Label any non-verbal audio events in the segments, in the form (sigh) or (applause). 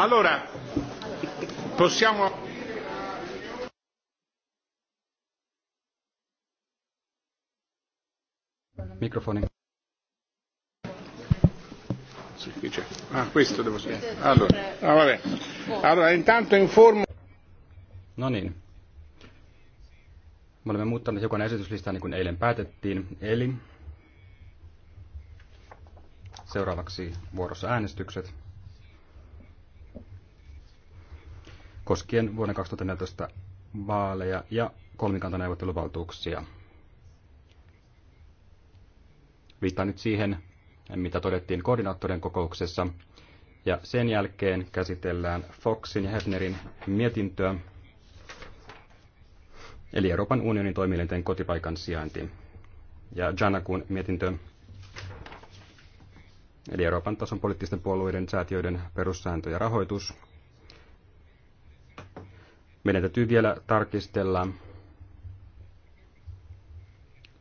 Allora, possiamo... Mikrofoni. Ah, questo devo sentire. Allora, ah, vabbè. allora intanto informo... No niin. Me olemme muuttaneet jokainen esityslista niin kuin eilen päätettiin. Eli seuraavaksi vuorossa äänestykset. koskien vuoden 2014 vaaleja ja kolmikantaneuvotteluvaltuuksia. Viittaan nyt siihen, mitä todettiin koordinaattorien kokouksessa, ja sen jälkeen käsitellään Foxin ja Hefnerin mietintöä, eli Euroopan unionin toimielinten kotipaikan sijainti, ja Janakun mietintö, eli Euroopan tason poliittisten puolueiden säätiöiden perussääntö ja rahoitus, meidän täytyy vielä tarkistella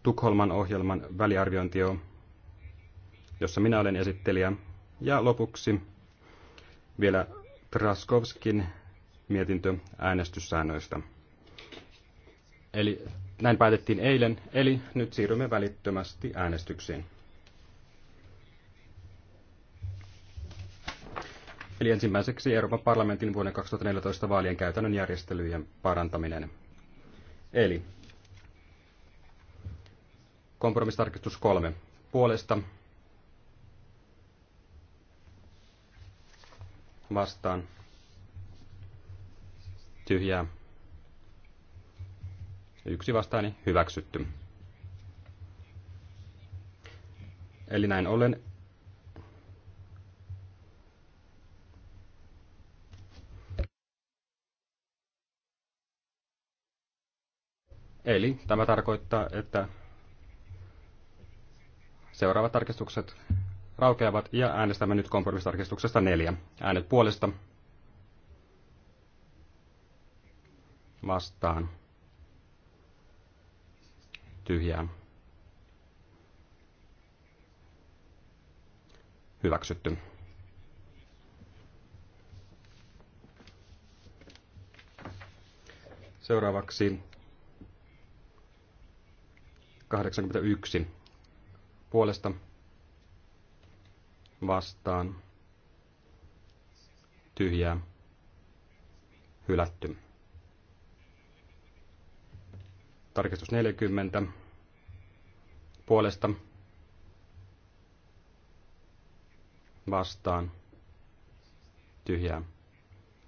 Tukholman ohjelman väliarviointio, jossa minä olen esittelijä. Ja lopuksi vielä Traskovskin mietintö äänestyssäännöistä. Eli näin päätettiin eilen, eli nyt siirrymme välittömästi äänestyksiin. Eli ensimmäiseksi Euroopan parlamentin vuoden 2014 vaalien käytännön järjestelyjen parantaminen. Eli kompromistarkistus kolme puolesta vastaan tyhjää yksi vastaani hyväksytty. Eli näin ollen Eli tämä tarkoittaa, että seuraavat tarkistukset raukeavat ja äänestämme nyt kompromissitarkistuksesta neljä. Äänet puolesta vastaan tyhjään Hyväksytty. Seuraavaksi 81 puolesta vastaan tyhjää hylätty. Tarkistus 40 puolesta vastaan tyhjää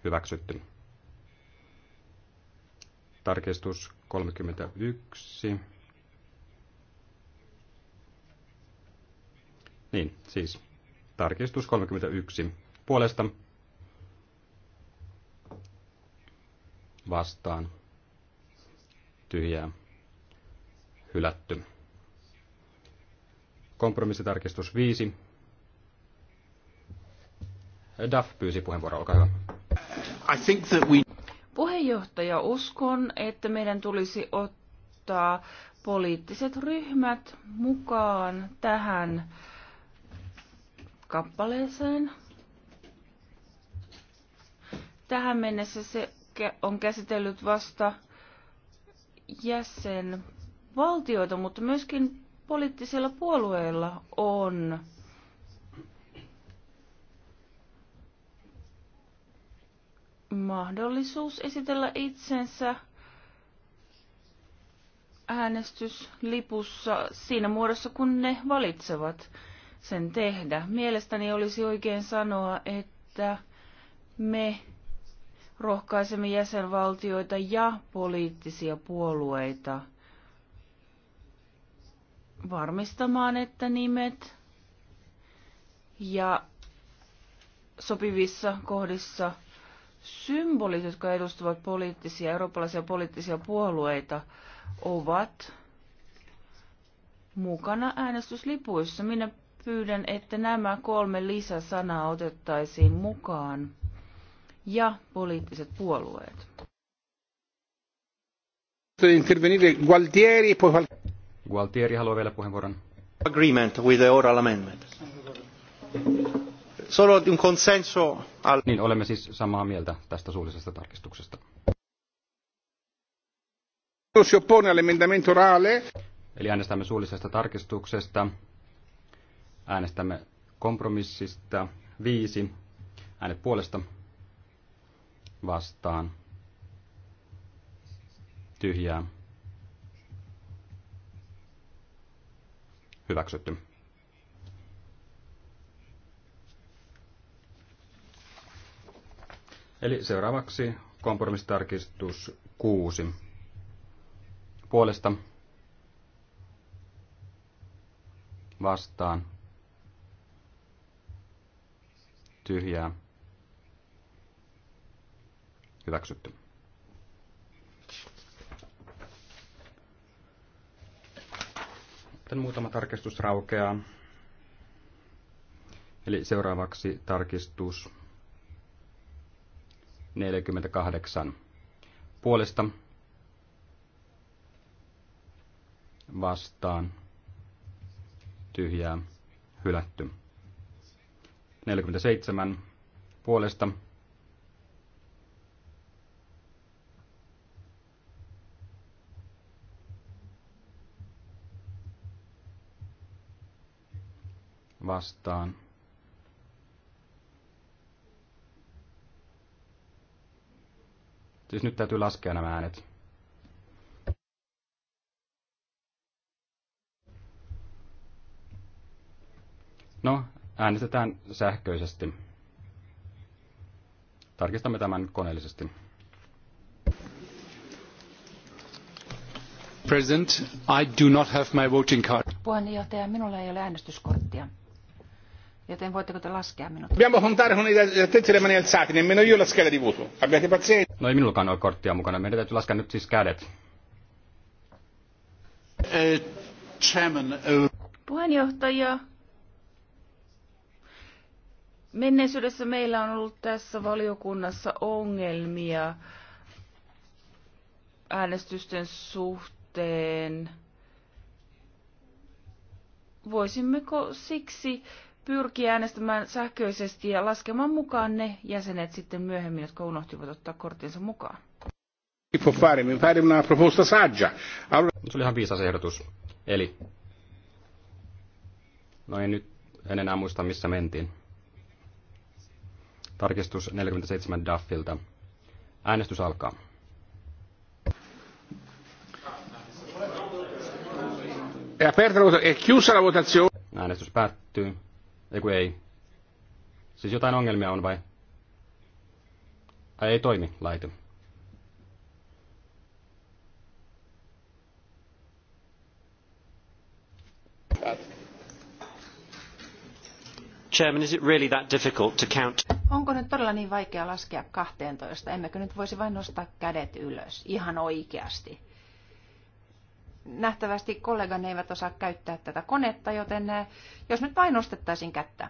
hyväksytty. Tarkistus 31 Niin, siis tarkistus 31 puolesta vastaan tyhjää hylätty. Kompromissitarkistus 5. Duff pyysi puheenvuoroa, olkaa hyvä. I think that we... Puheenjohtaja, uskon, että meidän tulisi ottaa poliittiset ryhmät mukaan tähän kappaleeseen. Tähän mennessä se on käsitellyt vasta jäsenvaltioita, mutta myöskin poliittisilla puolueilla on mahdollisuus esitellä itsensä äänestyslipussa siinä muodossa, kun ne valitsevat sen tehdä. Mielestäni olisi oikein sanoa, että me rohkaisemme jäsenvaltioita ja poliittisia puolueita varmistamaan, että nimet ja sopivissa kohdissa symbolit, jotka edustavat poliittisia, eurooppalaisia poliittisia puolueita, ovat mukana äänestyslipuissa. Minä pyydän, että nämä kolme lisäsanaa otettaisiin mukaan ja poliittiset puolueet. Gualtieri, Gualtieri haluaa vielä puheenvuoron. Agreement with the oral amendment. Solo un consenso al... Niin, olemme siis samaa mieltä tästä suullisesta tarkistuksesta. Si oppone all'emendamento orale. Eli äänestämme suullisesta tarkistuksesta. Äänestämme kompromissista viisi. Äänet puolesta vastaan. Tyhjää. Hyväksytty. Eli seuraavaksi kompromissitarkistus 6. Puolesta vastaan tyhjää hyväksytty. Sitten muutama tarkistus raukeaa. Eli seuraavaksi tarkistus 48 puolesta vastaan tyhjää hylätty. 47 puolesta vastaan. Siis nyt täytyy laskea nämä äänet. No, Äänestetään sähköisesti. Tarkistamme tämän koneellisesti. President, I do not have my voting card. Puheenjohtaja, minulla ei ole äänestyskorttia. Joten voitteko te laskea minut? Abbiamo contare con le mani alzate, nemmeno io la scheda di voto. Abbiate pazienza. No ei minullakaan ole korttia mukana, meidän täytyy laskea nyt siis kädet. Uh, chairman, uh... Puheenjohtaja, Menneisyydessä meillä on ollut tässä valiokunnassa ongelmia äänestysten suhteen. Voisimmeko siksi pyrkiä äänestämään sähköisesti ja laskemaan mukaan ne jäsenet sitten myöhemmin, jotka unohtivat ottaa korttinsa mukaan? Se oli ihan viisas ehdotus. Eli, no en nyt en enää muista missä mentiin. Tarkistus 47 Duffilta. Äänestys alkaa. Äänestys päättyy. Eiku ei. Siis jotain ongelmia on vai? Ai ei toimi laite. Chairman, is it really that difficult to count? Onko nyt todella niin vaikea laskea 12? Emmekö nyt voisi vain nostaa kädet ylös ihan oikeasti? Nähtävästi kollegan eivät osaa käyttää tätä konetta, joten eh, jos nyt vain nostettaisiin kättä.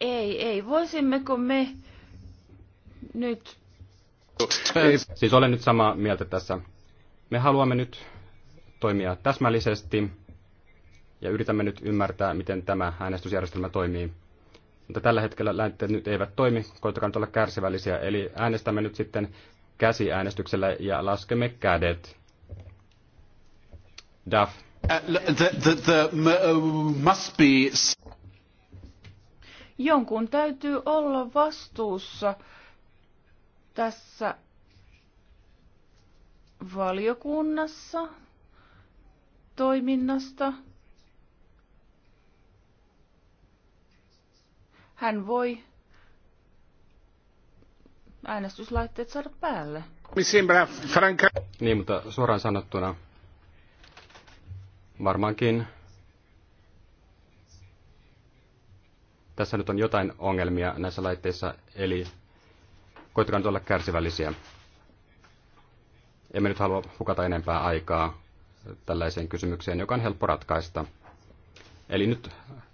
Ei, ei. Voisimmeko me nyt... Siis olen nyt samaa mieltä tässä. Me haluamme nyt toimia täsmällisesti ja yritämme nyt ymmärtää, miten tämä äänestysjärjestelmä toimii. Mutta tällä hetkellä läntet nyt eivät toimi, koitakaa nyt olla kärsivällisiä. Eli äänestämme nyt sitten käsiäänestyksellä ja laskemme kädet. Duff. Uh, the, the, the, uh, must be... Jonkun täytyy olla vastuussa tässä valiokunnassa toiminnasta. hän voi äänestyslaitteet saada päälle. Niin, mutta suoraan sanottuna varmaankin tässä nyt on jotain ongelmia näissä laitteissa, eli koittakaa nyt olla kärsivällisiä. Emme nyt halua hukata enempää aikaa tällaiseen kysymykseen, joka on helppo ratkaista. Eli nyt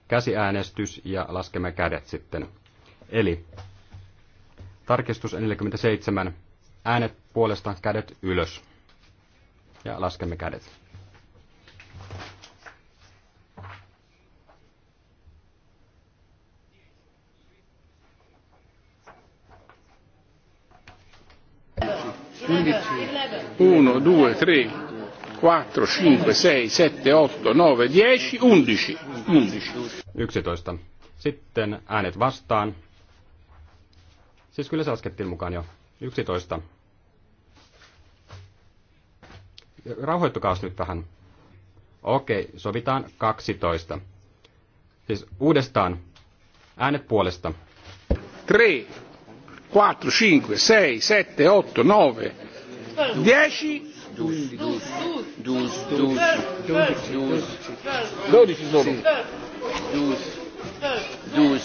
käsiäänestys ja laskemme kädet sitten. Eli tarkistus 47. Äänet puolesta, kädet ylös. Ja laskemme kädet. Uno, due, tre. 4, 5, 6, 7, 8, 9, 10, 11. 11. Sitten äänet vastaan. Siis kyllä se laskettiin mukaan jo. 11. Rauhoittukaas nyt vähän. Okei, sovitaan 12. Siis uudestaan. Äänet puolesta. 3, 4, 5, 6, 7, 8, 9, 10, 12, 12, 12, 12, 12, 12, 12,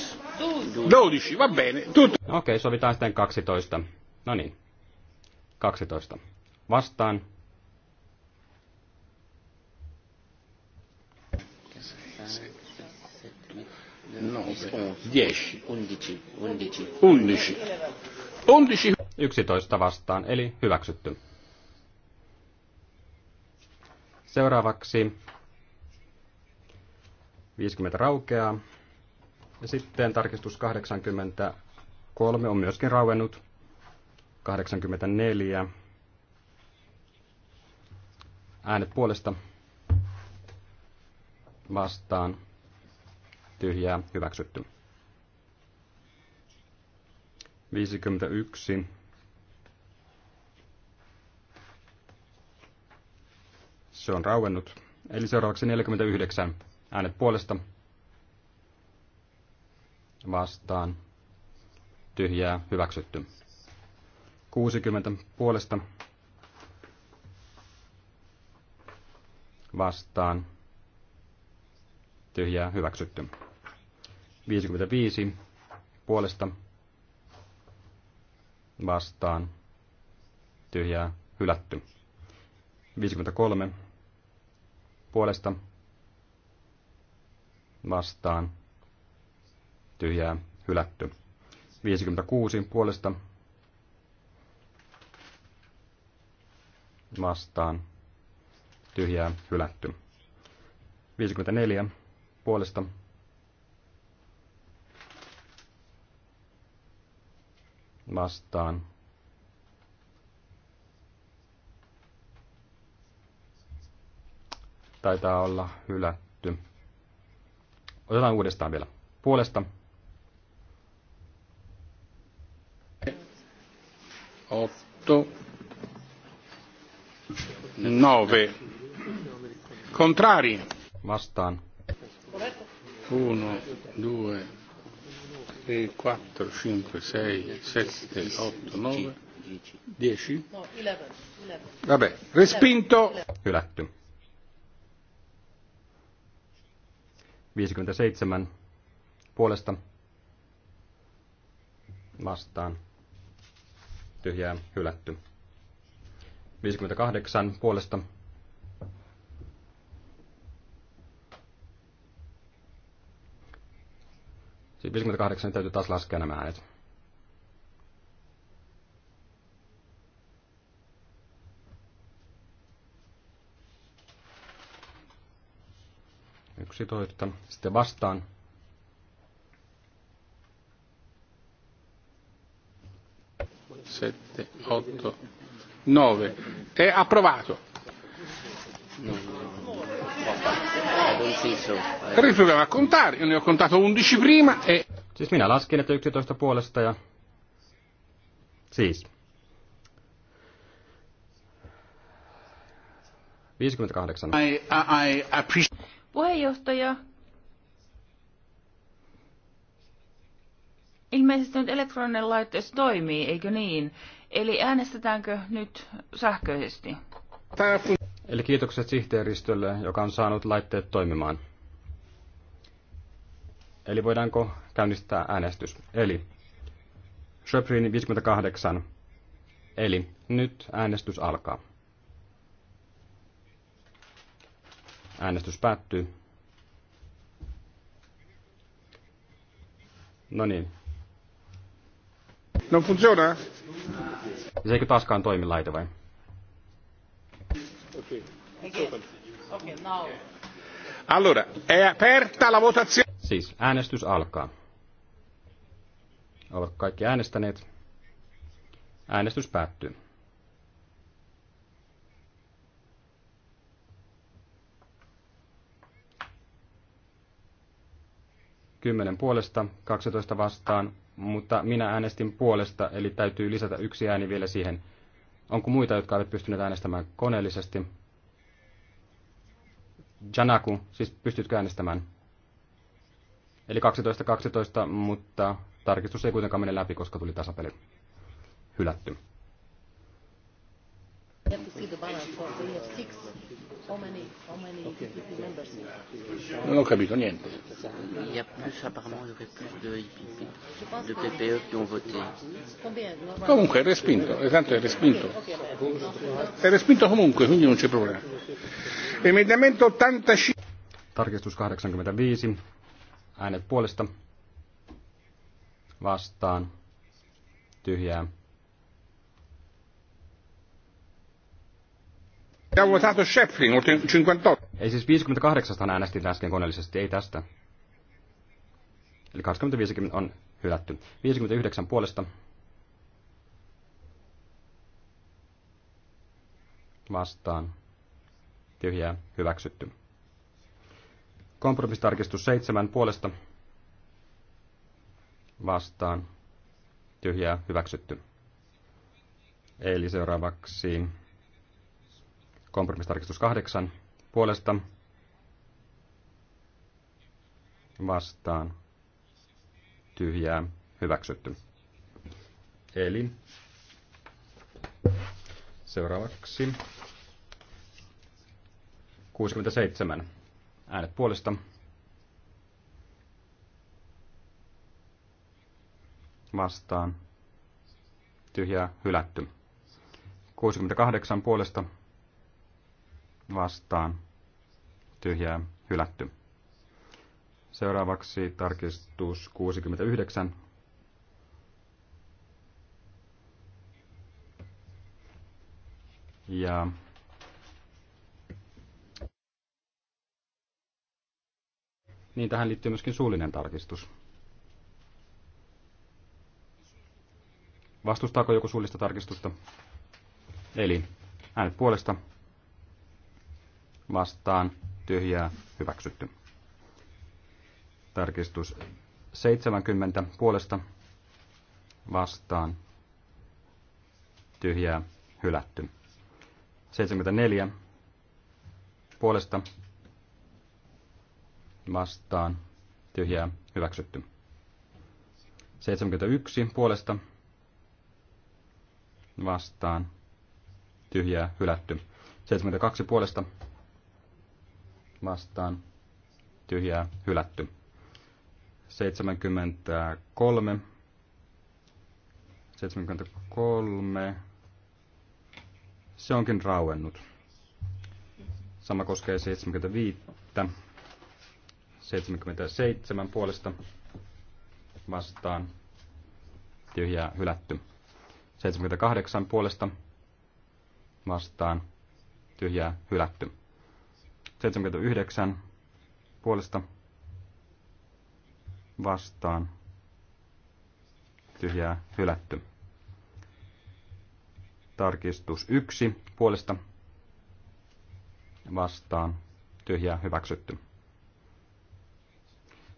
12, 12, va bene, tutto. Okei, okay, sovitaan sitten 12. No niin, 12. Vastaan. 11, 11, 11, 11, 11, 11, 11, 11, 11, 11, Seuraavaksi 50 raukeaa. Ja sitten tarkistus 83 on myöskin rauennut. 84. Äänet puolesta vastaan tyhjää hyväksytty. 51 Se on rauennut. Eli seuraavaksi 49 äänet puolesta vastaan tyhjää hyväksytty. 60 puolesta vastaan tyhjää hyväksytty. 55 puolesta vastaan tyhjää hylätty. 53 puolesta vastaan tyhjää hylätty. 56 puolesta vastaan tyhjää hylätty. 54 puolesta vastaan taitaa olla hylätty. Otetaan uudestaan vielä. Puolesta. Otto. Nove. Contrari. Vastaan. Uno, due, tre, quattro, cinque, sei, sette, otto, nove, dieci. No, Vabbè, respinto. Hylätty. 57 puolesta vastaan tyhjää hylätty. 58 puolesta Sitten siis 58 täytyy taas laskea nämä äänet. 11. Sitten vastaan. Sette, otto, nove. E approvato. Riproviamo a contare, io ne ho contato 11 prima e... Siis minä laskin, että 11 puolesta ja... Siis. 58. I, I, I appreciate... Puheenjohtaja, ilmeisesti nyt elektroninen laitteisto toimii, eikö niin? Eli äänestetäänkö nyt sähköisesti? Eli kiitokset sihteeristölle, joka on saanut laitteet toimimaan. Eli voidaanko käynnistää äänestys? Eli Schöprin 58. Eli nyt äänestys alkaa. Äänestys päättyy. No niin. No funziona? Se eikö taaskaan toimi laite vai? Allora, è aperta la votazione. Siis äänestys alkaa. Ovat kaikki äänestäneet. Äänestys päättyy. 10 puolesta, 12 vastaan, mutta minä äänestin puolesta, eli täytyy lisätä yksi ääni vielä siihen. Onko muita, jotka eivät pystyneet äänestämään koneellisesti? Janaku, siis pystytkö äänestämään? Eli 12-12, mutta tarkistus ei kuitenkaan mene läpi, koska tuli tasapeli. Hylätty. You have to see the balance. So have six E non, Non ho capito niente. Il y a plus, apparemment, il y aurait plus de, e de PPE e qui ont voté. Comunque è respinto, tanto è respinto. È respinto comunque, quindi non c'è problema. Emendamento 85. Tarkistus 85. Äänet puolesta. Vastaan. Tyhjää. Ja votato Schäfflin, 58. Ei siis 58 äänestin äsken koneellisesti, ei tästä. Eli 25 on hylätty. 59 puolesta. Vastaan. Tyhjää. Hyväksytty. Kompromistarkistus 7 puolesta. Vastaan. Tyhjää. Hyväksytty. Eli seuraavaksi Kompromissitarkistus 8 puolesta vastaan tyhjää hyväksytty. Eli seuraavaksi 67 äänet puolesta vastaan tyhjää hylätty. 68 puolesta vastaan tyhjää hylätty. Seuraavaksi tarkistus 69. Ja Niin, tähän liittyy myöskin suullinen tarkistus. Vastustaako joku suullista tarkistusta? Eli äänet puolesta vastaan tyhjää hyväksytty. Tarkistus 70 puolesta vastaan tyhjää hylätty. 74 puolesta vastaan tyhjää hyväksytty. 71 puolesta vastaan tyhjää hylätty. 72 puolesta vastaan tyhjää hylätty. 73 73 se onkin rauennut. Sama koskee 75 77 puolesta vastaan tyhjää hylätty. 78 puolesta vastaan tyhjää hylätty. 79 puolesta vastaan tyhjää hylätty. Tarkistus 1 puolesta vastaan tyhjää hyväksytty.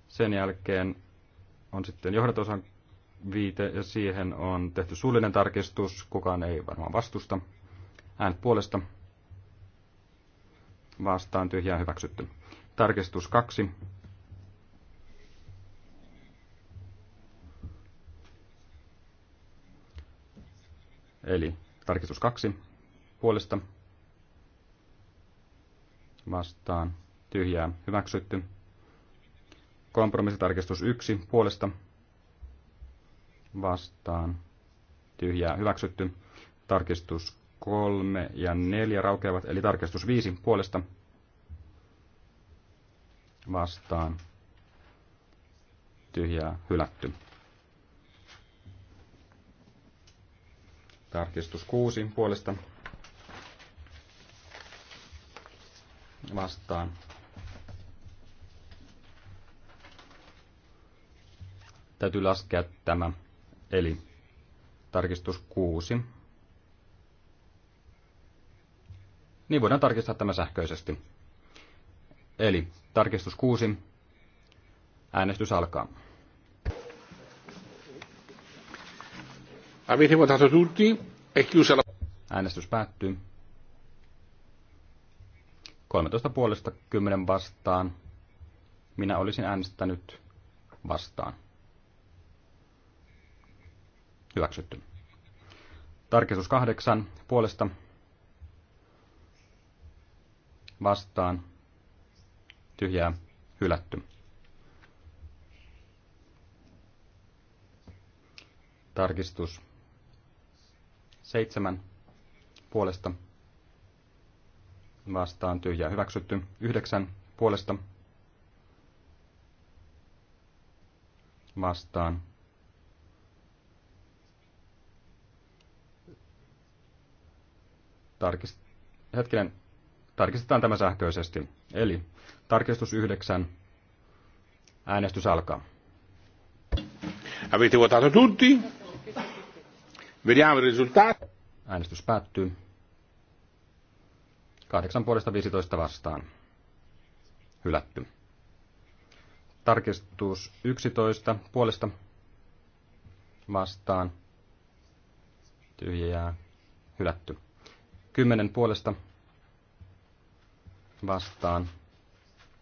Sen jälkeen on sitten johdatosan viite ja siihen on tehty suullinen tarkistus. Kukaan ei varmaan vastusta. Äänet puolesta vastaan tyhjää hyväksytty. Tarkistus 2. Eli tarkistus 2 puolesta vastaan tyhjää hyväksytty. Kompromissitarkistus 1 puolesta vastaan tyhjää hyväksytty. Tarkistus kolme ja neljä raukeavat, eli tarkistus viisi puolesta vastaan tyhjää hylätty. Tarkistus kuusi puolesta vastaan täytyy laskea tämä. Eli tarkistus kuusi Niin voidaan tarkistaa tämä sähköisesti. Eli tarkistus 6. Äänestys alkaa. Äänestys päättyy. 13 puolesta 10 vastaan. Minä olisin äänestänyt vastaan. Hyväksytty. Tarkistus 8 puolesta vastaan tyhjää hylätty. Tarkistus seitsemän puolesta vastaan tyhjää hyväksytty. Yhdeksän puolesta vastaan tarkist... Hetkinen, Tarkistetaan tämä sähköisesti. Eli tarkistus 9. Äänestys alkaa. Avete votato tutti? Vediamo il risultato. Äänestys päättyy. 8 puolesta 15 vastaan. Hylätty. Tarkistus 11 puolesta vastaan. Tyhjää. Hylätty. 10 puolesta vastaan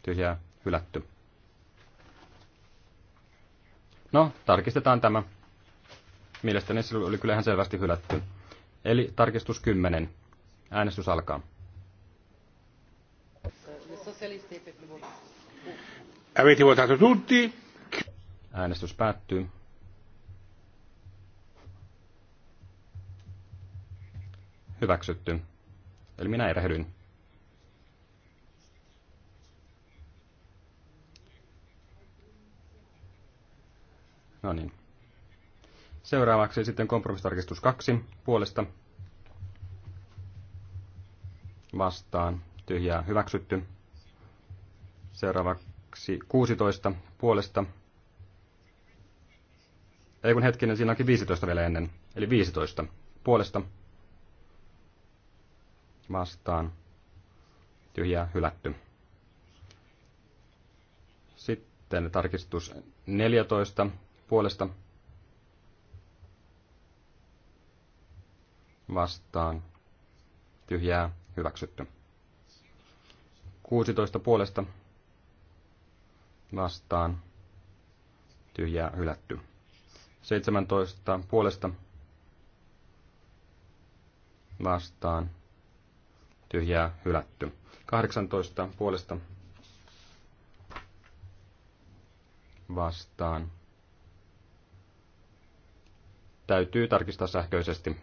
tyhjää hylätty. No, tarkistetaan tämä. Mielestäni se oli kyllähän selvästi hylätty. Eli tarkistus 10. Äänestys alkaa. Avete votato tutti? Äänestys päättyy. Hyväksytty. Eli minä erehdyin. No niin. Seuraavaksi sitten kompromissitarkistus 2 puolesta vastaan tyhjää hyväksytty. Seuraavaksi 16 puolesta. Ei kun hetkinen, siinä onkin 15 vielä ennen. Eli 15 puolesta vastaan tyhjää hylätty. Sitten tarkistus 14 puolesta vastaan tyhjää hyväksytty. 16 puolesta vastaan tyhjää hylätty. 17 puolesta vastaan tyhjää hylätty. 18 puolesta vastaan täytyy tarkistaa sähköisesti.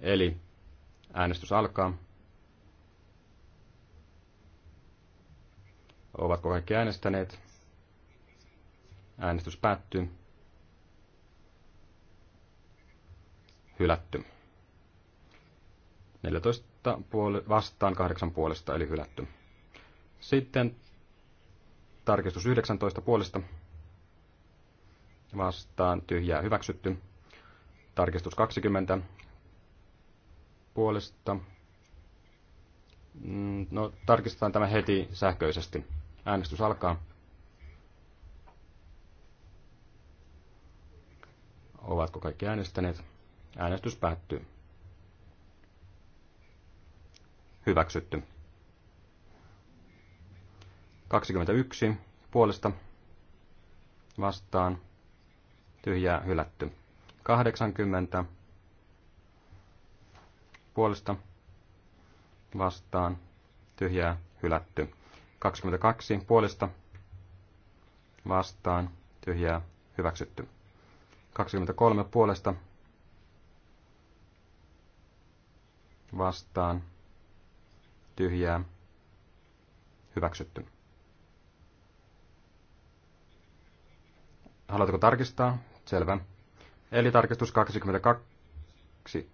Eli äänestys alkaa. Ovatko kaikki äänestäneet? Äänestys päättyy. Hylätty. 14 puoli, vastaan 8 puolesta eli hylätty. Sitten tarkistus 19 puolesta vastaan tyhjää hyväksytty. Tarkistus 20 puolesta. Mm, no, tarkistetaan tämä heti sähköisesti. Äänestys alkaa. Ovatko kaikki äänestäneet? Äänestys päättyy. Hyväksytty. 21 puolesta vastaan tyhjää hylätty. 80 puolesta vastaan tyhjää hylätty. 22 puolesta vastaan tyhjää hyväksytty. 23 puolesta vastaan tyhjää hyväksytty. Haluatko tarkistaa? Selvä. Eli tarkistus 22.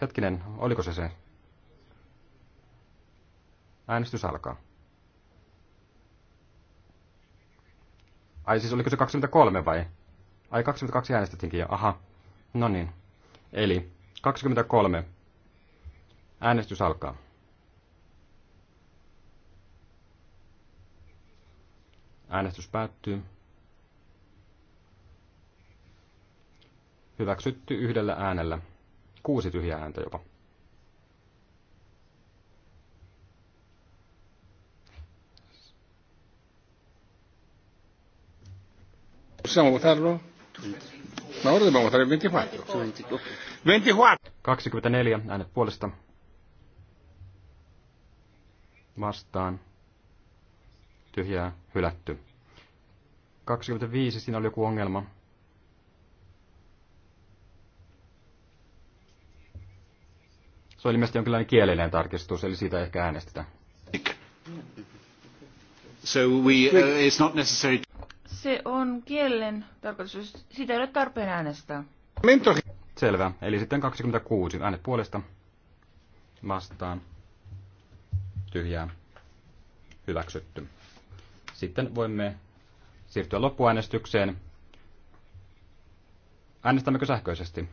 Hetkinen, oliko se se? Äänestys alkaa. Ai siis oliko se 23 vai? Ai 22 äänestettiinkin jo, aha. No niin. Eli 23. Äänestys alkaa. Äänestys päättyy. Hyväksytty yhdellä äänellä. Kuusi tyhjää ääntä jopa. Possiamo votarlo? Ma ora dobbiamo votare il 24. 24. 24 äänet puolesta. Vastaan tyhjää hylätty. 25, siinä oli joku ongelma. Se oli ilmeisesti jonkinlainen kielellinen tarkistus, eli siitä ehkä äänestetään. So we, uh, it's not necessary... Se on kielen tarkoitus. Sitä ei ole tarpeen äänestää. Selvä. Eli sitten 26. Äänet puolesta. Vastaan. Tyhjää. Hyväksytty. Sitten voimme siirtyä loppuäänestykseen. Äänestämmekö sähköisesti?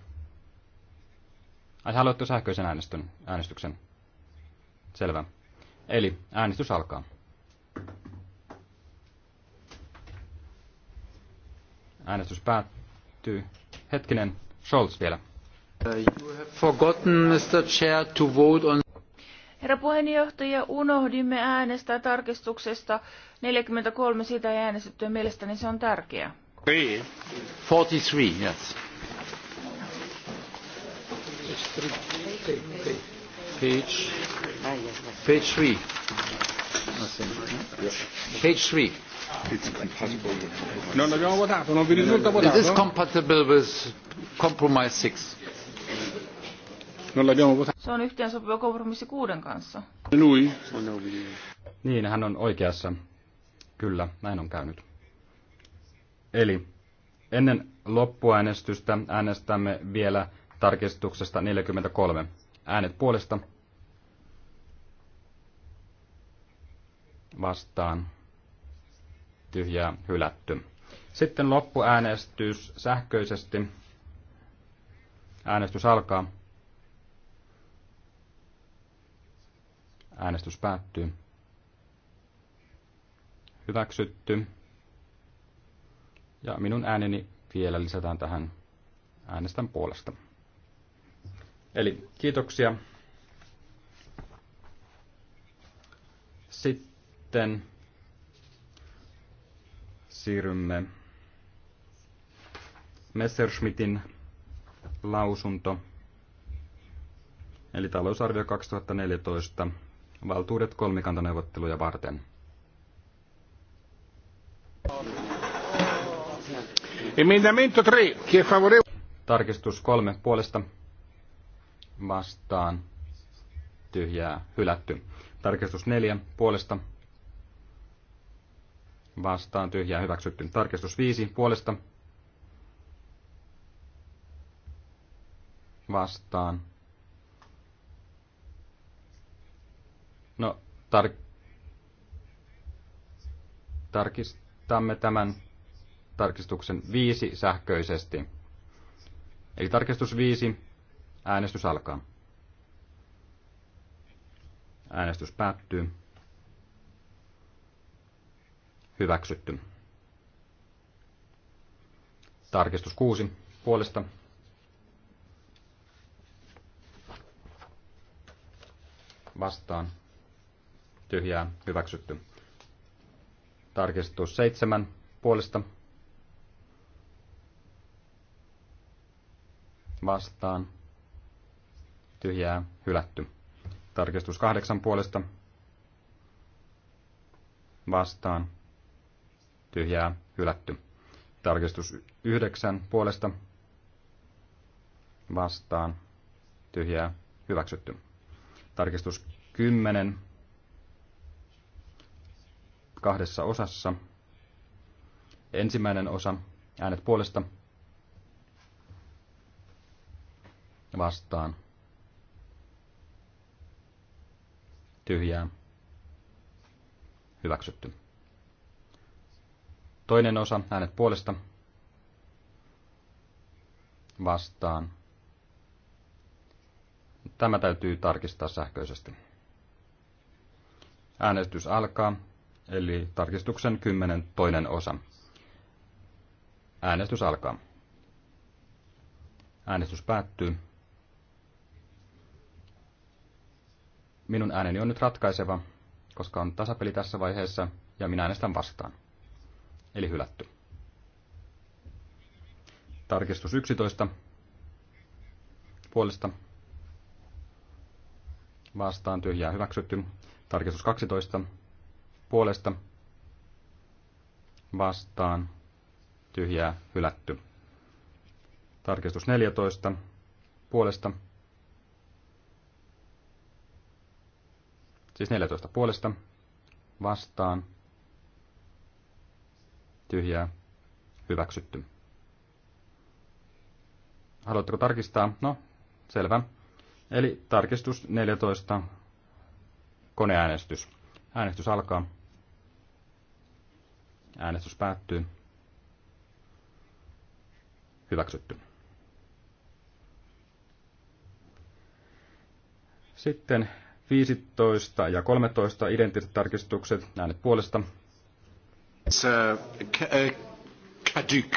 Ai, haluatte sähköisen äänestyn, äänestyksen? Selvä. Eli äänestys alkaa. Äänestys päättyy. Hetkinen, Scholz vielä. You have forgotten, Mr. Chair, to vote on... Herra puheenjohtaja, unohdimme äänestää tarkistuksesta 43, sitä ei äänestetty ja mielestäni se on tärkeä. 43, yes. Page, page three. Page 3. Non no, abbiamo votato, non vi risulta votato? It is compatible with compromise 6. Non l'abbiamo votato. Se on sopiva kompromissi kuuden kanssa. Lui. Niin, hän on oikeassa. Kyllä, näin on käynyt. Eli ennen loppuäänestystä äänestämme vielä tarkistuksesta 43. Äänet puolesta. Vastaan. Tyhjää hylätty. Sitten loppuäänestys sähköisesti. Äänestys alkaa. Äänestys päättyy. Hyväksytty. Ja minun ääneni vielä lisätään tähän äänestän puolesta. Eli kiitoksia. Sitten siirrymme Messerschmittin lausunto, eli talousarvio 2014 valtuudet kolmikantaneuvotteluja varten. Emendamento 3, Tarkistus kolme puolesta vastaan tyhjää hylätty. Tarkistus neljä puolesta vastaan tyhjää hyväksytty. Tarkistus viisi puolesta vastaan tar- tarkistamme tämän tarkistuksen viisi sähköisesti. Eli tarkistus viisi äänestys alkaa. Äänestys päättyy. Hyväksytty. Tarkistus kuusi puolesta. Vastaan tyhjää hyväksytty. Tarkistus seitsemän puolesta vastaan tyhjää hylätty. Tarkistus kahdeksan puolesta vastaan tyhjää hylätty. Tarkistus yhdeksän puolesta vastaan tyhjää hyväksytty. Tarkistus 10 kahdessa osassa. Ensimmäinen osa, äänet puolesta, vastaan, tyhjää, hyväksytty. Toinen osa, äänet puolesta, vastaan. Tämä täytyy tarkistaa sähköisesti. Äänestys alkaa eli tarkistuksen kymmenen toinen osa. Äänestys alkaa. Äänestys päättyy. Minun ääneni on nyt ratkaiseva, koska on tasapeli tässä vaiheessa ja minä äänestän vastaan. Eli hylätty. Tarkistus 11. Puolesta. Vastaan tyhjää hyväksytty. Tarkistus 12 puolesta vastaan tyhjää hylätty. Tarkistus 14 puolesta. Siis 14 puolesta vastaan tyhjää hyväksytty. Haluatteko tarkistaa? No, selvä. Eli tarkistus 14, koneäänestys. Äänestys alkaa. Äänestys päättyy. Hyväksytty. Sitten 15 ja 13 identtiset tarkistukset. Äänet puolesta. Uh, uh,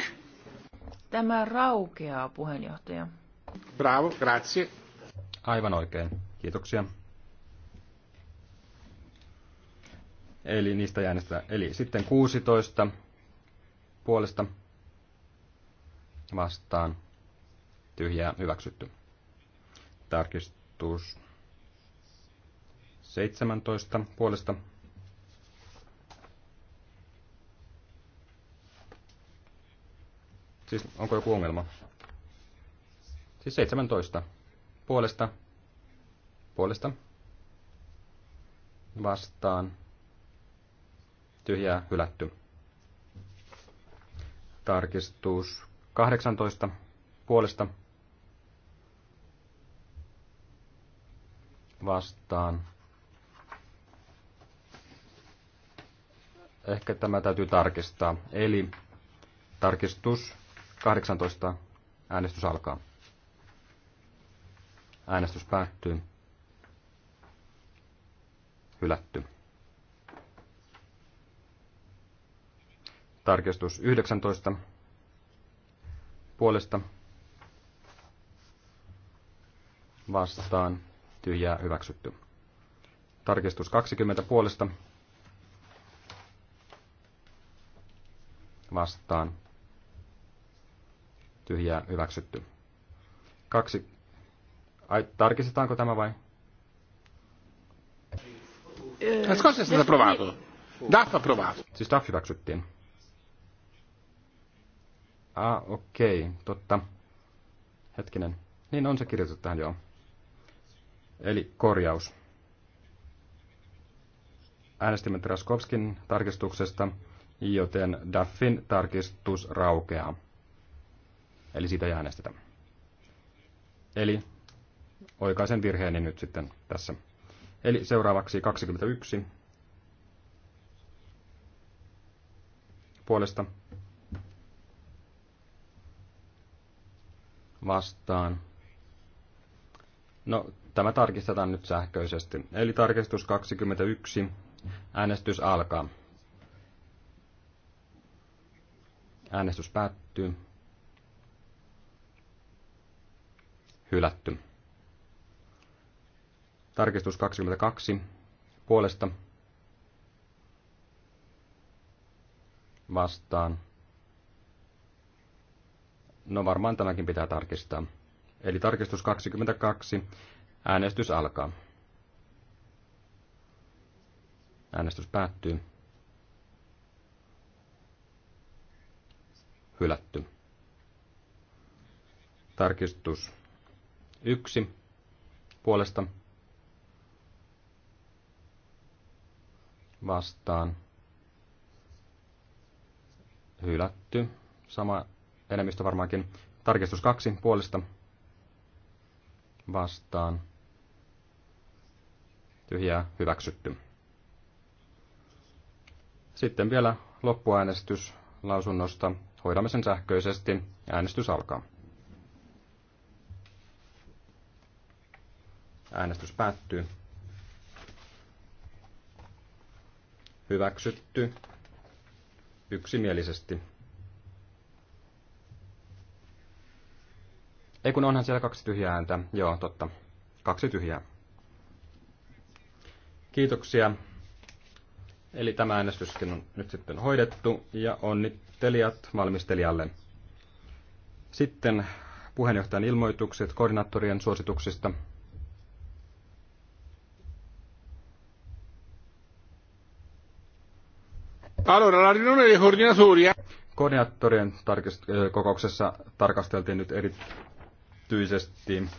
Tämä raukeaa, puheenjohtaja. Bravo, grazie. Aivan oikein. Kiitoksia. Eli niistä jäänestä. Eli sitten 16 puolesta vastaan tyhjää hyväksytty. Tarkistus 17 puolesta Siis onko joku ongelma? Siis 17. Puolesta. Puolesta. Vastaan tyhjää hylätty. Tarkistus 18 puolesta vastaan. Ehkä tämä täytyy tarkistaa. Eli tarkistus 18. Äänestys alkaa. Äänestys päättyy. Hylätty. Tarkistus 19 puolesta vastaan tyhjää hyväksytty. Tarkistus 20 puolesta vastaan tyhjää hyväksytty. Kaksi. Ai, tarkistetaanko tämä vai? Äh, Scorsa è stato approvato. Niin. DAF approvato. Siis DAF hyväksyttiin. Ah, okei, okay, totta. Hetkinen. Niin on se kirjoitettu tähän, joo. Eli korjaus. Äänestimme Traskovskin tarkistuksesta, joten Daffin tarkistus raukeaa. Eli siitä ei äänestetä. Eli oikaisen virheeni nyt sitten tässä. Eli seuraavaksi 21 puolesta vastaan. No, tämä tarkistetaan nyt sähköisesti. Eli tarkistus 21. Äänestys alkaa. Äänestys päättyy. Hylätty. Tarkistus 22. Puolesta. Vastaan No varmaan tämäkin pitää tarkistaa. Eli tarkistus 22. Äänestys alkaa. Äänestys päättyy. Hylätty. Tarkistus 1. Puolesta. Vastaan. Hylätty. Sama enemmistö varmaankin. Tarkistus kaksi puolesta vastaan. Tyhjää hyväksytty. Sitten vielä loppuäänestys lausunnosta. Hoidamme sen sähköisesti. Äänestys alkaa. Äänestys päättyy. Hyväksytty yksimielisesti. Ei kun onhan siellä kaksi tyhjää ääntä. Joo, totta. Kaksi tyhjää. Kiitoksia. Eli tämä äänestyskin on nyt sitten hoidettu ja onnittelijat valmistelijalle. Sitten puheenjohtajan ilmoitukset koordinaattorien suosituksista. Allora, la riunione dei coordinatori. Koordinaattorien kokouksessa tarkasteltiin nyt eri erityisesti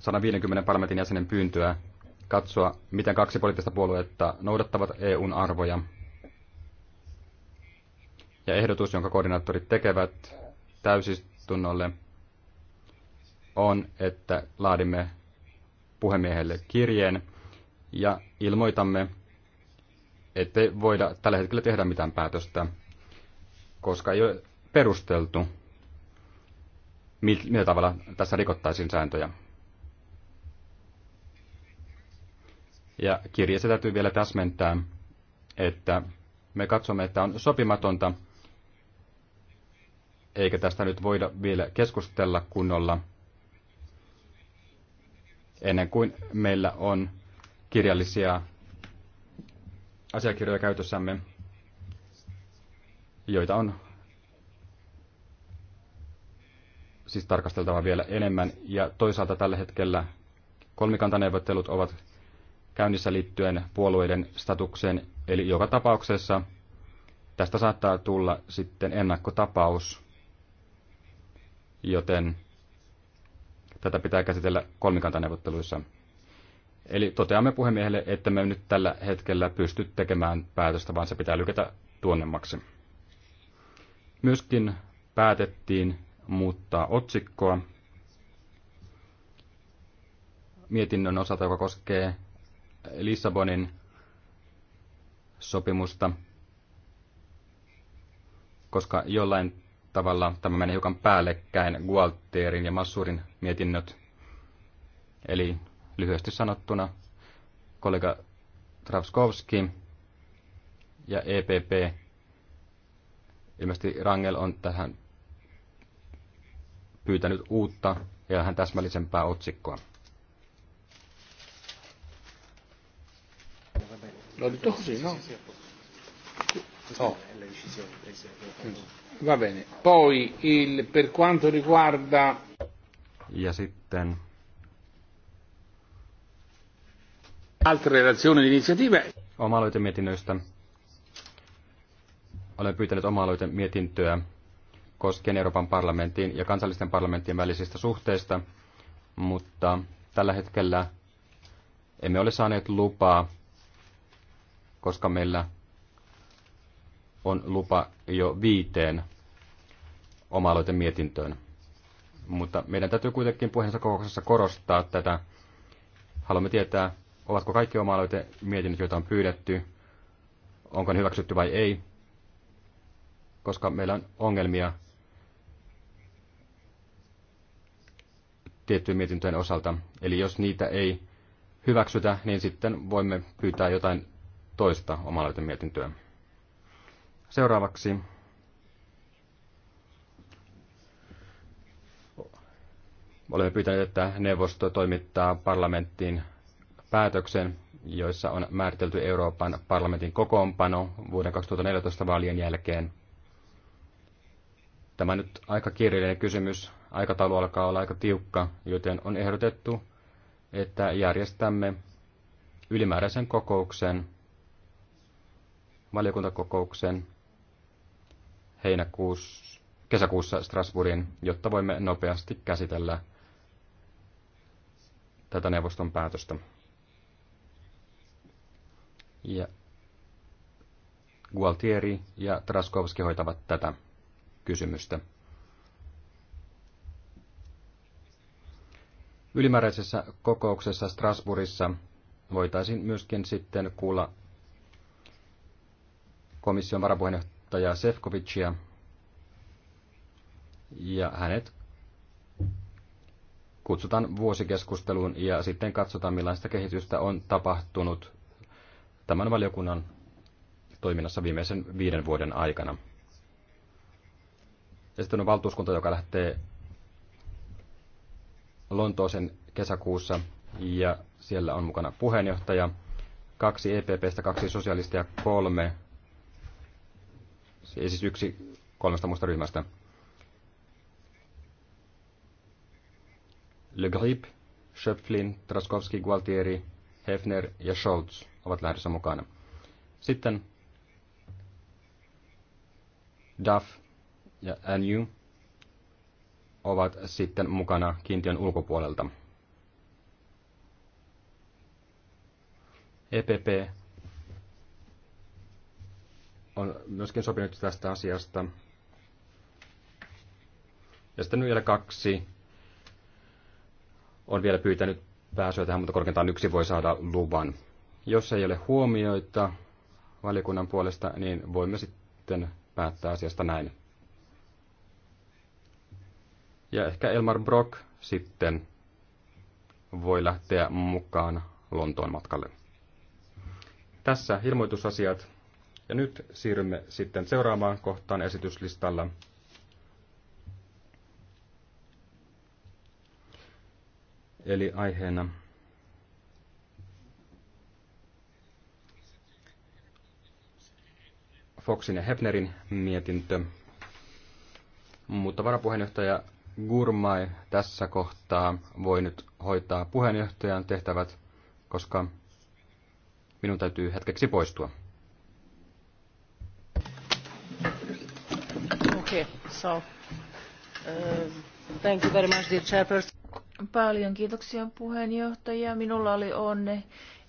150 parlamentin jäsenen pyyntöä katsoa, miten kaksi poliittista puoluetta noudattavat EUn arvoja. Ja ehdotus, jonka koordinaattorit tekevät täysistunnolle, on, että laadimme puhemiehelle kirjeen ja ilmoitamme, ettei voida tällä hetkellä tehdä mitään päätöstä, koska ei ole perusteltu millä tavalla tässä rikottaisiin sääntöjä. Ja kirjassa täytyy vielä täsmentää, että me katsomme, että on sopimatonta, eikä tästä nyt voida vielä keskustella kunnolla, ennen kuin meillä on kirjallisia asiakirjoja käytössämme, joita on siis tarkasteltava vielä enemmän. Ja toisaalta tällä hetkellä kolmikantaneuvottelut ovat käynnissä liittyen puolueiden statukseen. Eli joka tapauksessa tästä saattaa tulla sitten ennakkotapaus, joten tätä pitää käsitellä kolmikantaneuvotteluissa. Eli toteamme puhemiehelle, että me nyt tällä hetkellä pysty tekemään päätöstä, vaan se pitää lykätä tuonnemmaksi. Myöskin päätettiin muuttaa otsikkoa mietinnön osalta, joka koskee Lissabonin sopimusta, koska jollain tavalla tämä menee hiukan päällekkäin Gualtierin ja Massurin mietinnöt. Eli lyhyesti sanottuna kollega Travskovski ja EPP, ilmeisesti Rangel on tähän pyytänyt uutta ja vähän täsmällisempää otsikkoa. No detto così, no? No. Va bene. Poi il, per quanto riguarda... Ja sitten... Altre relazioni di iniziative. Oma-aloitemietinnöistä. Olen pyytänyt oma-aloitemietintöä koskien Euroopan parlamentin ja kansallisten parlamenttien välisistä suhteista, mutta tällä hetkellä emme ole saaneet lupaa, koska meillä on lupa jo viiteen oma mietintöön. Mutta meidän täytyy kuitenkin puheensa kokouksessa korostaa tätä. Haluamme tietää, ovatko kaikki oma mietinnöt, joita on pyydetty, onko ne hyväksytty vai ei, koska meillä on ongelmia tiettyjen mietintöjen osalta. Eli jos niitä ei hyväksytä, niin sitten voimme pyytää jotain toista omalaiten mietintöä. Seuraavaksi olemme pyytäneet, että neuvosto toimittaa parlamenttiin päätöksen, joissa on määritelty Euroopan parlamentin kokoonpano vuoden 2014 vaalien jälkeen – Tämä nyt aika kiireellinen kysymys. Aikataulu alkaa olla aika tiukka, joten on ehdotettu, että järjestämme ylimääräisen kokouksen, valiokuntakokouksen heinäkuussa, kesäkuussa Strasbourgin, jotta voimme nopeasti käsitellä tätä neuvoston päätöstä. Ja Gualtieri ja Traskovski hoitavat tätä kysymystä. Ylimääräisessä kokouksessa Strasbourgissa voitaisiin myöskin sitten kuulla komission varapuheenjohtaja Sefcovicia, ja hänet kutsutaan vuosikeskusteluun ja sitten katsotaan millaista kehitystä on tapahtunut tämän valiokunnan toiminnassa viimeisen viiden vuoden aikana. Ja sitten on valtuuskunta, joka lähtee Lontooseen kesäkuussa ja siellä on mukana puheenjohtaja, kaksi EPPstä, kaksi sosialistia, kolme, siis yksi kolmesta muusta ryhmästä. Le Grip, Schöpflin, Traskowski, Gualtieri, Hefner ja Scholz ovat lähdössä mukana. Sitten Duff, ja NU ovat sitten mukana kiintiön ulkopuolelta. EPP on myöskin sopinut tästä asiasta. Ja sitten vielä kaksi on vielä pyytänyt pääsyä tähän, mutta korkeintaan yksi voi saada luvan. Jos ei ole huomioita valiokunnan puolesta, niin voimme sitten päättää asiasta näin. Ja ehkä Elmar Brock sitten voi lähteä mukaan Lontoon matkalle. Tässä ilmoitusasiat. Ja nyt siirrymme sitten seuraavaan kohtaan esityslistalla. Eli aiheena Foxin ja Hefnerin mietintö. Mutta varapuheenjohtaja Gurmai tässä kohtaa voi nyt hoitaa puheenjohtajan tehtävät, koska minun täytyy hetkeksi poistua. Okay, so, uh, thank you very much, dear Paljon kiitoksia puheenjohtaja. Minulla oli onne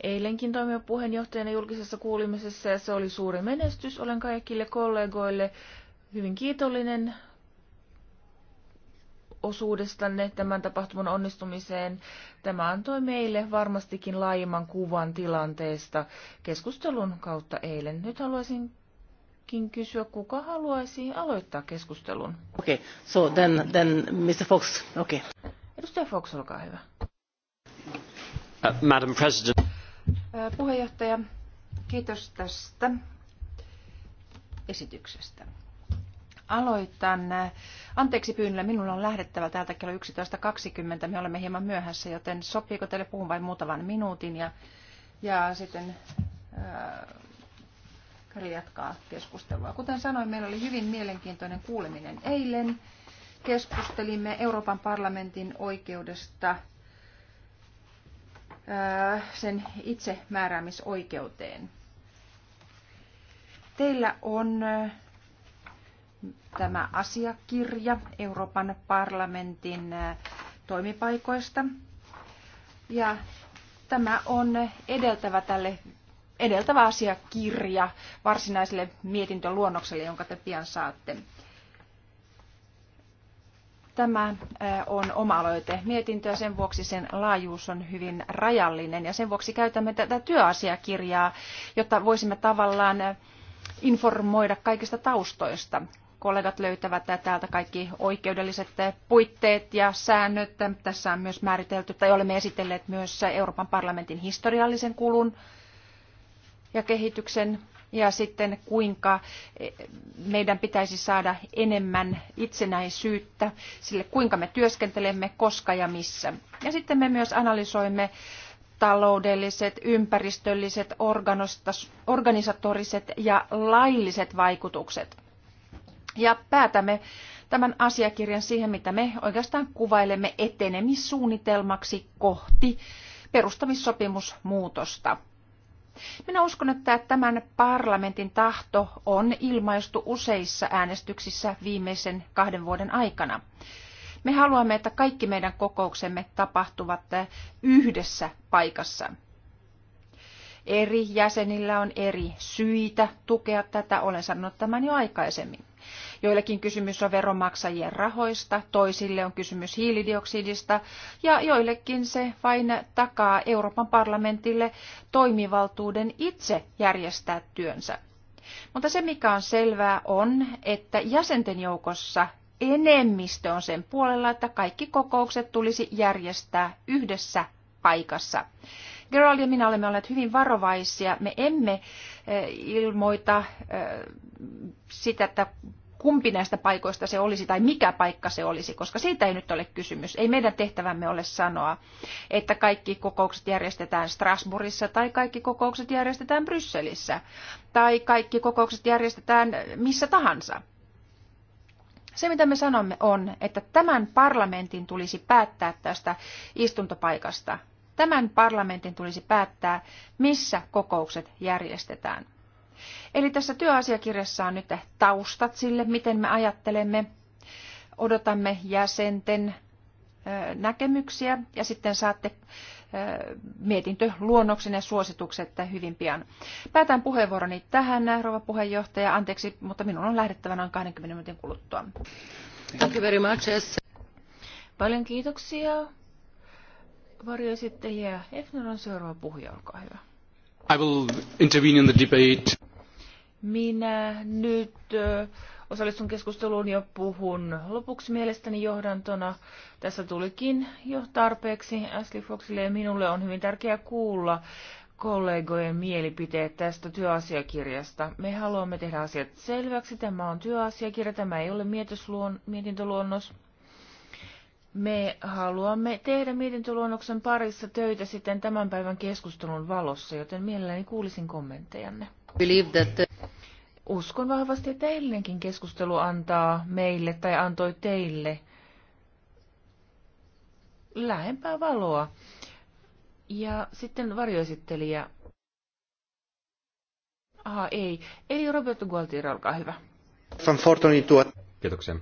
eilenkin toimia puheenjohtajana julkisessa kuulimisessa ja se oli suuri menestys. Olen kaikille kollegoille hyvin kiitollinen osuudestanne tämän tapahtuman onnistumiseen. Tämä antoi meille varmastikin laajemman kuvan tilanteesta keskustelun kautta eilen. Nyt haluaisinkin kysyä, kuka haluaisi aloittaa keskustelun. Okei, okay. so then, then Mr. Fox, okei. Okay. Edustaja Fox, olkaa hyvä. Uh, Madam President. Äh, puheenjohtaja, kiitos tästä esityksestä aloitan. Anteeksi pyynnöllä, minulla on lähdettävä täältä kello 11.20. Me olemme hieman myöhässä, joten sopiiko teille puhun vain muutaman minuutin ja, ja sitten ää, Kari jatkaa keskustelua. Kuten sanoin, meillä oli hyvin mielenkiintoinen kuuleminen eilen. Keskustelimme Euroopan parlamentin oikeudesta sen itsemääräämisoikeuteen. Teillä on tämä asiakirja Euroopan parlamentin toimipaikoista. Ja tämä on edeltävä tälle edeltävä asiakirja varsinaiselle mietintöluonnokselle, jonka te pian saatte. Tämä on oma-aloite mietintö ja sen vuoksi sen laajuus on hyvin rajallinen ja sen vuoksi käytämme tätä työasiakirjaa, jotta voisimme tavallaan informoida kaikista taustoista kollegat löytävät täältä kaikki oikeudelliset puitteet ja säännöt. Tässä on myös määritelty, tai olemme esitelleet myös Euroopan parlamentin historiallisen kulun ja kehityksen ja sitten kuinka e, meidän pitäisi saada enemmän itsenäisyyttä sille, kuinka me työskentelemme, koska ja missä. Ja sitten me myös analysoimme taloudelliset, ympäristölliset, organisatoriset ja lailliset vaikutukset ja päätämme tämän asiakirjan siihen, mitä me oikeastaan kuvailemme etenemissuunnitelmaksi kohti perustamissopimusmuutosta. Minä uskon, että tämän parlamentin tahto on ilmaistu useissa äänestyksissä viimeisen kahden vuoden aikana. Me haluamme, että kaikki meidän kokouksemme tapahtuvat yhdessä paikassa. Eri jäsenillä on eri syitä tukea tätä, olen sanonut tämän jo aikaisemmin. Joillekin kysymys on veronmaksajien rahoista, toisille on kysymys hiilidioksidista ja joillekin se vain takaa Euroopan parlamentille toimivaltuuden itse järjestää työnsä. Mutta se mikä on selvää on, että jäsenten joukossa enemmistö on sen puolella, että kaikki kokoukset tulisi järjestää yhdessä paikassa. Gerald ja minä olemme olleet hyvin varovaisia. Me emme eh, ilmoita eh, sitä, että kumpi näistä paikoista se olisi tai mikä paikka se olisi, koska siitä ei nyt ole kysymys. Ei meidän tehtävämme ole sanoa, että kaikki kokoukset järjestetään Strasbourgissa tai kaikki kokoukset järjestetään Brysselissä tai kaikki kokoukset järjestetään missä tahansa. Se, mitä me sanomme, on, että tämän parlamentin tulisi päättää tästä istuntopaikasta. Tämän parlamentin tulisi päättää, missä kokoukset järjestetään. Eli tässä työasiakirjassa on nyt taustat sille, miten me ajattelemme. Odotamme jäsenten näkemyksiä ja sitten saatte mietintö luonnoksen ja suositukset hyvin pian. Päätän puheenvuoroni tähän, rouva puheenjohtaja. Anteeksi, mutta minun on lähdettävä noin 20 minuutin kuluttua. Thank you very much. Yes. Paljon kiitoksia. Varjoesittelijä Efner on seuraava puhuja, olkaa hyvä. I will intervene in the debate. Minä nyt osallistun keskusteluun ja puhun lopuksi mielestäni johdantona. Tässä tulikin jo tarpeeksi Ashley Foxille ja minulle on hyvin tärkeää kuulla kollegojen mielipiteet tästä työasiakirjasta. Me haluamme tehdä asiat selväksi. Tämä on työasiakirja, tämä ei ole mietintöluonnos. Me haluamme tehdä mietintöluonnoksen parissa töitä sitten tämän päivän keskustelun valossa, joten mielelläni kuulisin kommenttejanne uskon vahvasti, että eilenkin keskustelu antaa meille tai antoi teille lähempää valoa. Ja sitten varjoesittelijä. Aha, ei. Eli Roberto Gualtieri, olkaa hyvä. Kiitoksia.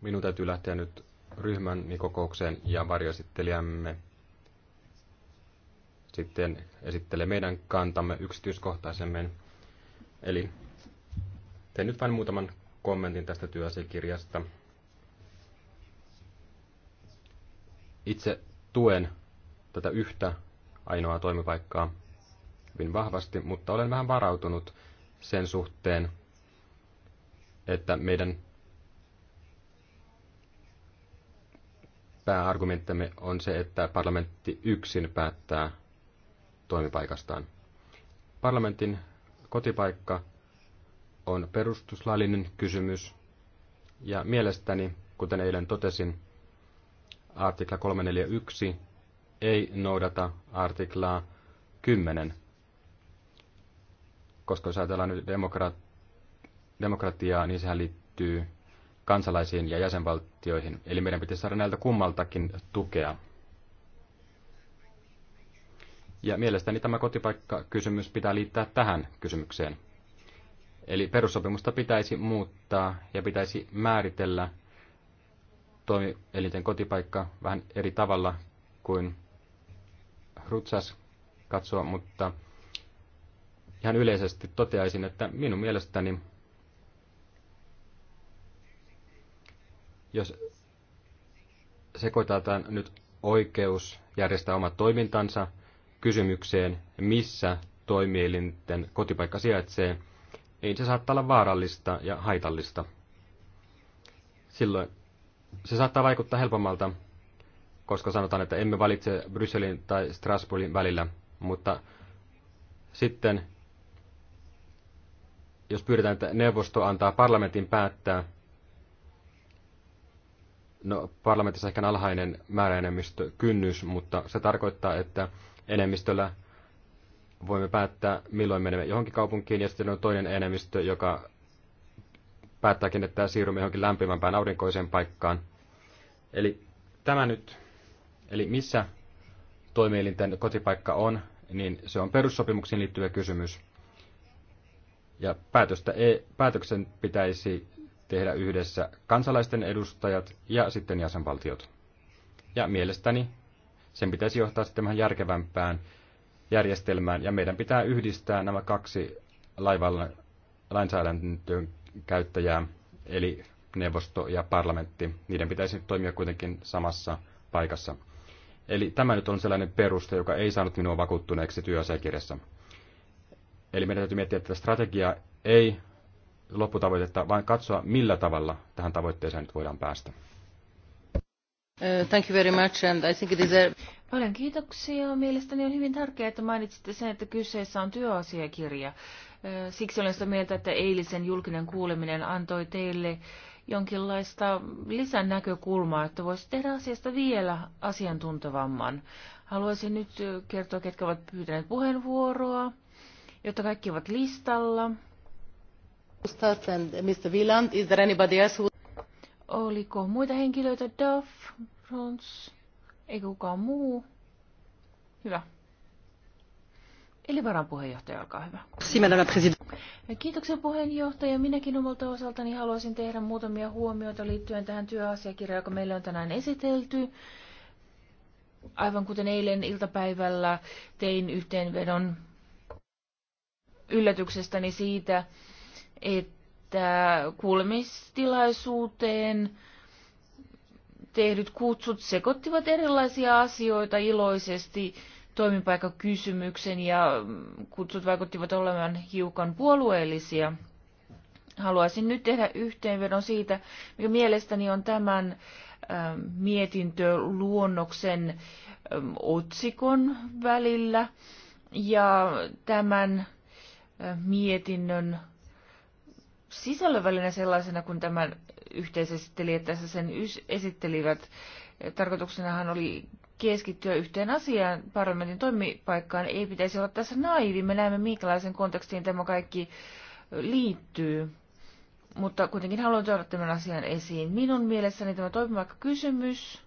Minun täytyy lähteä nyt ryhmän kokoukseen ja varjoesittelijämme sitten esittelee meidän kantamme yksityiskohtaisemmin. Eli Tein nyt vain muutaman kommentin tästä työasiakirjasta. Itse tuen tätä yhtä ainoaa toimipaikkaa hyvin vahvasti, mutta olen vähän varautunut sen suhteen, että meidän pääargumenttimme on se, että parlamentti yksin päättää toimipaikastaan. Parlamentin kotipaikka on perustuslaillinen kysymys. Ja mielestäni, kuten eilen totesin, artikla 341 ei noudata artiklaa 10. Koska jos ajatellaan nyt demokra- demokratiaa, niin sehän liittyy kansalaisiin ja jäsenvaltioihin. Eli meidän pitäisi saada näiltä kummaltakin tukea. Ja mielestäni tämä kotipaikkakysymys pitää liittää tähän kysymykseen. Eli perussopimusta pitäisi muuttaa ja pitäisi määritellä toimielinten kotipaikka vähän eri tavalla kuin Rutsas katsoo, mutta ihan yleisesti toteaisin, että minun mielestäni, jos sekoitetaan nyt oikeus järjestää oma toimintansa kysymykseen, missä toimielinten kotipaikka sijaitsee, niin se saattaa olla vaarallista ja haitallista. Silloin se saattaa vaikuttaa helpommalta, koska sanotaan, että emme valitse Brysselin tai Strasbourgin välillä, mutta sitten jos pyydetään, että neuvosto antaa parlamentin päättää, no parlamentissa ehkä on alhainen määräenemmistö kynnys, mutta se tarkoittaa, että enemmistöllä voimme päättää, milloin menemme johonkin kaupunkiin, ja sitten on toinen enemmistö, joka päättääkin, että siirrymme johonkin lämpimämpään aurinkoiseen paikkaan. Eli tämä nyt, eli missä toimielinten kotipaikka on, niin se on perussopimuksiin liittyvä kysymys. Ja päätöstä ei, päätöksen pitäisi tehdä yhdessä kansalaisten edustajat ja sitten jäsenvaltiot. Ja mielestäni sen pitäisi johtaa sitten vähän järkevämpään järjestelmään ja meidän pitää yhdistää nämä kaksi laivalla lainsäädäntöön käyttäjää, eli neuvosto ja parlamentti. Niiden pitäisi toimia kuitenkin samassa paikassa. Eli tämä nyt on sellainen peruste, joka ei saanut minua vakuuttuneeksi työasiakirjassa. Eli meidän täytyy miettiä tätä strategiaa, ei lopputavoitetta, vaan katsoa millä tavalla tähän tavoitteeseen nyt voidaan päästä. Uh, thank you very much and I think it is a... Paljon kiitoksia. Mielestäni on hyvin tärkeää, että mainitsitte sen, että kyseessä on työasiakirja. Uh, siksi olen sitä mieltä, että eilisen julkinen kuuleminen antoi teille jonkinlaista näkökulmaa, että voisi tehdä asiasta vielä asiantuntevamman. Haluaisin nyt uh, kertoa, ketkä ovat pyytäneet puheenvuoroa, jotta kaikki ovat listalla. Mr. Wieland, is there anybody else who... Oliko muita henkilöitä? Duff, Brons, ei kukaan muu. Hyvä. Eli varapuheenjohtaja, olkaa hyvä. Kiitoksia puheenjohtaja. Minäkin omalta osaltani haluaisin tehdä muutamia huomioita liittyen tähän työasiakirjaan, joka meille on tänään esitelty. Aivan kuten eilen iltapäivällä tein yhteenvedon yllätyksestäni siitä, että että kuulemistilaisuuteen tehdyt kutsut sekoittivat erilaisia asioita iloisesti toimipaikkakysymyksen ja kutsut vaikuttivat olevan hiukan puolueellisia. Haluaisin nyt tehdä yhteenvedon siitä, mikä mielestäni on tämän ähm, mietintöluonnoksen ähm, otsikon välillä ja tämän äh, mietinnön sisällövälinen sellaisena, kun tämän että tässä sen esittelivät. Tarkoituksenahan oli keskittyä yhteen asiaan, parlamentin toimipaikkaan. Ei pitäisi olla tässä naivi. Me näemme, minkälaisen kontekstiin tämä kaikki liittyy. Mutta kuitenkin haluan tuoda tämän asian esiin. Minun mielessäni tämä toimipaikkakysymys,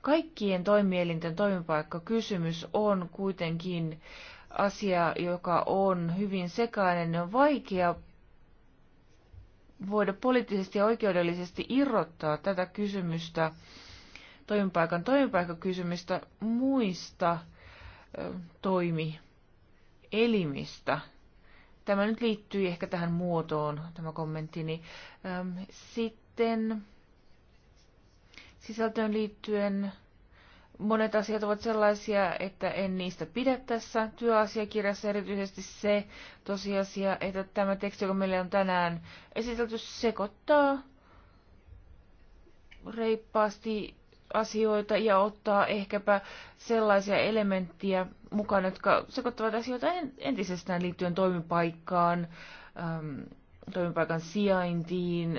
kaikkien toimielinten toimipaikkakysymys on kuitenkin asia, joka on hyvin sekainen. On vaikea voida poliittisesti ja oikeudellisesti irrottaa tätä kysymystä, toimipaikan toimipaikkakysymystä muista toimielimistä. Tämä nyt liittyy ehkä tähän muotoon, tämä kommenttini. Sitten sisältöön liittyen monet asiat ovat sellaisia, että en niistä pidä tässä työasiakirjassa, erityisesti se tosiasia, että tämä teksti, joka meille on tänään esitelty, sekoittaa reippaasti asioita ja ottaa ehkäpä sellaisia elementtejä mukaan, jotka sekoittavat asioita entisestään liittyen toimipaikkaan, ähm, toimipaikan sijaintiin.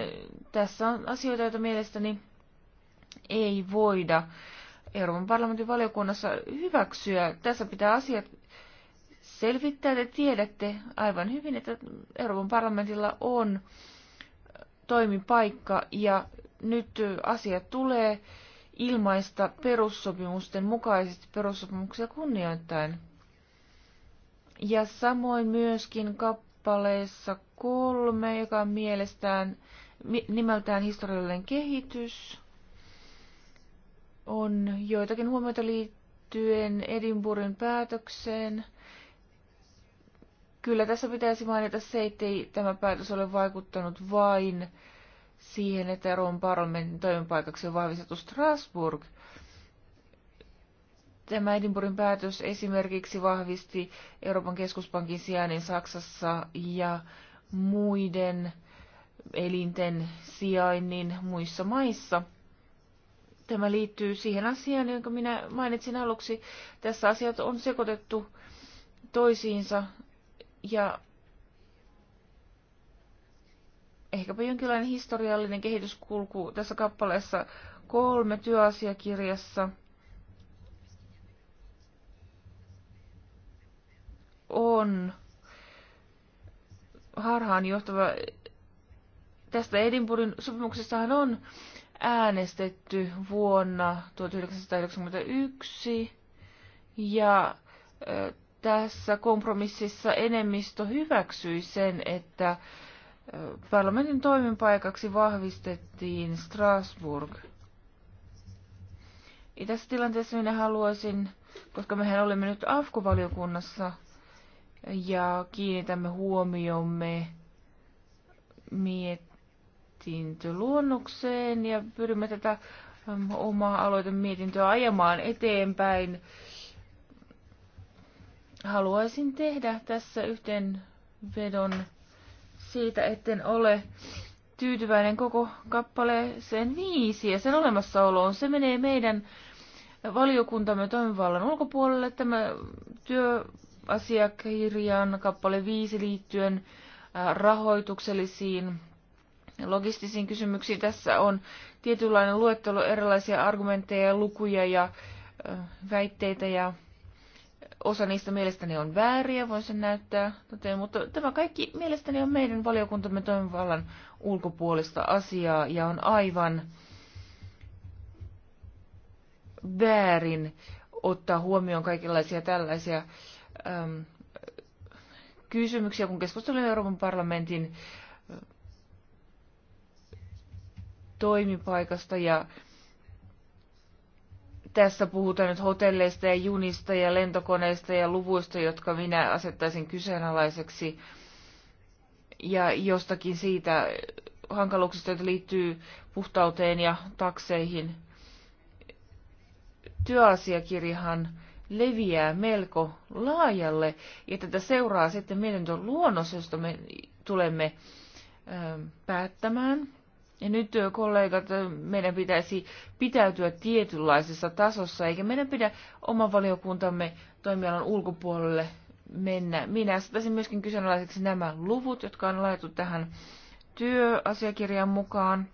Tässä on asioita, joita mielestäni ei voida äh, Euroopan parlamentin valiokunnassa hyväksyä. Tässä pitää asiat selvittää. Te tiedätte aivan hyvin, että Euroopan parlamentilla on toimipaikka ja nyt asiat tulee ilmaista perussopimusten mukaisesti perussopimuksia kunnioittain. Ja samoin myöskin kappaleessa kolme, joka on mielestään nimeltään historiallinen kehitys on joitakin huomioita liittyen Edinburghin päätökseen. Kyllä tässä pitäisi mainita se, ei tämä päätös ole vaikuttanut vain siihen, että Euroopan parlamentin toimipaikaksi on vahvistettu Strasbourg. Tämä Edinburghin päätös esimerkiksi vahvisti Euroopan keskuspankin sijainnin Saksassa ja muiden elinten sijainnin muissa maissa – Tämä liittyy siihen asiaan, jonka minä mainitsin aluksi. Tässä asiat on sekoitettu toisiinsa ja ehkäpä jonkinlainen historiallinen kehityskulku tässä kappaleessa kolme työasiakirjassa on harhaan johtava. Tästä Edinburghin sopimuksessahan on äänestetty vuonna 1991 ja tässä kompromississa enemmistö hyväksyi sen, että parlamentin toimipaikaksi vahvistettiin Strasbourg. Ja tässä tilanteessa minä haluaisin, koska mehän olemme nyt AFKO-valiokunnassa ja kiinnitämme huomiomme miet mietintöluonnokseen ja pyrimme tätä omaa aloitemietintöä ajamaan eteenpäin. Haluaisin tehdä tässä vedon siitä, etten ole tyytyväinen koko kappaleeseen viisi ja sen olemassaoloon. Se menee meidän valiokuntamme toimivallan ulkopuolelle. Tämä työasiakirjan kappale viisi liittyen rahoituksellisiin logistisiin kysymyksiin. Tässä on tietynlainen luettelo erilaisia argumentteja lukuja ja väitteitä ja osa niistä mielestäni on vääriä, voin sen näyttää, toteen, mutta tämä kaikki mielestäni on meidän valiokuntamme toimivallan ulkopuolista asiaa ja on aivan väärin ottaa huomioon kaikenlaisia tällaisia äm, kysymyksiä, kun keskustelemme Euroopan parlamentin toimipaikasta ja tässä puhutaan nyt hotelleista ja junista ja lentokoneista ja luvuista, jotka minä asettaisin kyseenalaiseksi ja jostakin siitä hankaluuksista, joita liittyy puhtauteen ja takseihin. Työasiakirjahan leviää melko laajalle ja tätä seuraa sitten mietintön luonnos, josta me tulemme päättämään. Ja nyt kollegat, meidän pitäisi pitäytyä tietynlaisessa tasossa, eikä meidän pidä oman valiokuntamme toimialan ulkopuolelle mennä. Minä asettaisin myöskin kyseenalaiseksi nämä luvut, jotka on laitettu tähän työasiakirjan mukaan,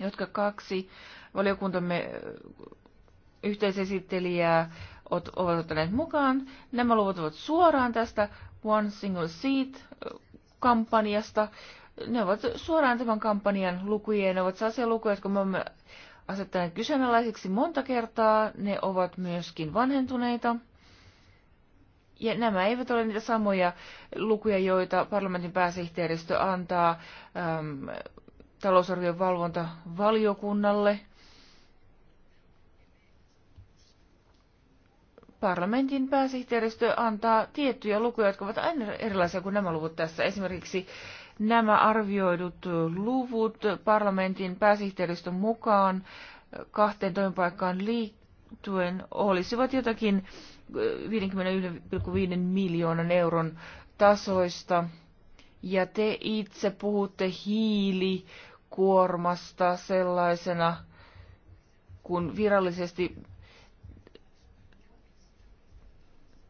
jotka kaksi valiokuntamme yhteisesittelijää ovat ottaneet mukaan. Nämä luvut ovat suoraan tästä One Single Seat kampanjasta ne ovat suoraan tämän kampanjan lukuja, ne ovat sellaisia lukuja, jotka me olemme asettaneet kyseenalaisiksi monta kertaa, ne ovat myöskin vanhentuneita. Ja nämä eivät ole niitä samoja lukuja, joita parlamentin pääsihteeristö antaa äm, talousarvion valvontavaliokunnalle. Parlamentin pääsihteeristö antaa tiettyjä lukuja, jotka ovat aina erilaisia kuin nämä luvut tässä. Esimerkiksi nämä arvioidut luvut parlamentin pääsihteeristön mukaan kahteen toimipaikkaan liittyen olisivat jotakin 51,5 eh, miljoonan euron tasoista. Ja te itse puhutte hiilikuormasta sellaisena, kun virallisesti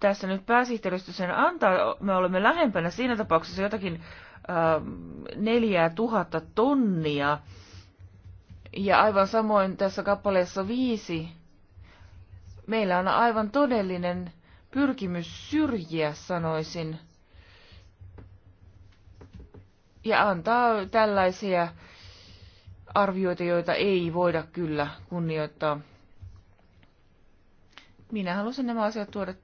tässä nyt pääsihteeristö sen antaa, me olemme lähempänä siinä tapauksessa jotakin 4000 tonnia. Ja aivan samoin tässä kappaleessa viisi, meillä on aivan todellinen pyrkimys syrjiä, sanoisin, ja antaa tällaisia arvioita, joita ei voida kyllä kunnioittaa. Minä halusin nämä asiat tuoda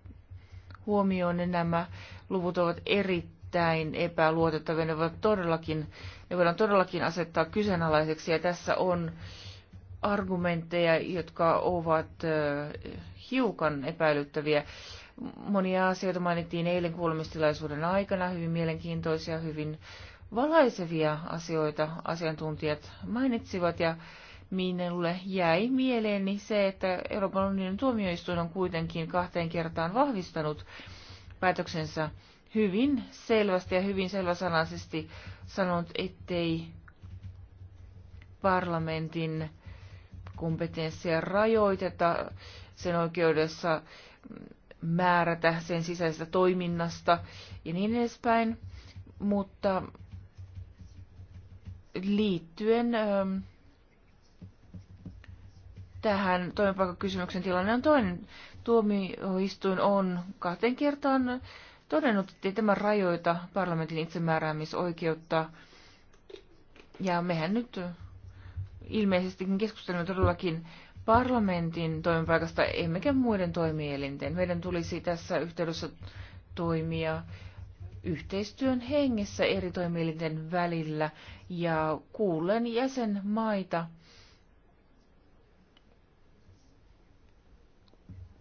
huomioon, nämä luvut ovat erittäin erittäin epäluotettavia. Ne, todellakin, ne voidaan todellakin asettaa kyseenalaiseksi ja tässä on argumentteja, jotka ovat hiukan epäilyttäviä. Monia asioita mainittiin eilen kuulemistilaisuuden aikana, hyvin mielenkiintoisia, hyvin valaisevia asioita asiantuntijat mainitsivat ja minulle jäi mieleeni se, että Euroopan unionin tuomioistuin on kuitenkin kahteen kertaan vahvistanut päätöksensä hyvin selvästi ja hyvin selväsanaisesti sanonut, ettei parlamentin kompetenssia rajoiteta sen oikeudessa määrätä sen sisäisestä toiminnasta ja niin edespäin, mutta liittyen ähm, tähän toimipaikkakysymyksen tilanne on toinen. Tuomioistuin on kahteen kertaan todennut, että tämä rajoita parlamentin itsemääräämisoikeutta. Ja mehän nyt ilmeisestikin keskustelemme todellakin parlamentin toimipaikasta, emmekä muiden toimielinten. Meidän tulisi tässä yhteydessä toimia yhteistyön hengessä eri toimielinten välillä ja kuulen jäsenmaita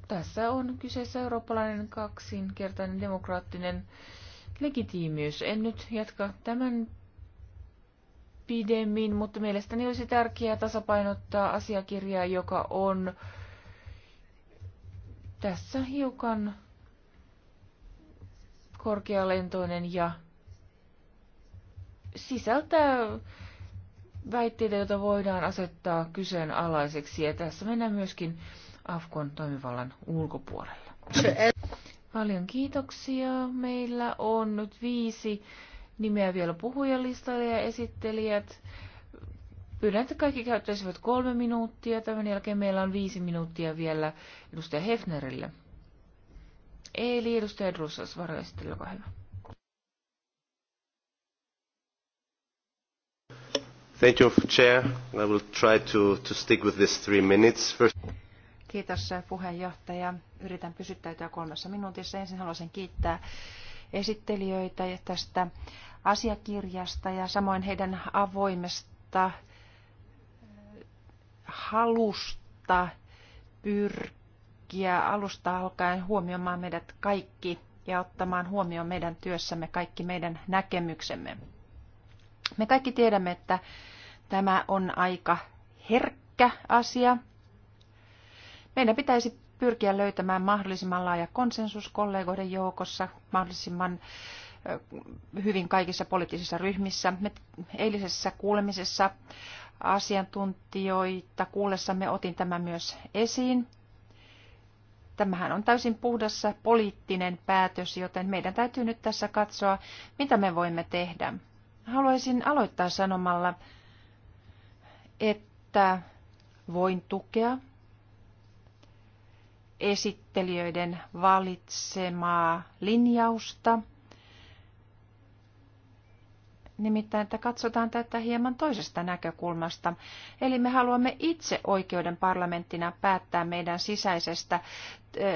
tässä on kyseessä eurooppalainen kaksinkertainen demokraattinen legitiimiys. En nyt jatka tämän pidemmin, mutta mielestäni olisi tärkeää tasapainottaa asiakirjaa, joka on tässä hiukan korkealentoinen ja sisältää väitteitä, joita voidaan asettaa kyseenalaiseksi. Ja tässä mennään myöskin Afkon toimivallan ulkopuolella. Paljon kiitoksia. Meillä on nyt viisi nimeä vielä puhujalistalle ja esittelijät. Pyydän, että kaikki käyttäisivät kolme minuuttia. Tämän jälkeen meillä on viisi minuuttia vielä edustaja Hefnerille. Eli edustaja Drussas, varjoesittely, olkaa hyvä. Thank you, Chair. I will try to, to stick with this three minutes. First... Kiitos puheenjohtaja. Yritän pysyttäytyä kolmessa minuutissa. Ensin haluaisin kiittää esittelijöitä tästä asiakirjasta ja samoin heidän avoimesta halusta pyrkiä alusta alkaen huomioimaan meidät kaikki ja ottamaan huomioon meidän työssämme kaikki meidän näkemyksemme. Me kaikki tiedämme, että tämä on aika herkkä asia meidän pitäisi pyrkiä löytämään mahdollisimman laaja konsensus kollegoiden joukossa, mahdollisimman hyvin kaikissa poliittisissa ryhmissä. Me eilisessä kuulemisessa asiantuntijoita kuullessamme otin tämän myös esiin. Tämähän on täysin puhdassa poliittinen päätös, joten meidän täytyy nyt tässä katsoa, mitä me voimme tehdä. Haluaisin aloittaa sanomalla, että voin tukea esittelijöiden valitsemaa linjausta. Nimittäin, että katsotaan tätä hieman toisesta näkökulmasta. Eli me haluamme itse oikeuden parlamenttina päättää meidän sisäisestä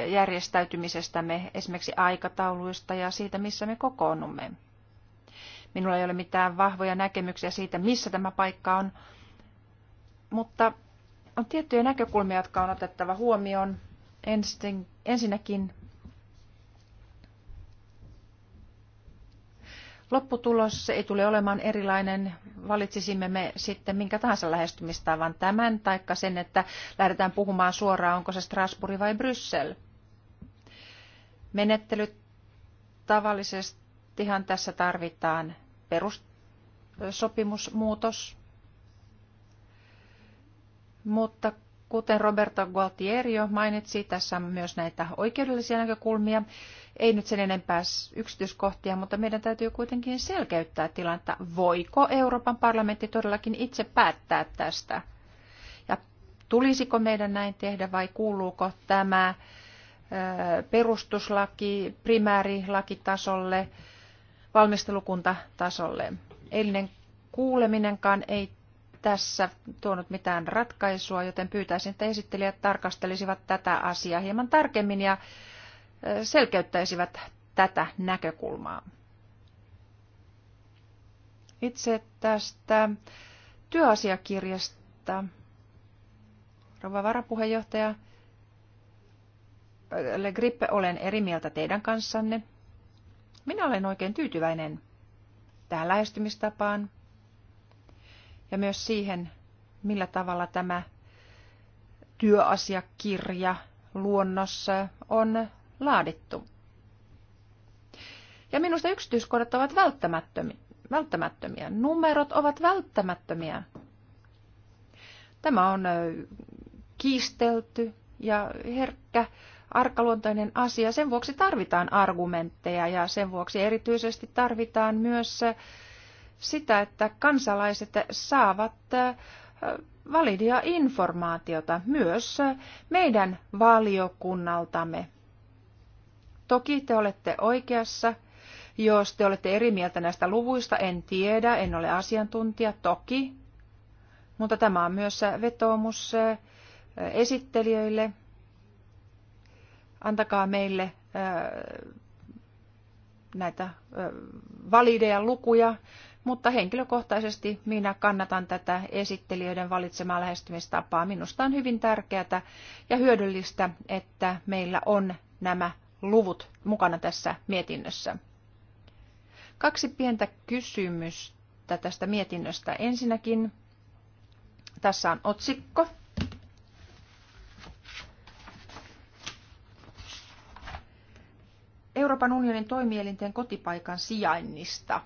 järjestäytymisestämme, esimerkiksi aikatauluista ja siitä, missä me kokoonnumme. Minulla ei ole mitään vahvoja näkemyksiä siitä, missä tämä paikka on, mutta on tiettyjä näkökulmia, jotka on otettava huomioon Ensin, ensinnäkin lopputulos ei tule olemaan erilainen, valitsisimme me sitten minkä tahansa lähestymistavan tämän, taikka sen, että lähdetään puhumaan suoraan, onko se Strasbourg vai Bryssel. Menettelyt tavallisestihan tässä tarvitaan perussopimusmuutos, mutta Kuten Roberto Gualtieri jo mainitsi, tässä on myös näitä oikeudellisia näkökulmia. Ei nyt sen enempää yksityiskohtia, mutta meidän täytyy kuitenkin selkeyttää tilannetta. Voiko Euroopan parlamentti todellakin itse päättää tästä? Ja tulisiko meidän näin tehdä vai kuuluuko tämä perustuslaki primäärilakitasolle, valmistelukuntatasolle? Eilinen kuuleminenkaan ei tässä tuonut mitään ratkaisua, joten pyytäisin, että esittelijät tarkastelisivat tätä asiaa hieman tarkemmin ja selkeyttäisivät tätä näkökulmaa. Itse tästä työasiakirjasta, rouva varapuheenjohtaja Le Grippe, olen eri mieltä teidän kanssanne. Minä olen oikein tyytyväinen tähän lähestymistapaan ja myös siihen, millä tavalla tämä työasiakirja luonnossa on laadittu. Ja minusta yksityiskohdat ovat välttämättömiä. välttämättömiä. Numerot ovat välttämättömiä. Tämä on kiistelty ja herkkä arkaluontoinen asia. Sen vuoksi tarvitaan argumentteja ja sen vuoksi erityisesti tarvitaan myös sitä, että kansalaiset saavat validia informaatiota myös meidän valiokunnaltamme. Toki te olette oikeassa. Jos te olette eri mieltä näistä luvuista, en tiedä, en ole asiantuntija, toki. Mutta tämä on myös vetoomus esittelijöille. Antakaa meille näitä valideja lukuja, mutta henkilökohtaisesti minä kannatan tätä esittelijöiden valitsemaa lähestymistapaa. Minusta on hyvin tärkeää ja hyödyllistä, että meillä on nämä luvut mukana tässä mietinnössä. Kaksi pientä kysymystä tästä mietinnöstä. Ensinnäkin tässä on otsikko. Euroopan unionin toimielinten kotipaikan sijainnista.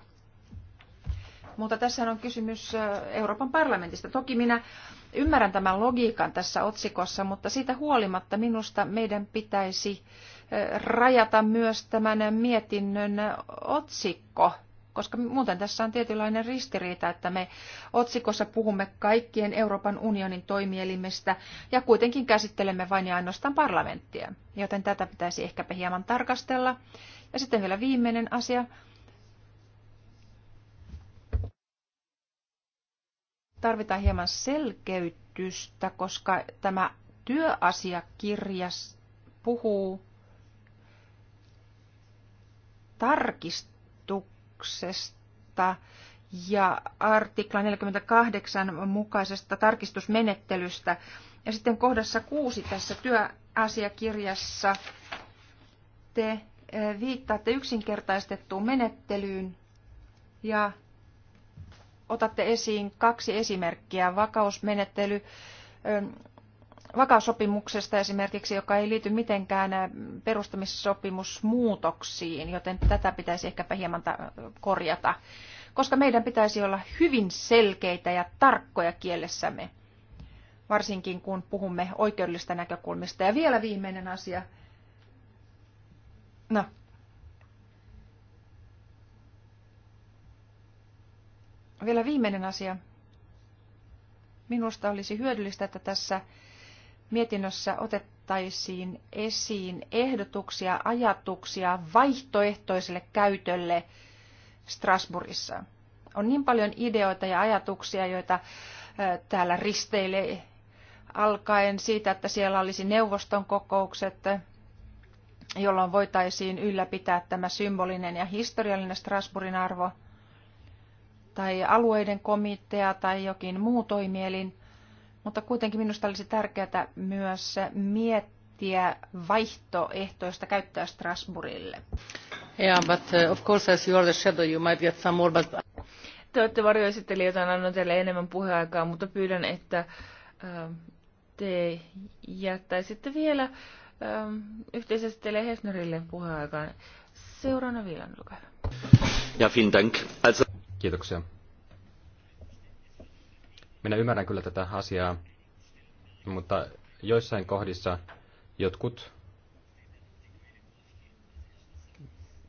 Mutta tässä on kysymys Euroopan parlamentista. Toki minä ymmärrän tämän logiikan tässä otsikossa, mutta siitä huolimatta minusta meidän pitäisi rajata myös tämän mietinnön otsikko, koska muuten tässä on tietynlainen ristiriita, että me otsikossa puhumme kaikkien Euroopan unionin toimielimestä ja kuitenkin käsittelemme vain ja ainoastaan parlamenttia, joten tätä pitäisi ehkäpä hieman tarkastella. Ja sitten vielä viimeinen asia. tarvitaan hieman selkeytystä, koska tämä työasiakirja puhuu tarkistuksesta ja artikla 48 mukaisesta tarkistusmenettelystä. Ja sitten kohdassa kuusi tässä työasiakirjassa te eh, viittaatte yksinkertaistettuun menettelyyn ja otatte esiin kaksi esimerkkiä. Vakausmenettely vakaussopimuksesta esimerkiksi, joka ei liity mitenkään perustamissopimusmuutoksiin, joten tätä pitäisi ehkäpä hieman korjata, koska meidän pitäisi olla hyvin selkeitä ja tarkkoja kielessämme, varsinkin kun puhumme oikeudellisista näkökulmista. Ja vielä viimeinen asia. No, Vielä viimeinen asia. Minusta olisi hyödyllistä, että tässä mietinnössä otettaisiin esiin ehdotuksia, ajatuksia vaihtoehtoiselle käytölle Strasbourgissa. On niin paljon ideoita ja ajatuksia, joita täällä risteilee alkaen siitä, että siellä olisi neuvoston kokoukset, jolloin voitaisiin ylläpitää tämä symbolinen ja historiallinen Strasbourgin arvo – tai alueiden komitea tai jokin muu toimielin, mutta kuitenkin minusta olisi tärkeää myös miettiä vaihtoehtoista käyttöä Strasbourgille. Yeah, but uh, of course as you are the shadow you might get some more, but... Te olette varjoesittelijöitä, annan teille enemmän puheaikaa, mutta pyydän, että ähm, te jättäisitte vielä ähm, yhteisesti teille Hefnerille puheaikaan. Seuraavana vielä, olkaa hyvä. Ja, vielen Dank. Also... Kiitoksia. Minä ymmärrän kyllä tätä asiaa, mutta joissain kohdissa jotkut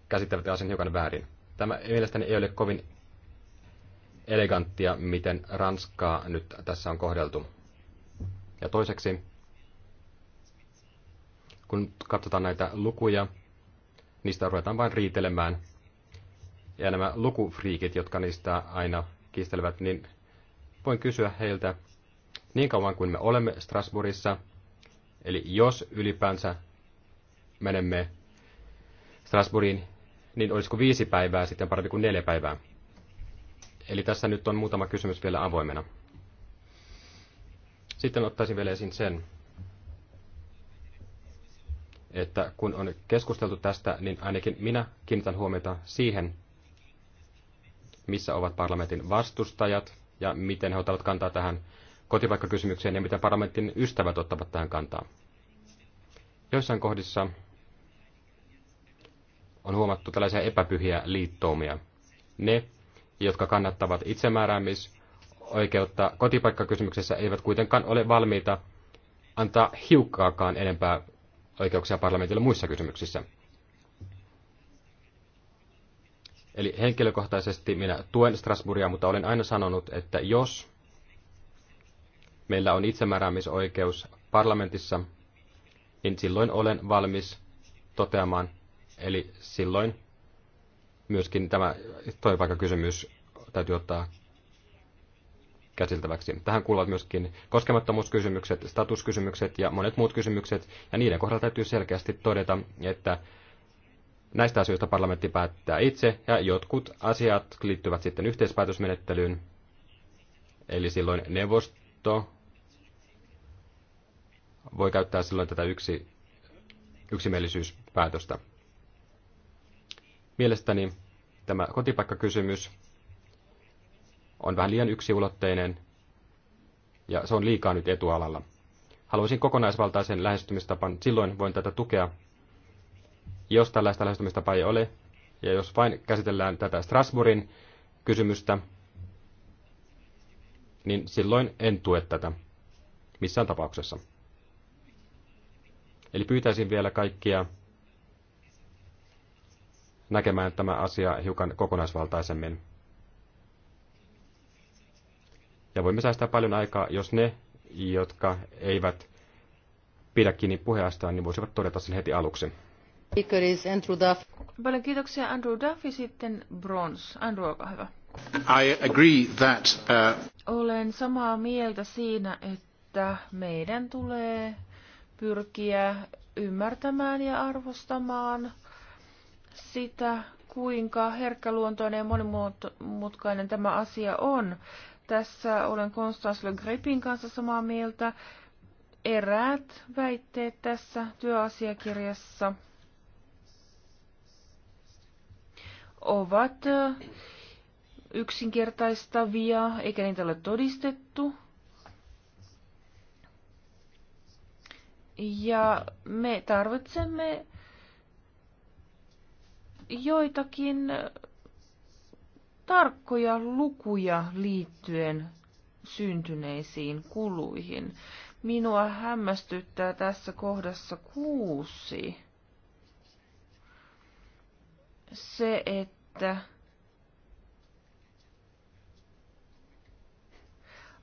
käsittävät asian hiukan väärin. Tämä mielestäni ei ole kovin eleganttia, miten Ranskaa nyt tässä on kohdeltu. Ja toiseksi, kun katsotaan näitä lukuja, niistä ruvetaan vain riitelemään – ja nämä lukufriikit, jotka niistä aina kiistelevät, niin voin kysyä heiltä, niin kauan kuin me olemme Strasbourgissa, eli jos ylipäänsä menemme Strasbourgiin, niin olisiko viisi päivää sitten parempi kuin neljä päivää? Eli tässä nyt on muutama kysymys vielä avoimena. Sitten ottaisin vielä esiin sen, että kun on keskusteltu tästä, niin ainakin minä kiinnitän huomiota siihen, missä ovat parlamentin vastustajat ja miten he ottavat kantaa tähän kotipaikkakysymykseen ja miten parlamentin ystävät ottavat tähän kantaa. Joissain kohdissa on huomattu tällaisia epäpyhiä liittoumia. Ne, jotka kannattavat itsemääräämisoikeutta kotipaikkakysymyksessä, eivät kuitenkaan ole valmiita antaa hiukkaakaan enempää oikeuksia parlamentille muissa kysymyksissä. Eli henkilökohtaisesti minä tuen Strasburgia, mutta olen aina sanonut, että jos meillä on itsemääräämisoikeus parlamentissa, niin silloin olen valmis toteamaan, eli silloin myöskin tämä toimipaikkakysymys täytyy ottaa käsiltäväksi. Tähän kuuluvat myöskin koskemattomuuskysymykset, statuskysymykset ja monet muut kysymykset, ja niiden kohdalla täytyy selkeästi todeta, että Näistä asioista parlamentti päättää itse ja jotkut asiat liittyvät sitten yhteispäätösmenettelyyn. Eli silloin neuvosto voi käyttää silloin tätä yksi, yksimielisyyspäätöstä. Mielestäni tämä kotipaikkakysymys on vähän liian yksiulotteinen ja se on liikaa nyt etualalla. Haluaisin kokonaisvaltaisen lähestymistapan, silloin voin tätä tukea, jos tällaista lähestymistapaa ei ole, ja jos vain käsitellään tätä Strasbourgin kysymystä, niin silloin en tue tätä missään tapauksessa. Eli pyytäisin vielä kaikkia näkemään tämä asia hiukan kokonaisvaltaisemmin. Ja voimme säästää paljon aikaa, jos ne, jotka eivät pidä kiinni puheastaan, niin voisivat todeta sen heti aluksi kiitoksia Andrew sitten Andrew, uh, Olen samaa mieltä siinä, että meidän tulee pyrkiä ymmärtämään ja arvostamaan sitä, kuinka herkkäluontoinen ja monimutkainen tämä asia on. Tässä olen Konstans Le Grippin kanssa samaa mieltä. Eräät väitteet tässä työasiakirjassa ovat yksinkertaistavia, eikä niitä ole todistettu. Ja me tarvitsemme joitakin tarkkoja lukuja liittyen syntyneisiin kuluihin. Minua hämmästyttää tässä kohdassa kuusi se, että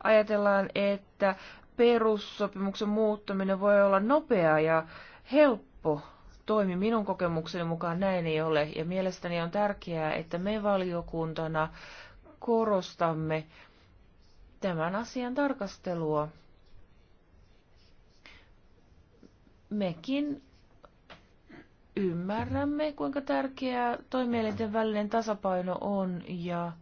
ajatellaan, että perussopimuksen muuttaminen voi olla nopea ja helppo toimi. Minun kokemukseni mukaan näin ei ole, ja mielestäni on tärkeää, että me valiokuntana korostamme tämän asian tarkastelua. Mekin ymmärrämme, kuinka tärkeää toimielinten välinen tasapaino on ja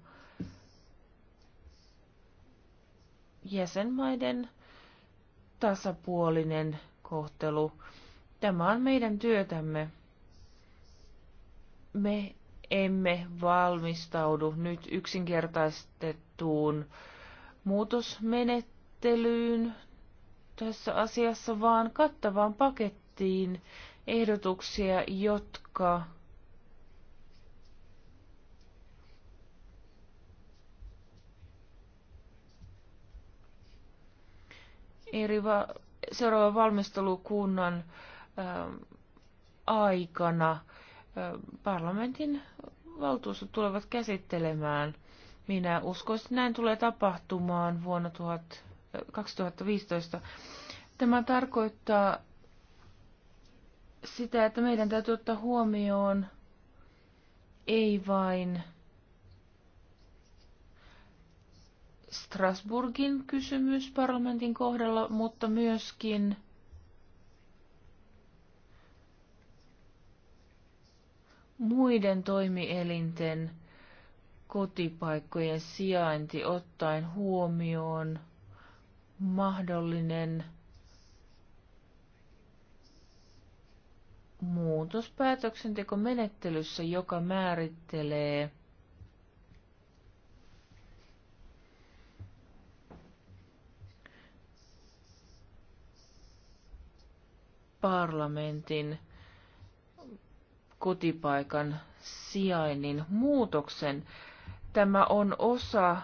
jäsenmaiden tasapuolinen kohtelu. Tämä on meidän työtämme. Me emme valmistaudu nyt yksinkertaistettuun muutosmenettelyyn tässä asiassa, vaan kattavaan pakettiin, ehdotuksia, jotka eri va- seuraavan valmistelukunnan ähm, aikana ähm, parlamentin valtuustot tulevat käsittelemään. Minä uskoisin, että näin tulee tapahtumaan vuonna 1000, 2015. Äh, Tämä tarkoittaa sitä, että meidän täytyy ottaa huomioon ei vain Strasburgin kysymys parlamentin kohdalla, mutta myöskin muiden toimielinten kotipaikkojen sijainti ottaen huomioon mahdollinen – muutospäätöksentekomenettelyssä, joka määrittelee parlamentin kotipaikan sijainnin muutoksen. Tämä on osa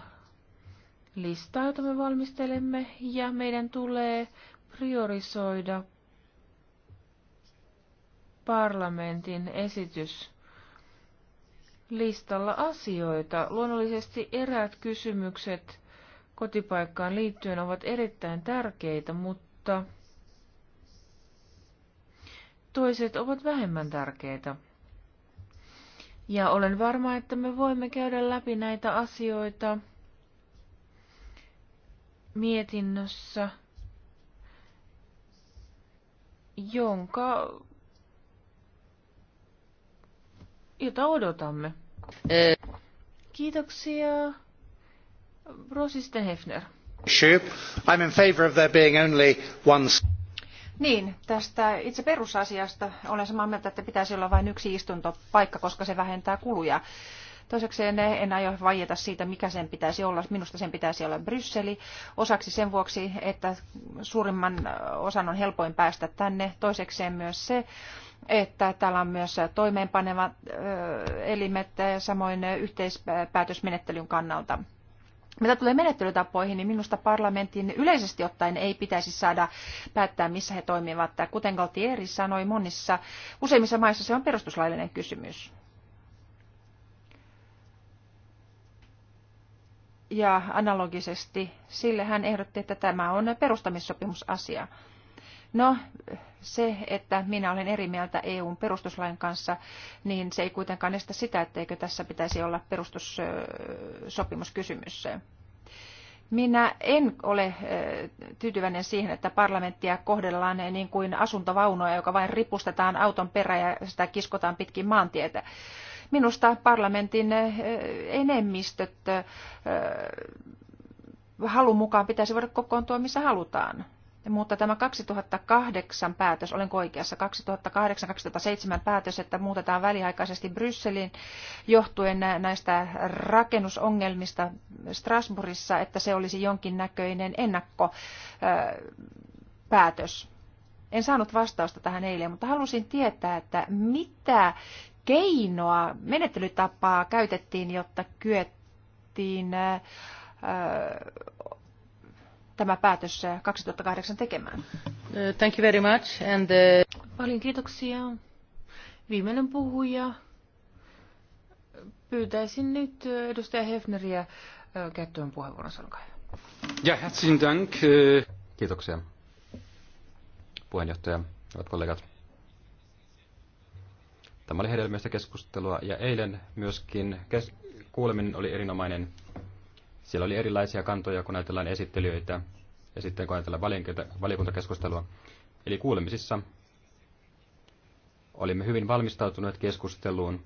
listaa, jota me valmistelemme, ja meidän tulee priorisoida parlamentin esitys listalla asioita. Luonnollisesti eräät kysymykset kotipaikkaan liittyen ovat erittäin tärkeitä, mutta toiset ovat vähemmän tärkeitä. Ja olen varma, että me voimme käydä läpi näitä asioita mietinnössä, jonka jota odotamme. Kiitoksia. Rosisten Hefner. I'm in favor of there being only one... Niin, tästä itse perusasiasta olen samaa mieltä, että pitäisi olla vain yksi istuntopaikka, koska se vähentää kuluja. Toiseksi en aio vaieta siitä, mikä sen pitäisi olla. Minusta sen pitäisi olla Brysseli. Osaksi sen vuoksi, että suurimman osan on helpoin päästä tänne. Toisekseen myös se, että täällä on myös toimeenpanevat elimet samoin yhteispäätösmenettelyn kannalta. Mitä tulee menettelytapoihin, niin minusta parlamentin yleisesti ottaen ei pitäisi saada päättää, missä he toimivat. Kuten Galtieri sanoi, monissa useimmissa maissa se on perustuslaillinen kysymys. ja analogisesti sille hän ehdotti, että tämä on perustamissopimusasia. No, se, että minä olen eri mieltä EUn perustuslain kanssa, niin se ei kuitenkaan estä sitä, etteikö tässä pitäisi olla perustussopimuskysymys. Minä en ole tyytyväinen siihen, että parlamenttia kohdellaan niin kuin asuntovaunoja, joka vain ripustetaan auton perä ja sitä kiskotaan pitkin maantietä. Minusta parlamentin eh, enemmistöt eh, halun mukaan pitäisi voida kokoontua missä halutaan. Mutta tämä 2008 päätös, olen oikeassa, 2008-2007 päätös, että muutetaan väliaikaisesti Brysselin johtuen näistä rakennusongelmista Strasbourgissa, että se olisi jonkinnäköinen ennakkopäätös. Eh, en saanut vastausta tähän eilen, mutta halusin tietää, että mitä keinoa, menettelytapaa käytettiin, jotta kyettiin tämä päätös 2008 tekemään. Thank you very much. And, uh... Paljon kiitoksia. Viimeinen puhuja. Pyytäisin nyt edustaja Hefneriä käyttöön puheenvuoron, sanokaa. Ja, herzlichen Dank. Kiitoksia, puheenjohtaja, hyvät kollegat. Tämä oli hedelmällistä keskustelua ja eilen myöskin kes- kuuleminen oli erinomainen. Siellä oli erilaisia kantoja, kun ajatellaan esittelijöitä ja sitten kun ajatellaan valiokuntakeskustelua. Eli kuulemisissa olimme hyvin valmistautuneet keskusteluun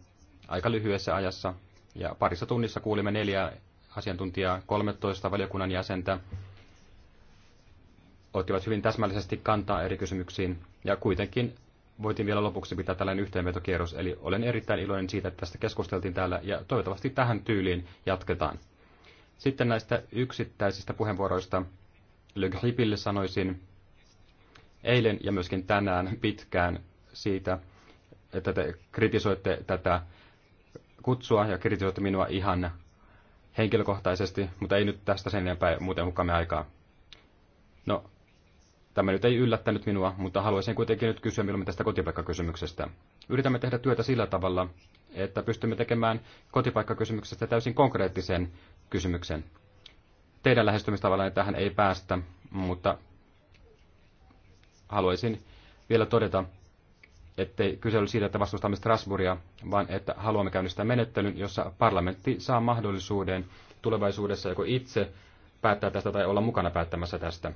aika lyhyessä ajassa ja parissa tunnissa kuulimme neljä asiantuntijaa, 13 valiokunnan jäsentä, ottivat hyvin täsmällisesti kantaa eri kysymyksiin ja kuitenkin voitiin vielä lopuksi pitää tällainen yhteenvetokierros, eli olen erittäin iloinen siitä, että tästä keskusteltiin täällä, ja toivottavasti tähän tyyliin jatketaan. Sitten näistä yksittäisistä puheenvuoroista Le Gripille sanoisin eilen ja myöskin tänään pitkään siitä, että te kritisoitte tätä kutsua ja kritisoitte minua ihan henkilökohtaisesti, mutta ei nyt tästä sen enempää muuten hukkaamme aikaa. No, Tämä nyt ei yllättänyt minua, mutta haluaisin kuitenkin nyt kysyä milloin tästä kotipaikkakysymyksestä. Yritämme tehdä työtä sillä tavalla, että pystymme tekemään kotipaikkakysymyksestä täysin konkreettisen kysymyksen. Teidän lähestymistavallaan tähän ei päästä, mutta haluaisin vielä todeta, ettei kyse ole siitä, että vastustamme Strasburgia, vaan että haluamme käynnistää menettelyn, jossa parlamentti saa mahdollisuuden tulevaisuudessa joko itse päättää tästä tai olla mukana päättämässä tästä.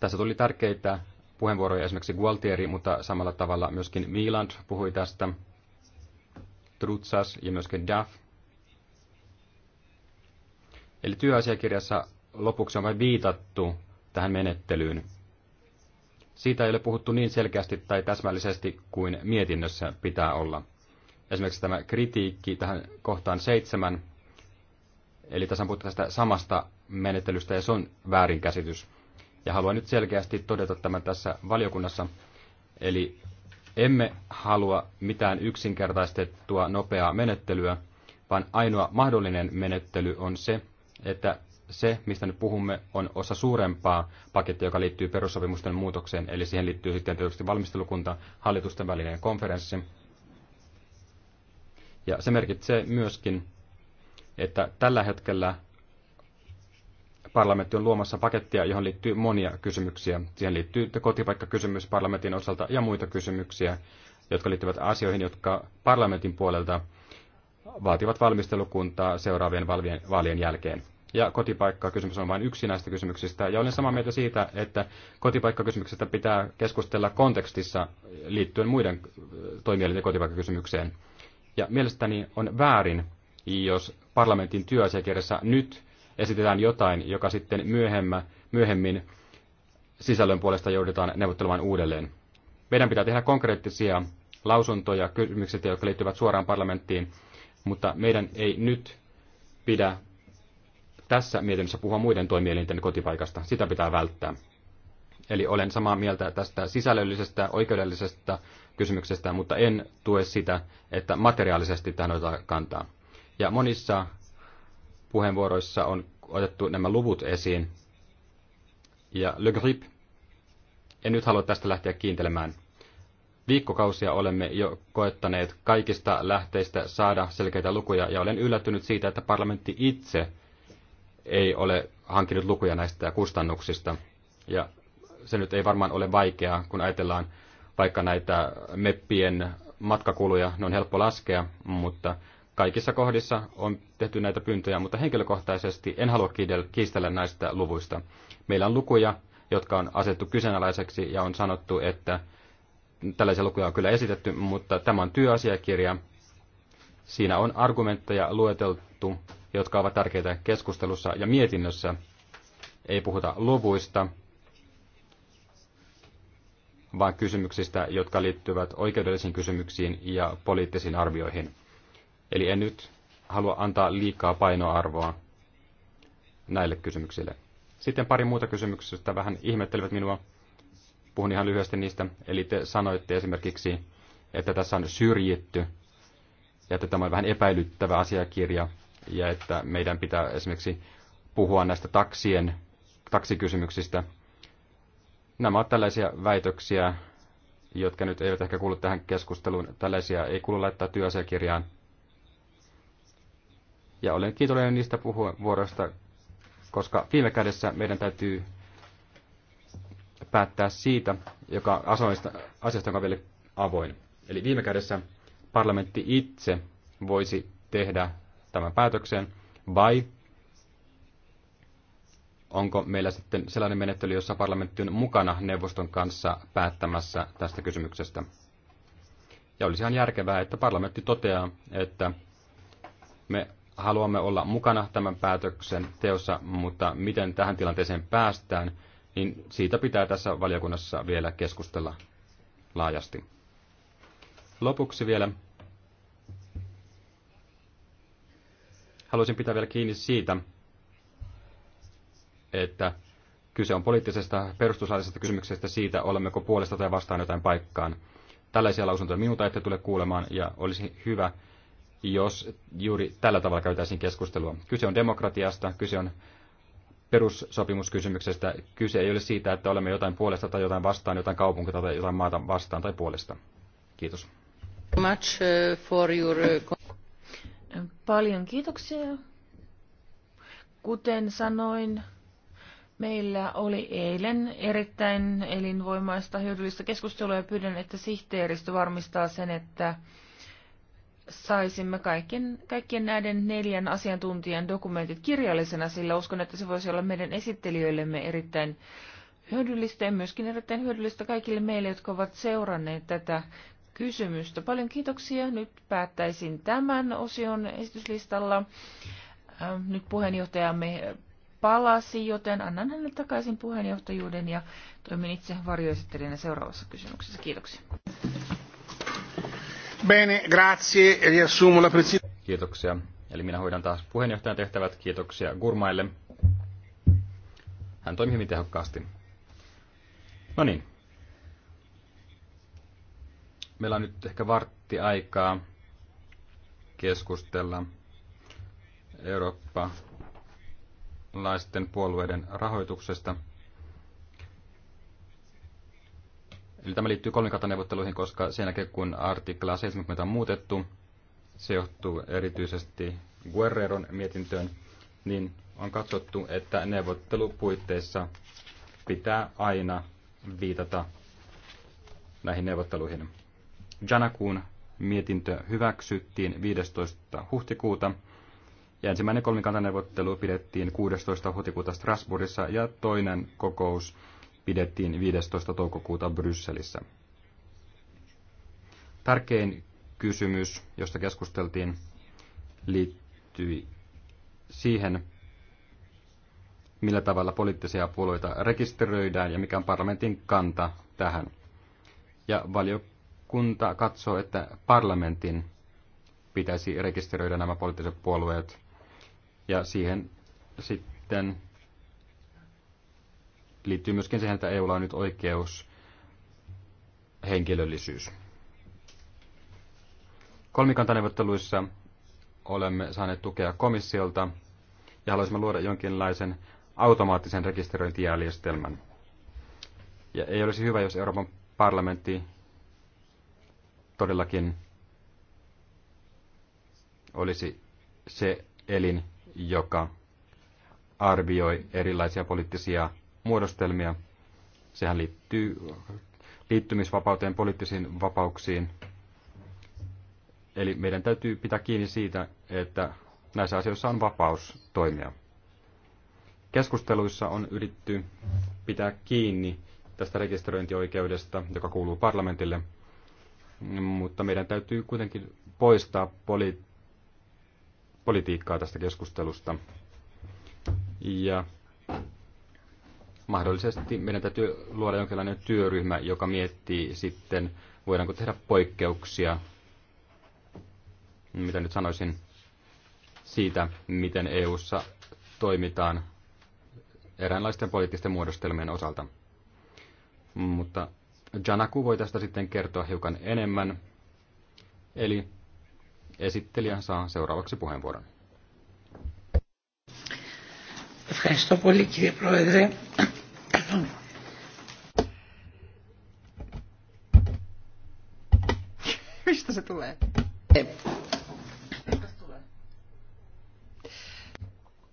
Tässä tuli tärkeitä puheenvuoroja esimerkiksi Gualtieri, mutta samalla tavalla myöskin Miland puhui tästä, Trutsas ja myöskin Duff. Eli työasiakirjassa lopuksi on vain viitattu tähän menettelyyn. Siitä ei ole puhuttu niin selkeästi tai täsmällisesti kuin mietinnössä pitää olla. Esimerkiksi tämä kritiikki tähän kohtaan seitsemän, eli tässä on puhuttu tästä samasta menettelystä ja se on väärinkäsitys. Ja haluan nyt selkeästi todeta tämän tässä valiokunnassa. Eli emme halua mitään yksinkertaistettua nopeaa menettelyä, vaan ainoa mahdollinen menettely on se, että se, mistä nyt puhumme, on osa suurempaa pakettia, joka liittyy perussopimusten muutokseen. Eli siihen liittyy sitten tietysti valmistelukunta, hallitusten välinen konferenssi. Ja se merkitsee myöskin, että tällä hetkellä parlamentti on luomassa pakettia, johon liittyy monia kysymyksiä. Siihen liittyy kotipaikkakysymys parlamentin osalta ja muita kysymyksiä, jotka liittyvät asioihin, jotka parlamentin puolelta vaativat valmistelukuntaa seuraavien vaalien jälkeen. Ja kotipaikkakysymys on vain yksi näistä kysymyksistä. Ja olen samaa mieltä siitä, että kotipaikkakysymyksestä pitää keskustella kontekstissa liittyen muiden äh, toimielinten kotipaikkakysymykseen. Ja mielestäni on väärin, jos parlamentin työasiakirjassa nyt esitetään jotain, joka sitten myöhemmin, myöhemmin sisällön puolesta joudutaan neuvottelemaan uudelleen. Meidän pitää tehdä konkreettisia lausuntoja, kysymyksiä, jotka liittyvät suoraan parlamenttiin, mutta meidän ei nyt pidä tässä mietinnössä puhua muiden toimielinten kotipaikasta. Sitä pitää välttää. Eli olen samaa mieltä tästä sisällöllisestä, oikeudellisesta kysymyksestä, mutta en tue sitä, että materiaalisesti tähän otetaan kantaa. Ja monissa puheenvuoroissa on otettu nämä luvut esiin. Ja Le Grip, en nyt halua tästä lähteä kiintelemään. Viikkokausia olemme jo koettaneet kaikista lähteistä saada selkeitä lukuja, ja olen yllättynyt siitä, että parlamentti itse ei ole hankinut lukuja näistä kustannuksista. Ja se nyt ei varmaan ole vaikeaa, kun ajatellaan vaikka näitä meppien matkakuluja, ne on helppo laskea, mutta Kaikissa kohdissa on tehty näitä pyyntöjä, mutta henkilökohtaisesti en halua kiistellä näistä luvuista. Meillä on lukuja, jotka on asettu kyseenalaiseksi ja on sanottu, että tällaisia lukuja on kyllä esitetty, mutta tämä on työasiakirja. Siinä on argumentteja lueteltu, jotka ovat tärkeitä keskustelussa ja mietinnössä. Ei puhuta luvuista, vaan kysymyksistä, jotka liittyvät oikeudellisiin kysymyksiin ja poliittisiin arvioihin. Eli en nyt halua antaa liikaa painoarvoa näille kysymyksille. Sitten pari muuta kysymyksistä vähän ihmettelivät minua. Puhun ihan lyhyesti niistä. Eli te sanoitte esimerkiksi, että tässä on syrjitty ja että tämä on vähän epäilyttävä asiakirja ja että meidän pitää esimerkiksi puhua näistä taksien, taksikysymyksistä. Nämä ovat tällaisia väitöksiä, jotka nyt eivät ehkä kuulu tähän keskusteluun. Tällaisia ei kuulu laittaa työasiakirjaan. Ja olen kiitollinen niistä puheenvuoroista, koska viime kädessä meidän täytyy päättää siitä, joka asioista, asiasta on vielä avoin. Eli viime kädessä parlamentti itse voisi tehdä tämän päätöksen, vai onko meillä sitten sellainen menettely, jossa parlamentti on mukana neuvoston kanssa päättämässä tästä kysymyksestä. Ja olisi ihan järkevää, että parlamentti toteaa, että me haluamme olla mukana tämän päätöksen teossa, mutta miten tähän tilanteeseen päästään, niin siitä pitää tässä valiokunnassa vielä keskustella laajasti. Lopuksi vielä haluaisin pitää vielä kiinni siitä, että kyse on poliittisesta perustuslaillisesta kysymyksestä siitä, olemmeko puolesta tai vastaan jotain paikkaan. Tällaisia lausuntoja minulta ette tule kuulemaan ja olisi hyvä, jos juuri tällä tavalla käytäisiin keskustelua. Kyse on demokratiasta, kyse on perussopimuskysymyksestä. Kyse ei ole siitä, että olemme jotain puolesta tai jotain vastaan, jotain kaupunkia tai jotain maata vastaan tai puolesta. Kiitos. Much uh, for your... Uh, Paljon kiitoksia. Kuten sanoin, meillä oli eilen erittäin elinvoimaista hyödyllistä keskustelua ja pyydän, että sihteeristö varmistaa sen, että saisimme kaikkien, kaikkien näiden neljän asiantuntijan dokumentit kirjallisena, sillä uskon, että se voisi olla meidän esittelijöillemme erittäin hyödyllistä ja myöskin erittäin hyödyllistä kaikille meille, jotka ovat seuranneet tätä kysymystä. Paljon kiitoksia. Nyt päättäisin tämän osion esityslistalla. Ähm, nyt puheenjohtajamme palasi, joten annan hänelle takaisin puheenjohtajuuden ja toimin itse varjoesittelijänä seuraavassa kysymyksessä. Kiitoksia. Bene, grazie. Riassumo la Kiitoksia. Eli minä hoidan taas puheenjohtajan tehtävät. Kiitoksia Gurmaille. Hän toimii hyvin tehokkaasti. No niin. Meillä on nyt ehkä vartti aikaa keskustella Eurooppa laisten puolueiden rahoituksesta – Eli tämä liittyy kolmikantaneuvotteluihin, koska sen jälkeen kun artikla 70 on muutettu, se johtuu erityisesti Guerreron mietintöön, niin on katsottu, että neuvottelupuitteissa pitää aina viitata näihin neuvotteluihin. Janakuun mietintö hyväksyttiin 15. huhtikuuta ja ensimmäinen kolmikantaneuvottelu pidettiin 16. huhtikuuta Strasbourgissa ja toinen kokous pidettiin 15. toukokuuta Brysselissä. Tärkein kysymys, josta keskusteltiin, liittyi siihen, millä tavalla poliittisia puolueita rekisteröidään ja mikä on parlamentin kanta tähän. Ja valiokunta katsoo, että parlamentin pitäisi rekisteröidä nämä poliittiset puolueet ja siihen sitten liittyy myöskin siihen, että EUlla on nyt oikeus henkilöllisyys. Kolmikantaneuvotteluissa olemme saaneet tukea komissiolta ja haluaisimme luoda jonkinlaisen automaattisen rekisteröintijärjestelmän. Ja ei olisi hyvä, jos Euroopan parlamentti todellakin olisi se elin, joka arvioi erilaisia poliittisia muodostelmia. Sehän liittyy liittymisvapauteen, poliittisiin vapauksiin. Eli meidän täytyy pitää kiinni siitä, että näissä asioissa on vapaus toimia. Keskusteluissa on yritetty pitää kiinni tästä rekisteröintioikeudesta, joka kuuluu parlamentille, mutta meidän täytyy kuitenkin poistaa poli- politiikkaa tästä keskustelusta. Ja mahdollisesti meidän täytyy luoda jonkinlainen työryhmä, joka miettii sitten, voidaanko tehdä poikkeuksia, mitä nyt sanoisin, siitä, miten EU:ssa toimitaan eräänlaisten poliittisten muodostelmien osalta. Mutta Janaku voi tästä sitten kertoa hiukan enemmän. Eli esittelijä saa seuraavaksi puheenvuoron. Ευχαριστώ πολύ κύριε Πρόεδρε. (laughs) Mistä se tulee?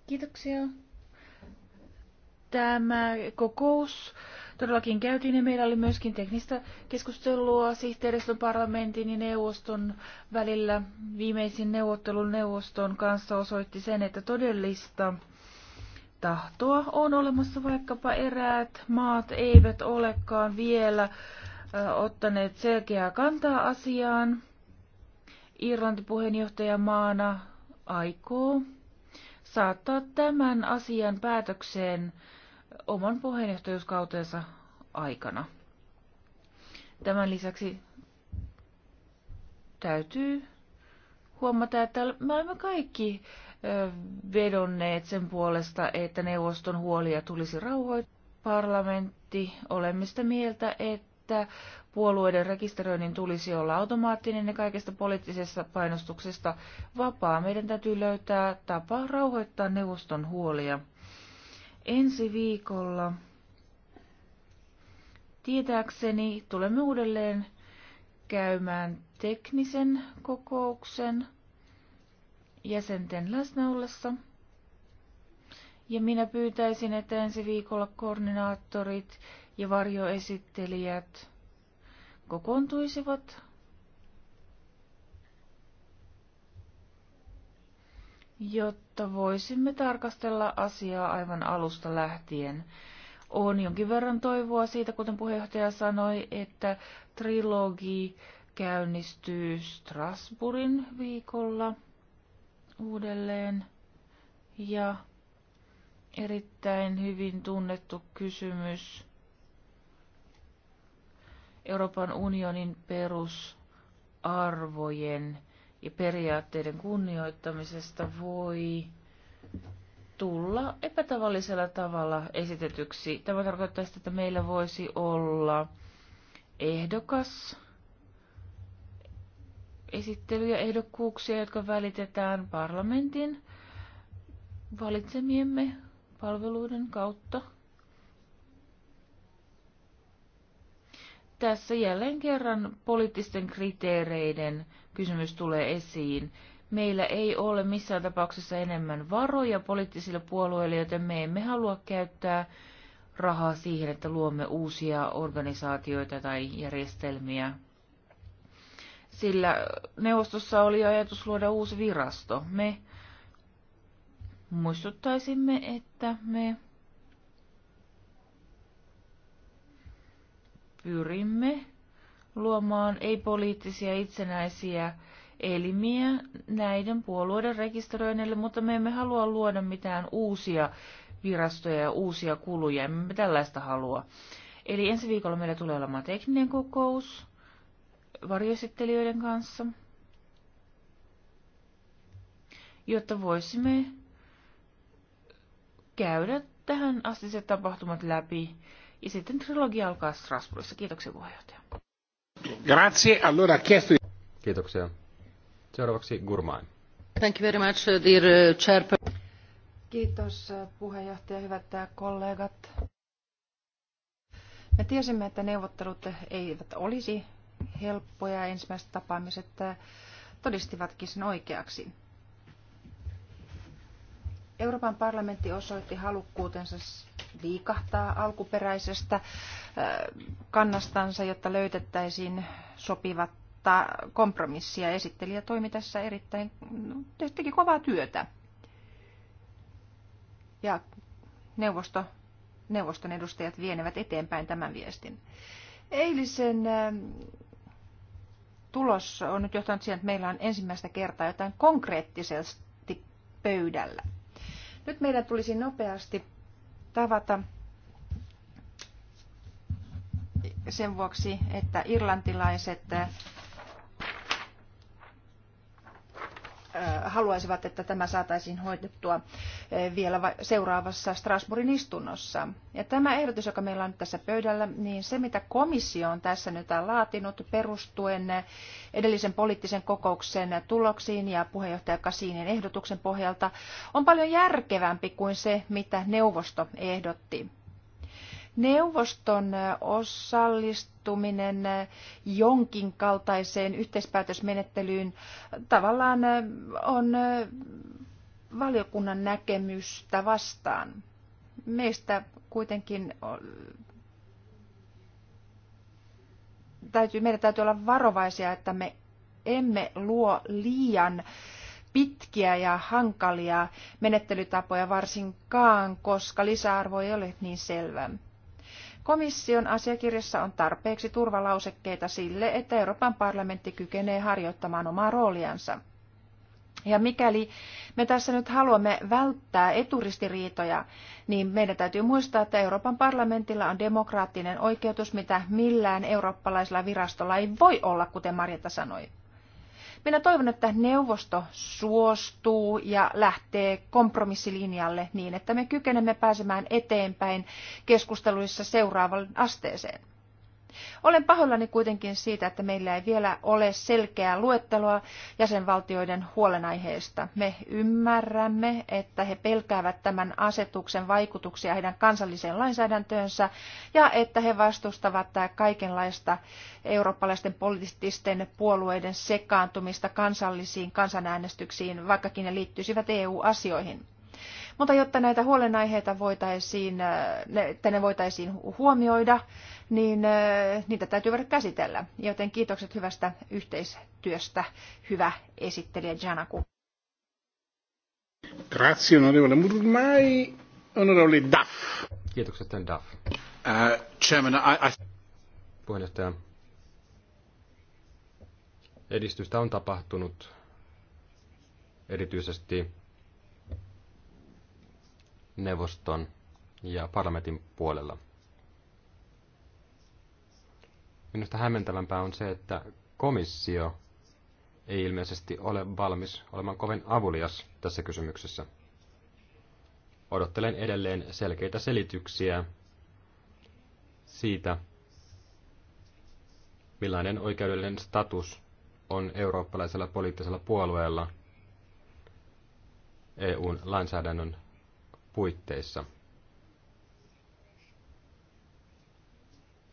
Kiitoksia. Tämä kokous todellakin käytiin ja meillä oli myöskin teknistä keskustelua sihteeristön parlamentin ja neuvoston välillä. Viimeisin neuvottelu neuvoston kanssa osoitti sen, että todellista tahtoa on olemassa, vaikkapa eräät maat eivät olekaan vielä ottaneet selkeää kantaa asiaan. Irlanti puheenjohtajamaana aikoo saattaa tämän asian päätökseen oman puheenjohtajuuskautensa aikana. Tämän lisäksi täytyy huomata, että me olemme kaikki vedonneet sen puolesta, että neuvoston huolia tulisi rauhoittaa. Parlamentti, olemme sitä mieltä, että puolueiden rekisteröinnin tulisi olla automaattinen ja kaikesta poliittisesta painostuksesta vapaa. Meidän täytyy löytää tapa rauhoittaa neuvoston huolia. Ensi viikolla tietääkseni tulemme uudelleen käymään teknisen kokouksen jäsenten läsnäollessa. Ja minä pyytäisin, että ensi viikolla koordinaattorit ja varjoesittelijät kokoontuisivat jotta voisimme tarkastella asiaa aivan alusta lähtien. On jonkin verran toivoa siitä, kuten puheenjohtaja sanoi, että trilogi käynnistyy Strasbourgin viikolla – uudelleen. Ja erittäin hyvin tunnettu kysymys Euroopan unionin perusarvojen ja periaatteiden kunnioittamisesta voi tulla epätavallisella tavalla esitetyksi. Tämä tarkoittaa sitä, että meillä voisi olla ehdokas, esittelyjä, ehdokkuuksia, jotka välitetään parlamentin valitsemiemme palveluiden kautta. Tässä jälleen kerran poliittisten kriteereiden kysymys tulee esiin. Meillä ei ole missään tapauksessa enemmän varoja poliittisille puolueille, joten me emme halua käyttää rahaa siihen, että luomme uusia organisaatioita tai järjestelmiä sillä neuvostossa oli ajatus luoda uusi virasto. Me muistuttaisimme, että me pyrimme luomaan ei-poliittisia itsenäisiä elimiä näiden puolueiden rekisteröinnille, mutta me emme halua luoda mitään uusia virastoja ja uusia kuluja, emme tällaista halua. Eli ensi viikolla meillä tulee olemaan tekninen kokous, varjoesittelijöiden kanssa, jotta voisimme käydä tähän astiset tapahtumat läpi. Ja sitten trilogia alkaa Strasbourgissa. Kiitoksia puheenjohtaja. Grazie. Allora, chiesto... Kiitoksia. Seuraavaksi Gurmain. Thank you very much, dear uh, Kiitos uh, puheenjohtaja, hyvät uh, kollegat. Me tiesimme, että neuvottelut eivät olisi helppoja. Ensimmäiset tapaamiset äh, todistivatkin sen oikeaksi. Euroopan parlamentti osoitti halukkuutensa liikahtaa alkuperäisestä äh, kannastansa, jotta löytettäisiin sopivat kompromissia. Esittelijä toimi tässä erittäin, no, teki kovaa työtä. Ja neuvosto, neuvoston edustajat vienevät eteenpäin tämän viestin. Eilisen äh, tulos on nyt johtanut siihen, että meillä on ensimmäistä kertaa jotain konkreettisesti pöydällä. Nyt meidän tulisi nopeasti tavata sen vuoksi, että irlantilaiset haluaisivat, että tämä saataisiin hoidettua vielä seuraavassa Strasbourgin istunnossa. Ja tämä ehdotus, joka meillä on nyt tässä pöydällä, niin se mitä komissio on tässä nyt laatinut perustuen edellisen poliittisen kokouksen tuloksiin ja puheenjohtaja Kasinin ehdotuksen pohjalta, on paljon järkevämpi kuin se, mitä neuvosto ehdotti. Neuvoston osallistuminen osallistuminen jonkin kaltaiseen yhteispäätösmenettelyyn tavallaan on valiokunnan näkemystä vastaan. Meistä kuitenkin täytyy, meidän täytyy olla varovaisia, että me emme luo liian pitkiä ja hankalia menettelytapoja varsinkaan, koska lisäarvo ei ole niin selvä. Komission asiakirjassa on tarpeeksi turvalausekkeita sille, että Euroopan parlamentti kykenee harjoittamaan omaa rooliansa. Ja mikäli me tässä nyt haluamme välttää eturistiriitoja, niin meidän täytyy muistaa, että Euroopan parlamentilla on demokraattinen oikeutus, mitä millään eurooppalaisella virastolla ei voi olla, kuten Marjatta sanoi. Minä toivon, että neuvosto suostuu ja lähtee kompromissilinjalle niin, että me kykenemme pääsemään eteenpäin keskusteluissa seuraavalle asteeseen. Olen pahoillani kuitenkin siitä, että meillä ei vielä ole selkeää luetteloa jäsenvaltioiden huolenaiheesta. Me ymmärrämme, että he pelkäävät tämän asetuksen vaikutuksia heidän kansalliseen lainsäädäntöönsä ja että he vastustavat kaikenlaista eurooppalaisten poliittisten puolueiden sekaantumista kansallisiin kansanäänestyksiin, vaikkakin ne liittyisivät EU-asioihin. Mutta jotta näitä huolenaiheita voitaisiin, äh, että ne voitaisiin huomioida, niin äh, niitä täytyy voida käsitellä. Joten kiitokset hyvästä yhteistyöstä, hyvä esittelijä Janaku. Grazie onorevole Murmai, onorevole Duff. Kiitokset Duff. Uh, chairman, I, I... Puheenjohtaja, edistystä on tapahtunut erityisesti neuvoston ja parlamentin puolella. Minusta hämmentävämpää on se, että komissio ei ilmeisesti ole valmis olemaan kovin avulias tässä kysymyksessä. Odottelen edelleen selkeitä selityksiä siitä, millainen oikeudellinen status on eurooppalaisella poliittisella puolueella EUn lainsäädännön puitteissa.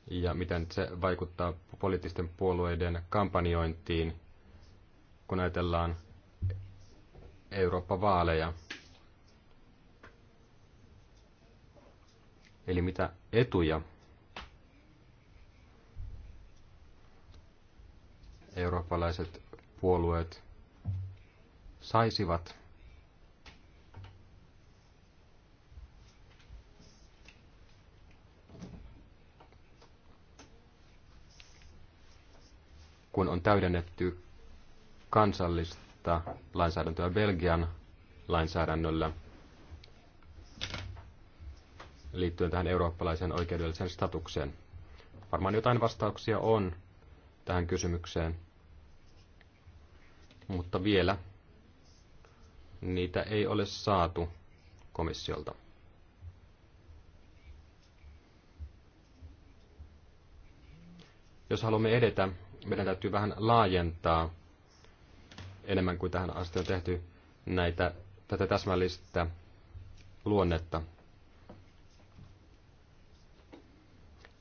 Ja miten se vaikuttaa poliittisten puolueiden kampanjointiin, kun ajatellaan Eurooppa-vaaleja. Eli mitä etuja eurooppalaiset puolueet saisivat – kun on täydennetty kansallista lainsäädäntöä Belgian lainsäädännöllä liittyen tähän eurooppalaiseen oikeudelliseen statukseen. Varmaan jotain vastauksia on tähän kysymykseen, mutta vielä niitä ei ole saatu komissiolta. Jos haluamme edetä, meidän täytyy vähän laajentaa enemmän kuin tähän asti on tehty näitä, tätä täsmällistä luonnetta.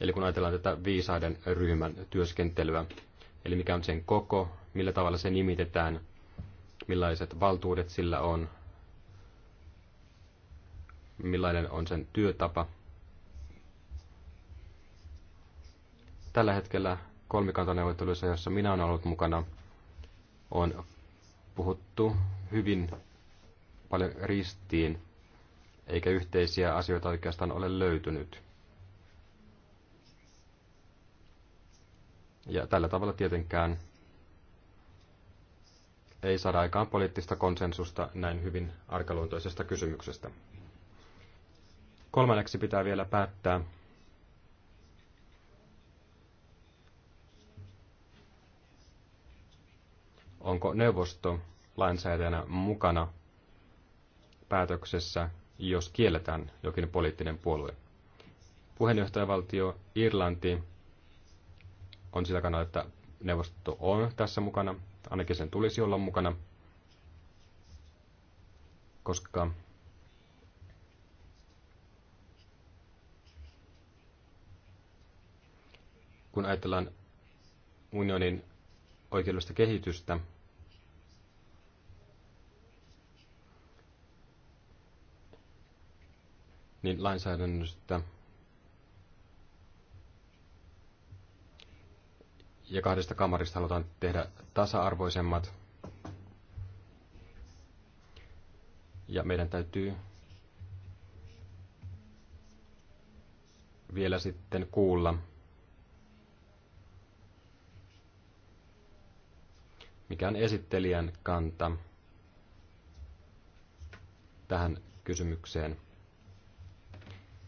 Eli kun ajatellaan tätä viisaiden ryhmän työskentelyä, eli mikä on sen koko, millä tavalla se nimitetään, millaiset valtuudet sillä on, millainen on sen työtapa. Tällä hetkellä kolmikantaneuvotteluissa, jossa minä olen ollut mukana, on puhuttu hyvin paljon ristiin, eikä yhteisiä asioita oikeastaan ole löytynyt. Ja tällä tavalla tietenkään ei saada aikaan poliittista konsensusta näin hyvin arkaluontoisesta kysymyksestä. Kolmanneksi pitää vielä päättää, onko neuvosto lainsäätäjänä mukana päätöksessä, jos kielletään jokin poliittinen puolue. Puheenjohtajavaltio Irlanti on sillä kannalla, että neuvosto on tässä mukana, ainakin sen tulisi olla mukana, koska kun ajatellaan unionin oikeudellista kehitystä, niin lainsäädännöstä ja kahdesta kamarista halutaan tehdä tasa-arvoisemmat. Ja meidän täytyy vielä sitten kuulla, mikä on esittelijän kanta tähän kysymykseen.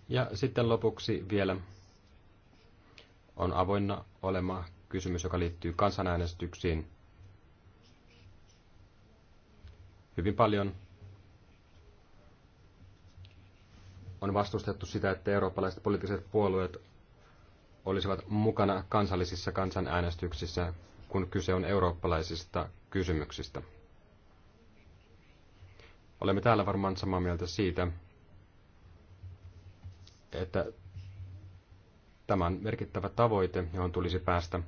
Ja sitten lopuksi vielä on avoinna olema kysymys, joka liittyy kansanäänestyksiin. Hyvin paljon on vastustettu sitä, että eurooppalaiset poliittiset puolueet olisivat mukana kansallisissa kansanäänestyksissä, kun kyse on eurooppalaisista kysymyksistä. Olemme täällä varmaan samaa mieltä siitä, että tämä on merkittävä tavoite, johon tulisi päästä.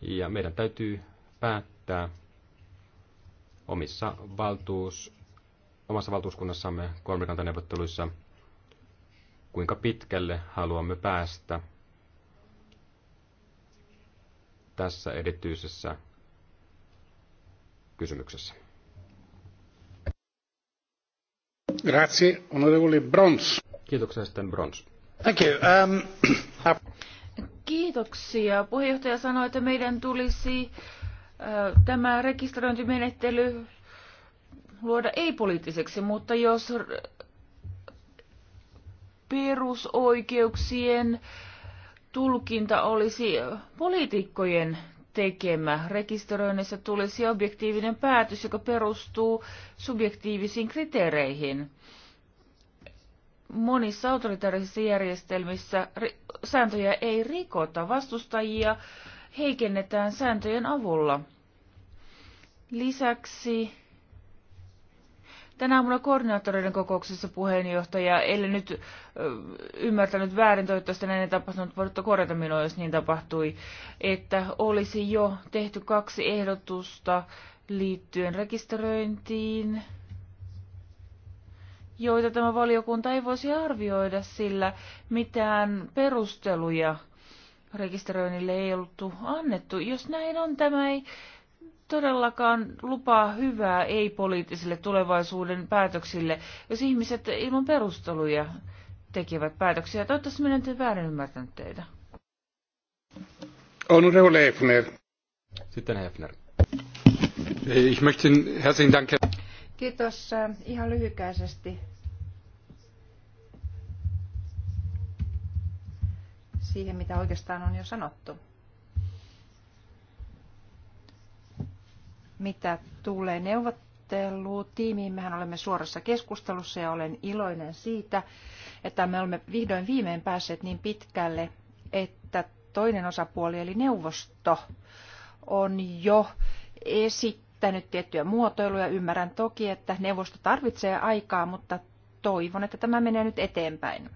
Ja meidän täytyy päättää omissa valtuus, omassa valtuuskunnassamme kolmikantaneuvotteluissa, kuinka pitkälle haluamme päästä tässä erityisessä kysymyksessä. Grazie, onorevole Brons. Kiitoksia sitten Brons. Thank you. Um, (clears throat) Kiitoksia. Puheenjohtaja sanoi, että meidän tulisi äh, tämä rekisteröintimenettely luoda ei-poliittiseksi, mutta jos perusoikeuksien tulkinta olisi poliitikkojen tekemä. Rekisteröinnissä tulisi objektiivinen päätös, joka perustuu subjektiivisiin kriteereihin monissa autoritaarisissa järjestelmissä sääntöjä ei rikota, vastustajia heikennetään sääntöjen avulla. Lisäksi tänä aamuna koordinaattoreiden kokouksessa puheenjohtaja, ellei nyt ymmärtänyt väärin, toivottavasti näin ei tapahtunut, voitte korjata minua, jos niin tapahtui, että olisi jo tehty kaksi ehdotusta liittyen rekisteröintiin joita tämä valiokunta ei voisi arvioida, sillä mitään perusteluja rekisteröinnille ei ollut annettu. Jos näin on, tämä ei todellakaan lupaa hyvää ei-poliittisille tulevaisuuden päätöksille, jos ihmiset ilman perusteluja tekevät päätöksiä. Toivottavasti minä en väärin ymmärtänyt teitä. On oh, no, Hefner. Sitten Hefner. Ich möchte herzlichen Dank. Kiitos ihan lyhykäisesti siihen, mitä oikeastaan on jo sanottu. Mitä tulee neuvottelutiimiin, mehän olemme suorassa keskustelussa ja olen iloinen siitä, että me olemme vihdoin viimein päässeet niin pitkälle, että toinen osapuoli eli neuvosto on jo esittänyt esittänyt tiettyjä muotoiluja. Ymmärrän toki, että neuvosto tarvitsee aikaa, mutta toivon, että tämä menee nyt eteenpäin.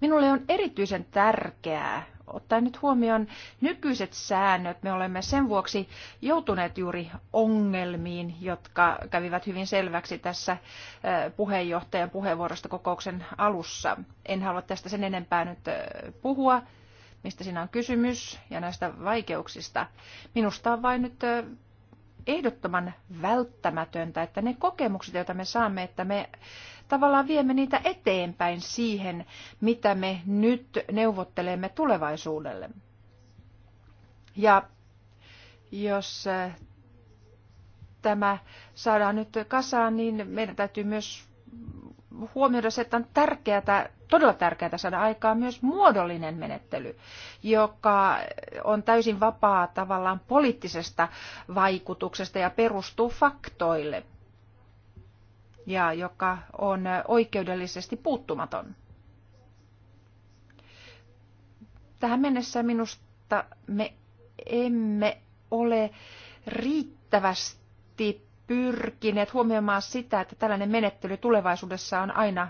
Minulle on erityisen tärkeää, ottaen nyt huomioon nykyiset säännöt, me olemme sen vuoksi joutuneet juuri ongelmiin, jotka kävivät hyvin selväksi tässä puheenjohtajan puheenvuorosta kokouksen alussa. En halua tästä sen enempää nyt puhua mistä siinä on kysymys ja näistä vaikeuksista. Minusta on vain nyt ehdottoman välttämätöntä, että ne kokemukset, joita me saamme, että me tavallaan viemme niitä eteenpäin siihen, mitä me nyt neuvottelemme tulevaisuudelle. Ja jos tämä saadaan nyt kasaan, niin meidän täytyy myös huomioida se, että on tärkeää, todella tärkeää saada aikaan myös muodollinen menettely, joka on täysin vapaa tavallaan poliittisesta vaikutuksesta ja perustuu faktoille ja joka on oikeudellisesti puuttumaton. Tähän mennessä minusta me emme ole riittävästi pyrkineet huomioimaan sitä, että tällainen menettely tulevaisuudessa on aina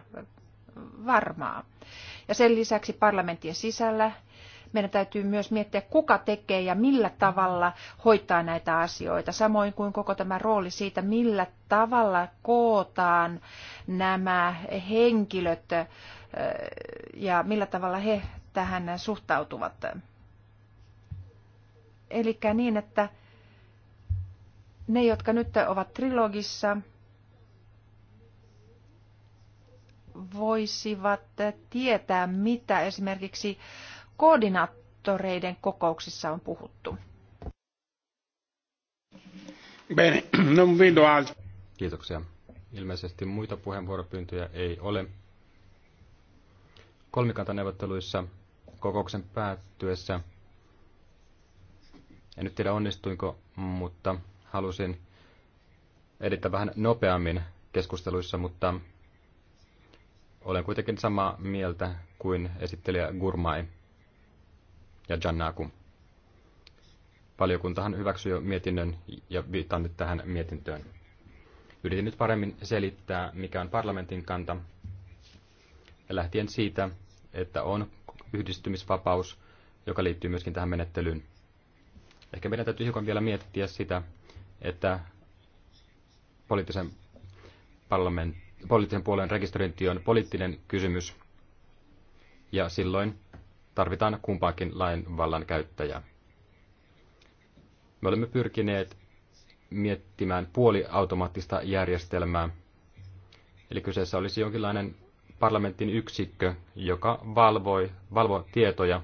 varmaa. Ja sen lisäksi parlamenttien sisällä meidän täytyy myös miettiä, kuka tekee ja millä tavalla hoitaa näitä asioita, samoin kuin koko tämä rooli siitä, millä tavalla kootaan nämä henkilöt ja millä tavalla he tähän suhtautuvat. Eli niin, että ne, jotka nyt ovat trilogissa, voisivat tietää, mitä esimerkiksi koordinaattoreiden kokouksissa on puhuttu. Kiitoksia. Ilmeisesti muita puheenvuoropyyntöjä ei ole. Kolmikantaneuvotteluissa kokouksen päättyessä, en nyt tiedä onnistuinko, mutta halusin edittää vähän nopeammin keskusteluissa, mutta olen kuitenkin samaa mieltä kuin esittelijä Gurmai ja Jannaku. Valiokuntahan hyväksyi jo mietinnön ja viittaan nyt tähän mietintöön. Yritin nyt paremmin selittää, mikä on parlamentin kanta, ja lähtien siitä, että on yhdistymisvapaus, joka liittyy myöskin tähän menettelyyn. Ehkä meidän täytyy hiukan vielä miettiä sitä, että poliittisen, parlament, poliittisen puolen rekisteröinti on poliittinen kysymys, ja silloin tarvitaan kumpaakin lainvallan käyttäjää. Me olemme pyrkineet miettimään puoliautomaattista järjestelmää, eli kyseessä olisi jonkinlainen parlamentin yksikkö, joka valvoi, valvoi tietoja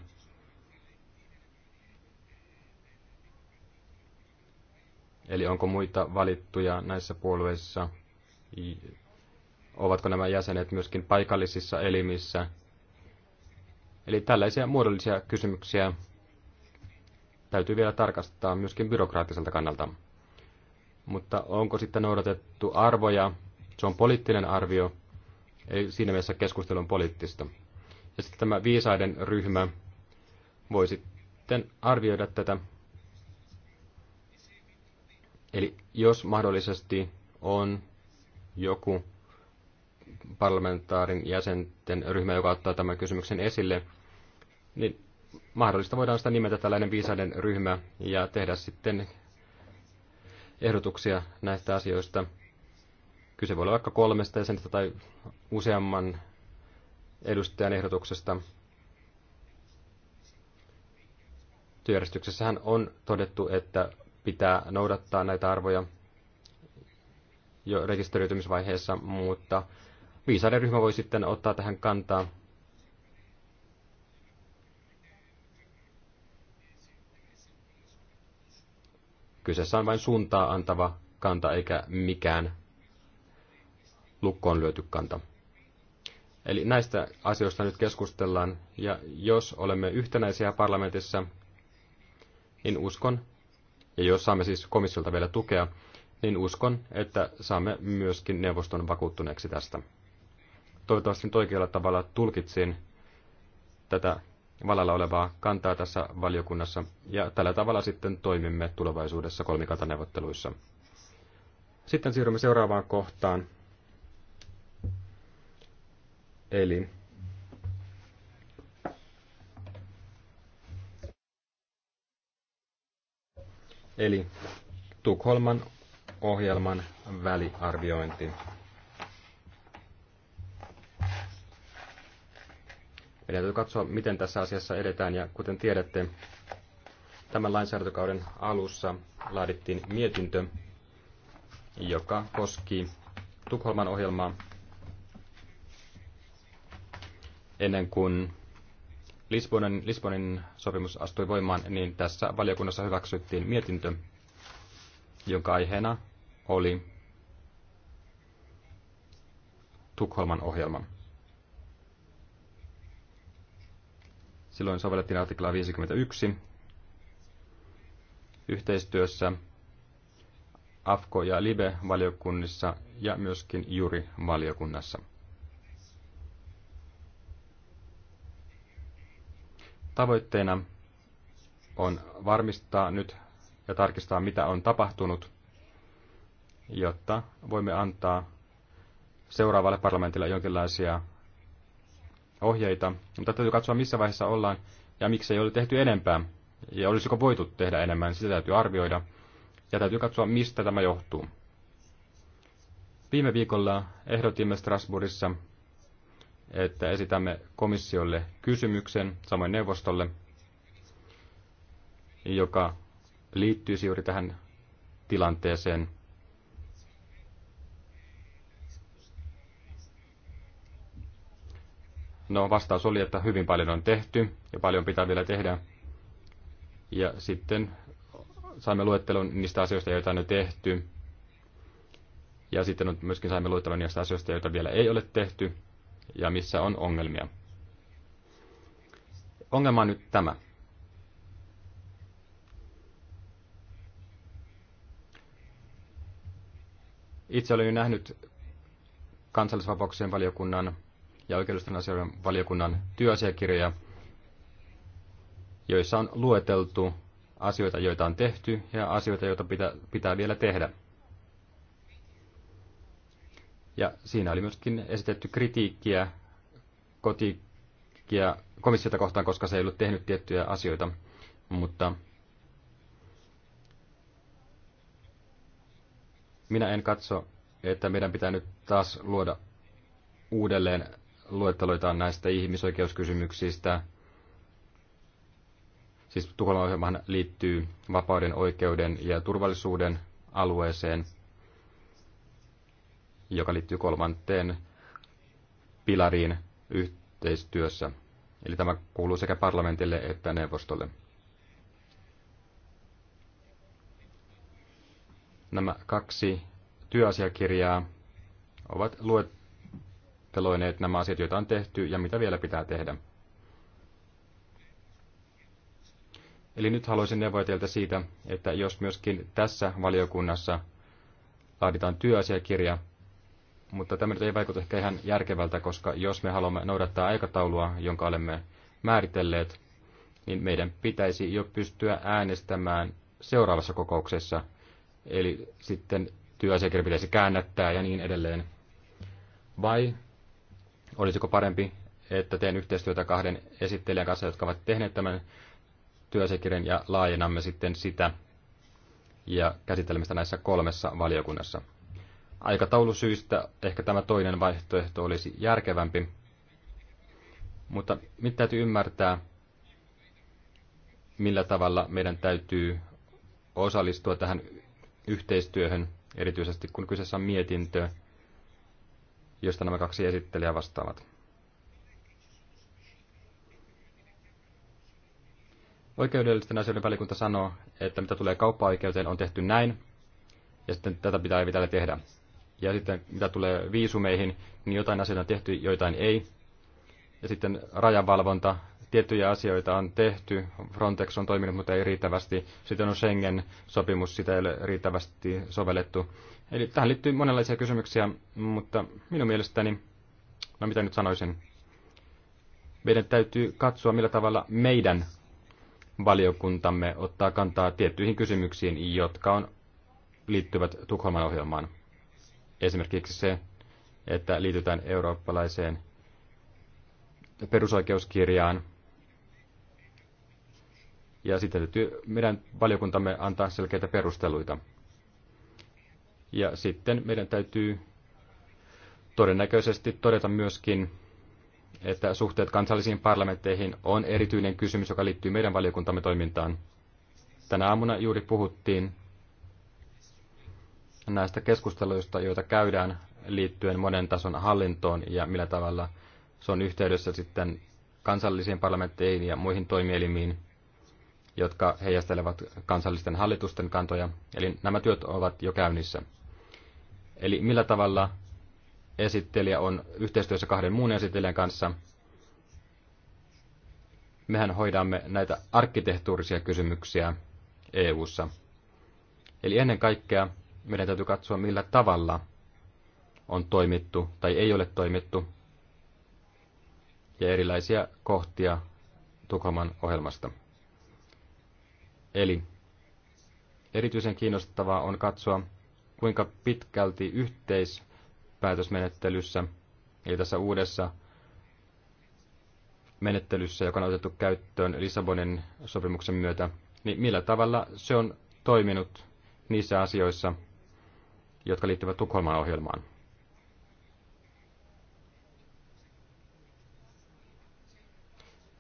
Eli onko muita valittuja näissä puolueissa? Ovatko nämä jäsenet myöskin paikallisissa elimissä? Eli tällaisia muodollisia kysymyksiä täytyy vielä tarkastaa myöskin byrokraattiselta kannalta. Mutta onko sitten noudatettu arvoja? Se on poliittinen arvio, ei siinä mielessä keskustelu on poliittista. Ja sitten tämä viisaiden ryhmä voi sitten arvioida tätä Eli jos mahdollisesti on joku parlamentaarin jäsenten ryhmä, joka ottaa tämän kysymyksen esille, niin mahdollista voidaan sitä nimetä tällainen viisaiden ryhmä ja tehdä sitten ehdotuksia näistä asioista. Kyse voi olla vaikka kolmesta jäsenestä tai useamman edustajan ehdotuksesta. Työjärjestyksessähän on todettu, että pitää noudattaa näitä arvoja jo rekisteröitymisvaiheessa, mutta viisaiden ryhmä voi sitten ottaa tähän kantaa. Kyseessä on vain suuntaa antava kanta eikä mikään lukkoon lyöty kanta. Eli näistä asioista nyt keskustellaan, ja jos olemme yhtenäisiä parlamentissa, niin uskon, ja jos saamme siis komissiolta vielä tukea, niin uskon, että saamme myöskin neuvoston vakuuttuneeksi tästä. Toivottavasti nyt oikealla tavalla tulkitsin tätä valalla olevaa kantaa tässä valiokunnassa, ja tällä tavalla sitten toimimme tulevaisuudessa kolmikantaneuvotteluissa. Sitten siirrymme seuraavaan kohtaan, eli Eli Tukholman ohjelman väliarviointi. Meidän täytyy katsoa, miten tässä asiassa edetään. Ja kuten tiedätte, tämän lainsäädäntökauden alussa laadittiin mietintö, joka koski Tukholman ohjelmaa ennen kuin Lisbonin, Lisbonin sopimus astui voimaan, niin tässä valiokunnassa hyväksyttiin mietintö, jonka aiheena oli Tukholman ohjelma. Silloin sovellettiin artiklaa 51 yhteistyössä AFKO- ja LIBE-valiokunnissa ja myöskin JURI-valiokunnassa. Tavoitteena on varmistaa nyt ja tarkistaa, mitä on tapahtunut, jotta voimme antaa seuraavalle parlamentille jonkinlaisia ohjeita. Mutta täytyy katsoa, missä vaiheessa ollaan ja miksi ei ole tehty enempää. Ja olisiko voitu tehdä enemmän, sitä täytyy arvioida. Ja täytyy katsoa, mistä tämä johtuu. Viime viikolla ehdotimme Strasbourgissa, että esitämme komissiolle kysymyksen, samoin neuvostolle, joka liittyisi juuri tähän tilanteeseen. No vastaus oli, että hyvin paljon on tehty ja paljon pitää vielä tehdä. Ja sitten saimme luettelun niistä asioista, joita on jo tehty. Ja sitten myöskin saimme luettelon niistä asioista, joita vielä ei ole tehty ja missä on ongelmia. Ongelma on nyt tämä. Itse olen jo nähnyt kansallisvapauksien valiokunnan ja oikeudellisten asioiden valiokunnan työasiakirjoja, joissa on lueteltu asioita, joita on tehty ja asioita, joita pitää, pitää vielä tehdä. Ja siinä oli myöskin esitetty kritiikkiä kotikia komissiota kohtaan, koska se ei ollut tehnyt tiettyjä asioita, mutta minä en katso, että meidän pitää nyt taas luoda uudelleen luetteloitaan näistä ihmisoikeuskysymyksistä. Siis Tukholman ohjelmahan liittyy vapauden, oikeuden ja turvallisuuden alueeseen – joka liittyy kolmanteen pilariin yhteistyössä. Eli tämä kuuluu sekä parlamentille että neuvostolle. Nämä kaksi työasiakirjaa ovat luetteloineet nämä asiat, joita on tehty ja mitä vielä pitää tehdä. Eli nyt haluaisin neuvoa teiltä siitä, että jos myöskin tässä valiokunnassa laaditaan työasiakirja, mutta tämä nyt ei vaikuta ehkä ihan järkevältä, koska jos me haluamme noudattaa aikataulua, jonka olemme määritelleet, niin meidän pitäisi jo pystyä äänestämään seuraavassa kokouksessa, eli sitten työasiakirja pitäisi käännättää ja niin edelleen. Vai olisiko parempi, että teen yhteistyötä kahden esittelijän kanssa, jotka ovat tehneet tämän työasiakirjan ja laajennamme sitten sitä ja käsittelemme sitä näissä kolmessa valiokunnassa. Aikataulusyistä ehkä tämä toinen vaihtoehto olisi järkevämpi. Mutta mitä täytyy ymmärtää, millä tavalla meidän täytyy osallistua tähän yhteistyöhön, erityisesti kun kyseessä on mietintö, josta nämä kaksi esittelijää vastaavat. Oikeudellisten asioiden välikunta sanoo, että mitä tulee kauppa-oikeuteen, on tehty näin, ja sitten tätä pitää vielä tehdä. Ja sitten mitä tulee viisumeihin, niin jotain asioita on tehty, joitain ei. Ja sitten rajavalvonta, tiettyjä asioita on tehty, Frontex on toiminut, mutta ei riittävästi. Sitten on Schengen-sopimus, sitä ei ole riittävästi sovellettu. Eli tähän liittyy monenlaisia kysymyksiä, mutta minun mielestäni, no mitä nyt sanoisin, meidän täytyy katsoa, millä tavalla meidän valiokuntamme ottaa kantaa tiettyihin kysymyksiin, jotka on, liittyvät Tukholman ohjelmaan. Esimerkiksi se, että liitytään eurooppalaiseen perusoikeuskirjaan. Ja sitten täytyy meidän valiokuntamme antaa selkeitä perusteluita. Ja sitten meidän täytyy todennäköisesti todeta myöskin, että suhteet kansallisiin parlamentteihin on erityinen kysymys, joka liittyy meidän valiokuntamme toimintaan. Tänä aamuna juuri puhuttiin näistä keskusteluista, joita käydään liittyen monen tason hallintoon ja millä tavalla se on yhteydessä sitten kansallisiin parlamentteihin ja muihin toimielimiin, jotka heijastelevat kansallisten hallitusten kantoja. Eli nämä työt ovat jo käynnissä. Eli millä tavalla esittelijä on yhteistyössä kahden muun esittelijän kanssa. Mehän hoidamme näitä arkkitehtuurisia kysymyksiä EU:ssa. Eli ennen kaikkea meidän täytyy katsoa, millä tavalla on toimittu tai ei ole toimittu, ja erilaisia kohtia Tukoman ohjelmasta. Eli erityisen kiinnostavaa on katsoa, kuinka pitkälti yhteispäätösmenettelyssä, eli tässä uudessa menettelyssä, joka on otettu käyttöön Lissabonin sopimuksen myötä, niin millä tavalla se on toiminut niissä asioissa, jotka liittyvät Tukholman ohjelmaan.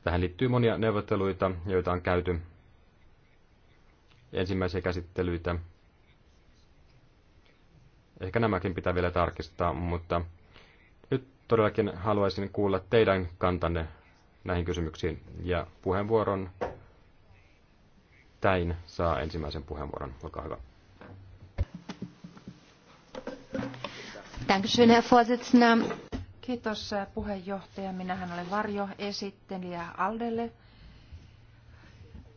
Tähän liittyy monia neuvotteluita, joita on käyty ensimmäisiä käsittelyitä. Ehkä nämäkin pitää vielä tarkistaa, mutta nyt todellakin haluaisin kuulla teidän kantanne näihin kysymyksiin. Ja puheenvuoron Täin saa ensimmäisen puheenvuoron. Olkaa hyvä. Dankeschön, Herr Vorsitzender. Kiitos äh, puheenjohtaja. Minähän olen varjoesittelijä Aldelle.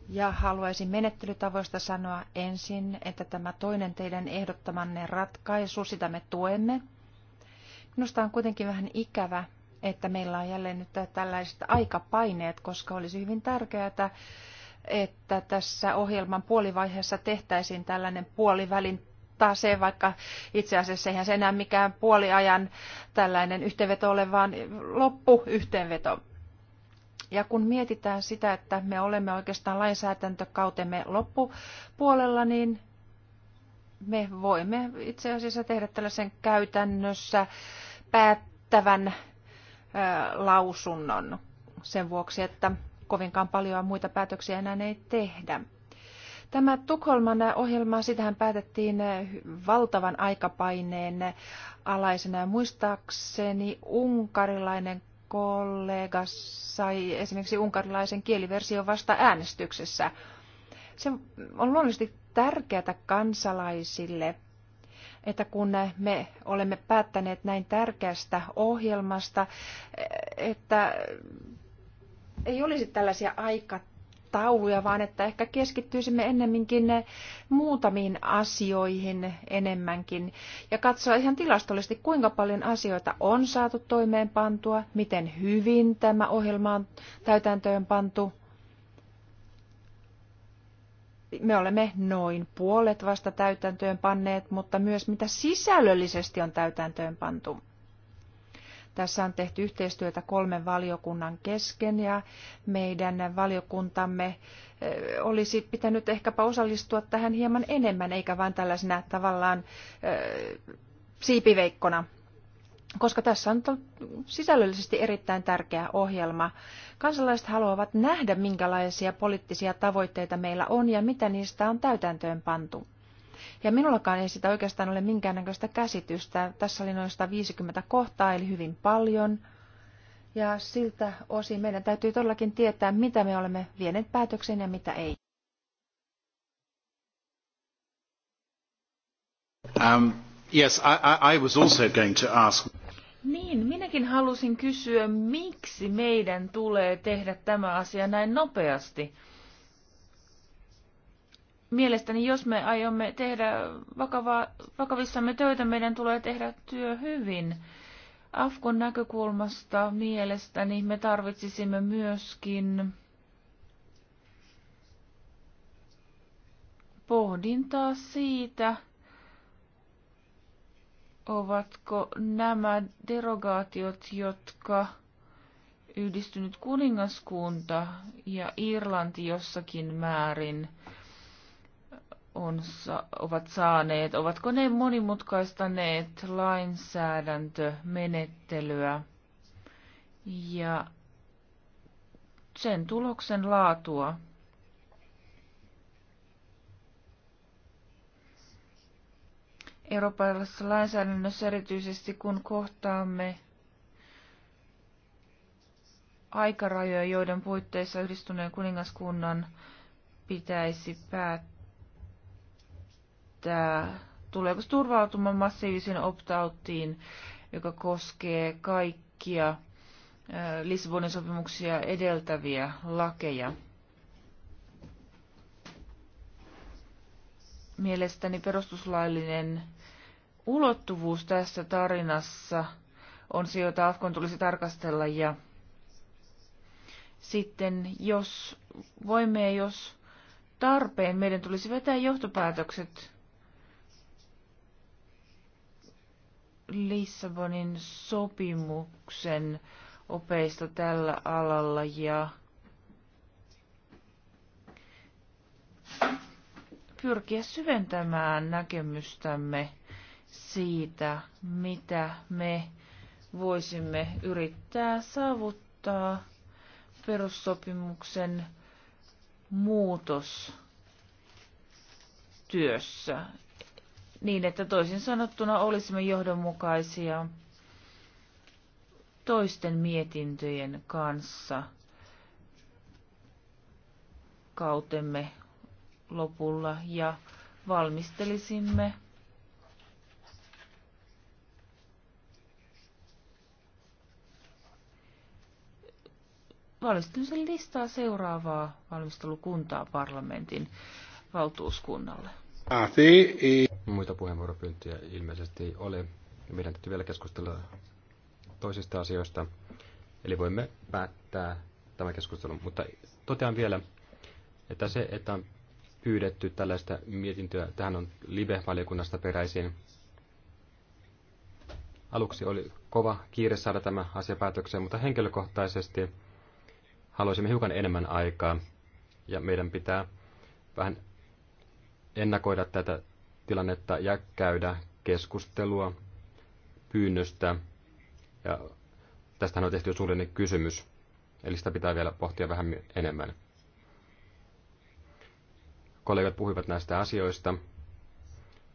Ja haluaisin menettelytavoista sanoa ensin, että tämä toinen teidän ehdottamanne ratkaisu, sitä me tuemme. Minusta on kuitenkin vähän ikävä, että meillä on jälleen nyt tällaiset aikapaineet, koska olisi hyvin tärkeää, että tässä ohjelman puolivaiheessa tehtäisiin tällainen puolivälin se vaikka itse asiassa eihän se enää mikään puoliajan tällainen yhteenveto ole, vaan loppuyhteenveto. Ja kun mietitään sitä, että me olemme oikeastaan lainsäädäntökautemme loppupuolella, niin me voimme itse asiassa tehdä tällaisen käytännössä päättävän lausunnon sen vuoksi, että kovinkaan paljon muita päätöksiä enää ei tehdä. Tämä Tukholman ohjelma, sitähän päätettiin valtavan aikapaineen alaisena muistaakseni unkarilainen kollega sai esimerkiksi unkarilaisen kieliversion vasta äänestyksessä. Se on luonnollisesti tärkeää kansalaisille, että kun me olemme päättäneet näin tärkeästä ohjelmasta, että ei olisi tällaisia aikatauluja tauluja, vaan että ehkä keskittyisimme ennemminkin muutamiin asioihin enemmänkin ja katsoa ihan tilastollisesti, kuinka paljon asioita on saatu toimeenpantua, miten hyvin tämä ohjelma on täytäntöön pantu. Me olemme noin puolet vasta täytäntöön panneet, mutta myös mitä sisällöllisesti on täytäntöön pantu tässä on tehty yhteistyötä kolmen valiokunnan kesken ja meidän valiokuntamme eh, olisi pitänyt ehkäpä osallistua tähän hieman enemmän, eikä vain tällaisena tavallaan eh, siipiveikkona koska tässä on sisällöllisesti erittäin tärkeä ohjelma. Kansalaiset haluavat nähdä, minkälaisia poliittisia tavoitteita meillä on ja mitä niistä on täytäntöön pantu. Ja minullakaan ei sitä oikeastaan ole minkäännäköistä käsitystä. Tässä oli noin 150 kohtaa, eli hyvin paljon. Ja siltä osin meidän täytyy todellakin tietää, mitä me olemme vieneet päätökseen ja mitä ei. Um, yes, I, I was also going to ask. Niin, minäkin halusin kysyä, miksi meidän tulee tehdä tämä asia näin nopeasti mielestäni, jos me aiomme tehdä vakavaa, vakavissamme töitä, meidän tulee tehdä työ hyvin. Afkon näkökulmasta mielestäni me tarvitsisimme myöskin pohdintaa siitä, ovatko nämä derogaatiot, jotka yhdistynyt kuningaskunta ja Irlanti jossakin määrin – on, ovat saaneet, ovatko ne monimutkaistaneet lainsäädäntömenettelyä ja sen tuloksen laatua. Euroopassa lainsäädännössä erityisesti kun kohtaamme aikarajoja, joiden puitteissa yhdistyneen kuningaskunnan pitäisi päättää että tuleeko turvautuma turvautumaan massiivisen opt-outtiin, joka koskee kaikkia Lissabonin sopimuksia edeltäviä lakeja. Mielestäni perustuslaillinen ulottuvuus tässä tarinassa on se, jota Afkon tulisi tarkastella. Ja sitten, jos voimme, jos tarpeen, meidän tulisi vetää johtopäätökset Lissabonin sopimuksen opeista tällä alalla ja pyrkiä syventämään näkemystämme siitä, mitä me voisimme yrittää saavuttaa perussopimuksen työssä niin, että toisin sanottuna olisimme johdonmukaisia toisten mietintöjen kanssa kautemme lopulla ja valmistelisimme valmistelisen listaa seuraavaa valmistelukuntaa parlamentin valtuuskunnalle. Muita puheenvuoropyyntöjä ilmeisesti ole. Meidän täytyy vielä keskustella toisista asioista. Eli voimme päättää tämän keskustelun. Mutta totean vielä, että se, että on pyydetty tällaista mietintöä, tähän on Libe-valiokunnasta peräisin. Aluksi oli kova kiire saada tämä asia päätökseen, mutta henkilökohtaisesti haluaisimme hiukan enemmän aikaa ja meidän pitää vähän ennakoida tätä tilannetta ja käydä keskustelua pyynnöstä. Ja tästähän on tehty suullinen kysymys, eli sitä pitää vielä pohtia vähän enemmän. Kollegat puhuivat näistä asioista,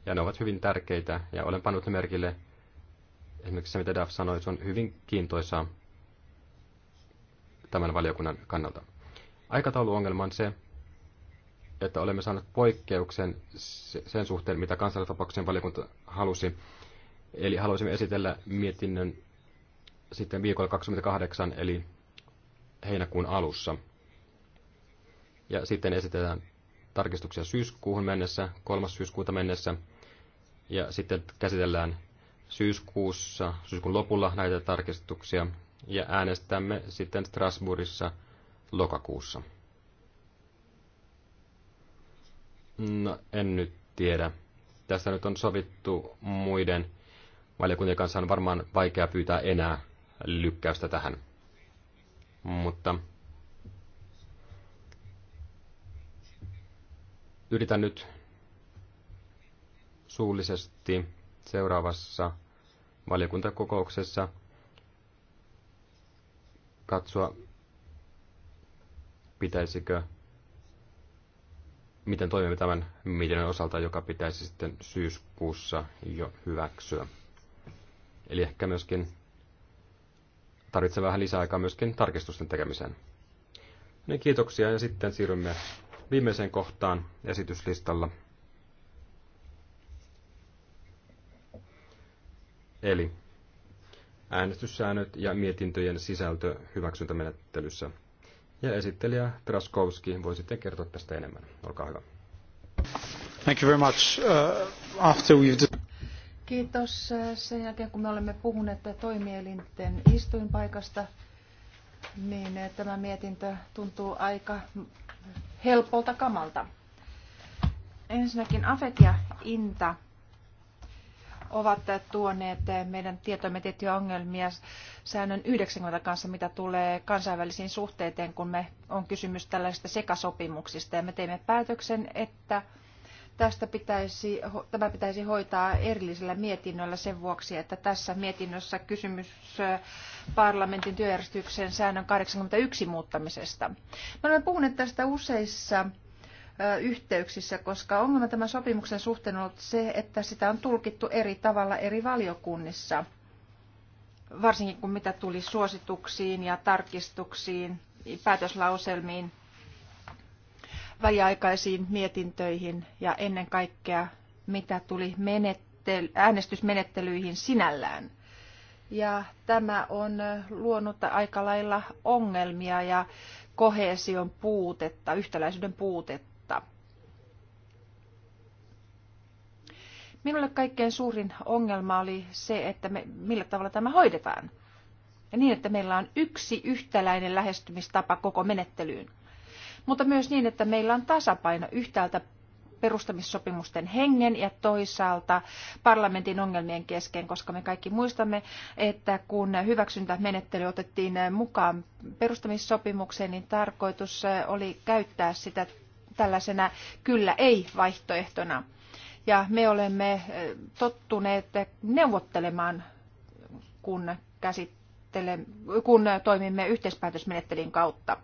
ja ne ovat hyvin tärkeitä, ja olen pannut ne merkille. Esimerkiksi se, mitä Daf sanoi, se on hyvin kiintoisaa tämän valiokunnan kannalta. Aikatauluongelma on se, että olemme saaneet poikkeuksen sen suhteen, mitä kansantapauksen valiokunta halusi. Eli haluaisimme esitellä mietinnön sitten viikolla 28, eli heinäkuun alussa. Ja sitten esitetään tarkistuksia syyskuuhun mennessä, 3. syyskuuta mennessä. Ja sitten käsitellään syyskuussa, syyskuun lopulla näitä tarkistuksia. Ja äänestämme sitten Strasbourgissa lokakuussa. No, en nyt tiedä. Tässä nyt on sovittu muiden valiokuntien kanssa on varmaan vaikea pyytää enää lykkäystä tähän. Mutta yritän nyt suullisesti seuraavassa valiokuntakokouksessa katsoa, pitäisikö miten toimimme tämän mietinnön osalta, joka pitäisi sitten syyskuussa jo hyväksyä. Eli ehkä myöskin tarvitsee vähän lisäaikaa myöskin tarkistusten tekemiseen. Niin kiitoksia ja sitten siirrymme viimeiseen kohtaan esityslistalla. Eli äänestyssäännöt ja mietintöjen sisältö hyväksyntämenettelyssä ja esittelijä Traskowski voi sitten kertoa tästä enemmän. Olkaa hyvä. Thank you very much. Uh, after we've... Kiitos. Sen jälkeen kun me olemme puhuneet toimielinten istuinpaikasta, niin tämä mietintö tuntuu aika helpolta kamalta. Ensinnäkin Afet ja Inta ovat tuoneet meidän tietoimme tiettyjä ongelmia säännön 90 kanssa, mitä tulee kansainvälisiin suhteisiin, kun me on kysymys tällaisista sekasopimuksista. Ja me teimme päätöksen, että tästä pitäisi, tämä pitäisi hoitaa erillisellä mietinnöllä sen vuoksi, että tässä mietinnössä kysymys parlamentin työjärjestyksen säännön 81 muuttamisesta. Me olemme puhuneet tästä useissa yhteyksissä, koska ongelma tämän sopimuksen suhteen on ollut se, että sitä on tulkittu eri tavalla eri valiokunnissa, varsinkin kun mitä tuli suosituksiin ja tarkistuksiin, päätöslauselmiin, väliaikaisiin mietintöihin ja ennen kaikkea mitä tuli menettel- äänestysmenettelyihin sinällään. Ja tämä on luonut aika lailla ongelmia ja kohesion puutetta, yhtäläisyyden puutetta Minulle kaikkein suurin ongelma oli se, että me, millä tavalla tämä hoidetaan. Ja niin, että meillä on yksi yhtäläinen lähestymistapa koko menettelyyn. Mutta myös niin, että meillä on tasapaino yhtäältä perustamissopimusten hengen ja toisaalta parlamentin ongelmien kesken, koska me kaikki muistamme, että kun hyväksyntämenettely otettiin mukaan perustamissopimukseen, niin tarkoitus oli käyttää sitä tällaisena kyllä-ei-vaihtoehtona ja me olemme eh, tottuneet neuvottelemaan, kun, käsittele, kun toimimme yhteispäätösmenettelin kautta.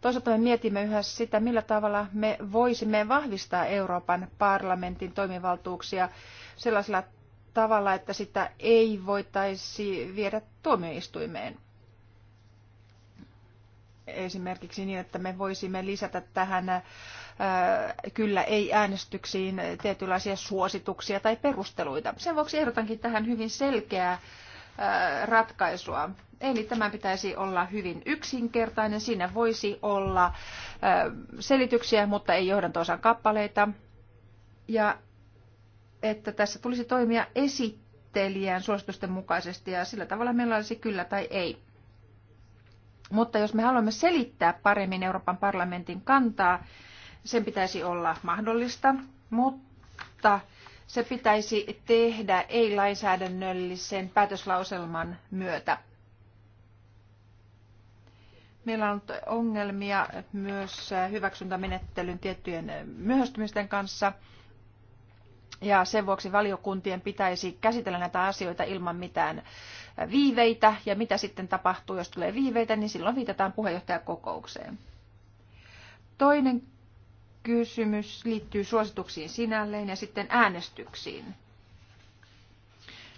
Toisaalta me mietimme yhä sitä, millä tavalla me voisimme vahvistaa Euroopan parlamentin toimivaltuuksia sellaisella tavalla, että sitä ei voitaisi viedä tuomioistuimeen. Esimerkiksi niin, että me voisimme lisätä tähän eh, kyllä ei äänestyksiin tietynlaisia suosituksia tai perusteluita. Sen vuoksi ehdotankin tähän hyvin selkeää ratkaisua. Eli tämä pitäisi olla hyvin yksinkertainen. Siinä voisi olla selityksiä, mutta ei johdantoosan kappaleita. Ja että tässä tulisi toimia esittelijän suositusten mukaisesti ja sillä tavalla meillä olisi kyllä tai ei. Mutta jos me haluamme selittää paremmin Euroopan parlamentin kantaa, sen pitäisi olla mahdollista, mutta se pitäisi tehdä ei-lainsäädännöllisen päätöslauselman myötä. Meillä on ongelmia myös hyväksyntämenettelyn tiettyjen myöhästymisten kanssa. Ja sen vuoksi valiokuntien pitäisi käsitellä näitä asioita ilman mitään viiveitä. Ja mitä sitten tapahtuu, jos tulee viiveitä, niin silloin viitataan puheenjohtajakokoukseen. Toinen kysymys liittyy suosituksiin sinälleen ja sitten äänestyksiin.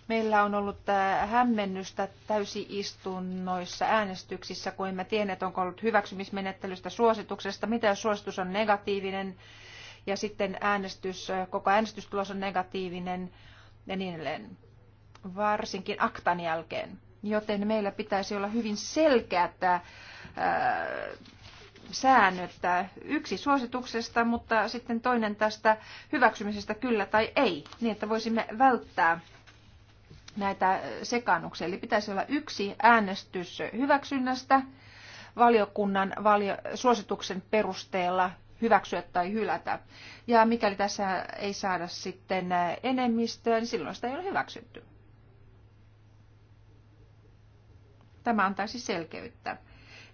Meillä on ollut äh, hämmennystä täysiistunnoissa äänestyksissä, kun emme tienneet, onko ollut hyväksymismenettelystä suosituksesta, mitä jos suositus on negatiivinen ja sitten äänestys, äh, koko äänestystulos on negatiivinen ja niin edelleen, varsinkin aktan jälkeen. Joten meillä pitäisi olla hyvin selkeät ää, äh, säännöt. Yksi suosituksesta, mutta sitten toinen tästä hyväksymisestä kyllä tai ei, niin että voisimme välttää näitä sekaannuksia. Eli pitäisi olla yksi äänestys hyväksynnästä valiokunnan valio, suosituksen perusteella hyväksyä tai hylätä. Ja mikäli tässä ei saada sitten enemmistöä, niin silloin sitä ei ole hyväksytty. Tämä antaisi selkeyttä.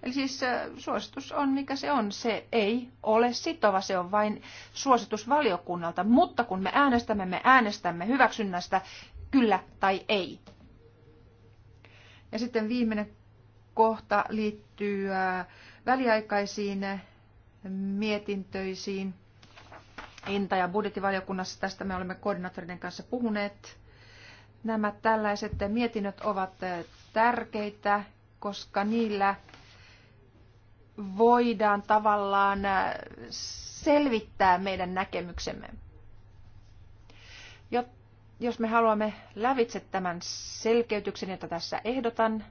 Eli siis äh, suositus on mikä se on. Se ei ole sitova, se on vain suositus valiokunnalta. Mutta kun me äänestämme, me äänestämme hyväksynnästä kyllä tai ei. Ja sitten viimeinen kohta liittyy äh, väliaikaisiin mietintöisiin. Inta- ja budjettivaliokunnassa tästä me olemme koordinaattoriden kanssa puhuneet. Nämä tällaiset mietinnöt ovat äh, tärkeitä, koska niillä voidaan tavallaan äh, selvittää meidän näkemyksemme. Jos me haluamme lävitse tämän selkeytyksen, jota tässä ehdotan,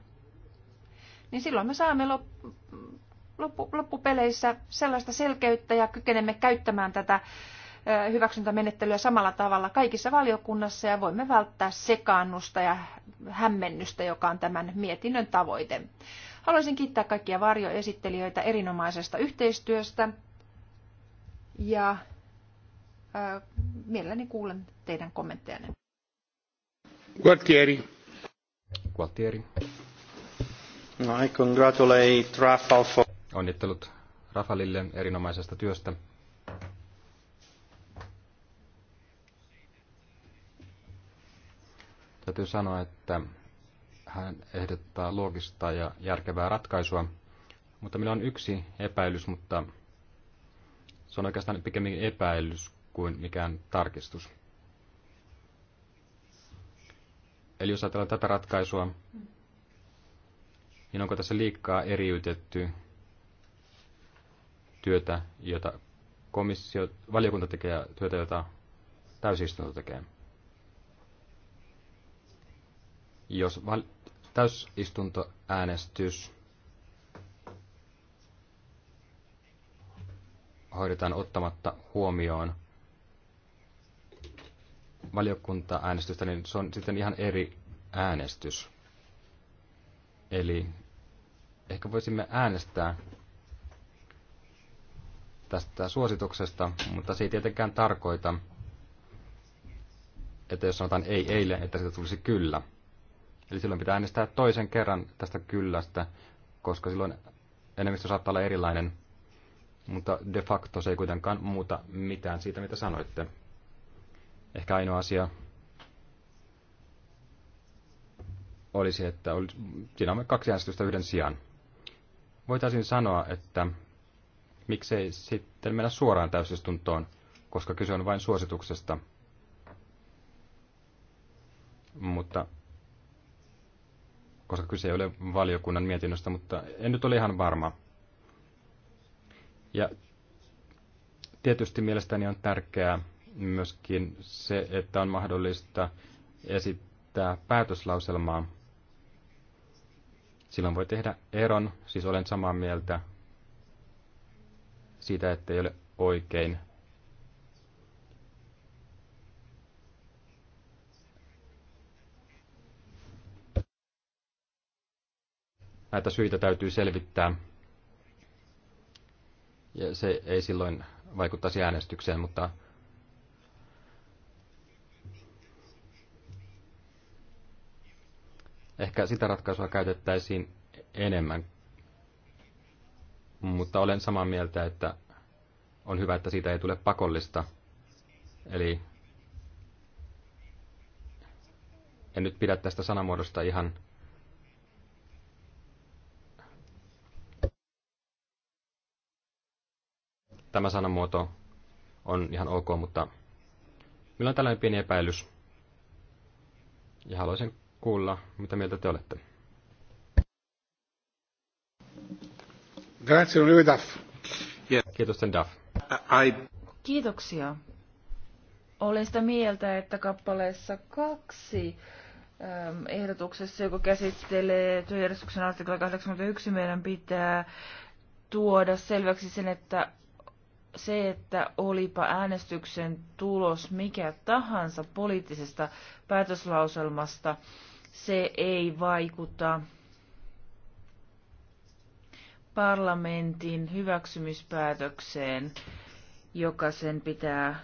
niin silloin me saamme loppupeleissä sellaista selkeyttä ja kykenemme käyttämään tätä hyväksyntämenettelyä samalla tavalla kaikissa valiokunnassa ja voimme välttää sekaannusta ja hämmennystä, joka on tämän mietinnön tavoite. Haluaisin kiittää kaikkia varjoesittelijöitä erinomaisesta yhteistyöstä ja ää, mielelläni kuulen teidän kommenttejanne. Gualtieri. Gualtieri. No, I congratulate Rafael for... Onnittelut Rafalille erinomaisesta työstä. Täytyy sanoa, että hän ehdottaa loogista ja järkevää ratkaisua. Mutta minulla on yksi epäilys, mutta se on oikeastaan pikemminkin epäilys kuin mikään tarkistus. Eli jos ajatellaan tätä ratkaisua, niin onko tässä liikaa eriytetty työtä, jota komissio, valiokunta tekee ja työtä, jota täysistunto tekee? Jos täysistuntoäänestys hoidetaan ottamatta huomioon valiokuntaäänestystä, niin se on sitten ihan eri äänestys. Eli ehkä voisimme äänestää tästä suosituksesta, mutta se ei tietenkään tarkoita, että jos sanotaan ei eilen, että siitä tulisi kyllä – Eli silloin pitää äänestää toisen kerran tästä kyllästä, koska silloin enemmistö saattaa olla erilainen, mutta de facto se ei kuitenkaan muuta mitään siitä, mitä sanoitte. Ehkä ainoa asia olisi, että olisi, siinä on kaksi äänestystä yhden sijaan. Voitaisiin sanoa, että miksei sitten mennä suoraan täysistuntoon, koska kyse on vain suosituksesta. Mutta koska kyse ei ole valiokunnan mietinnöstä, mutta en nyt ole ihan varma. Ja tietysti mielestäni on tärkeää myöskin se, että on mahdollista esittää päätöslauselmaa. Silloin voi tehdä eron, siis olen samaa mieltä siitä, että ei ole oikein Näitä syitä täytyy selvittää. Ja se ei silloin vaikuttaisi äänestykseen, mutta ehkä sitä ratkaisua käytettäisiin enemmän. Mutta olen samaa mieltä, että on hyvä, että siitä ei tule pakollista. Eli en nyt pidä tästä sanamuodosta ihan tämä sanamuoto on ihan ok, mutta minulla on tällainen pieni epäilys. Ja haluaisin kuulla, mitä mieltä te olette. Grazie, Duff. Kiitos, Duff. Kiitoksia. Olen sitä mieltä, että kappaleessa kaksi ähm, ehdotuksessa, joka käsittelee työjärjestyksen artikla 81, meidän pitää tuoda selväksi sen, että se, että olipa äänestyksen tulos mikä tahansa poliittisesta päätöslauselmasta, se ei vaikuta parlamentin hyväksymispäätökseen, joka sen pitää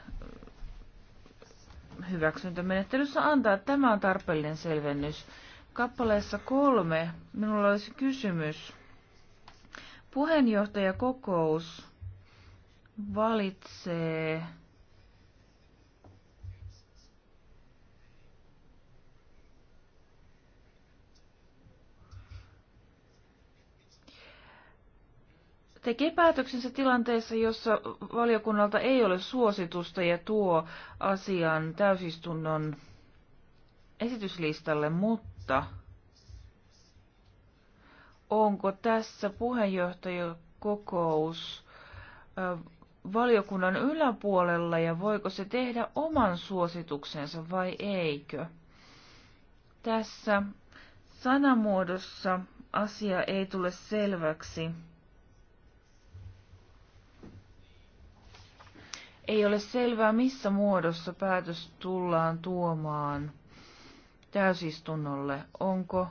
hyväksyntämenettelyssä antaa. Tämä on tarpeellinen selvennys. Kappaleessa kolme minulla olisi kysymys. Puheenjohtajakokous valitsee tekee päätöksensä tilanteessa, jossa valiokunnalta ei ole suositusta ja tuo asian täysistunnon esityslistalle, mutta onko tässä puheenjohtajakokous valiokunnan yläpuolella ja voiko se tehdä oman suosituksensa vai eikö. Tässä sanamuodossa asia ei tule selväksi. Ei ole selvää, missä muodossa päätös tullaan tuomaan täysistunnolle. Onko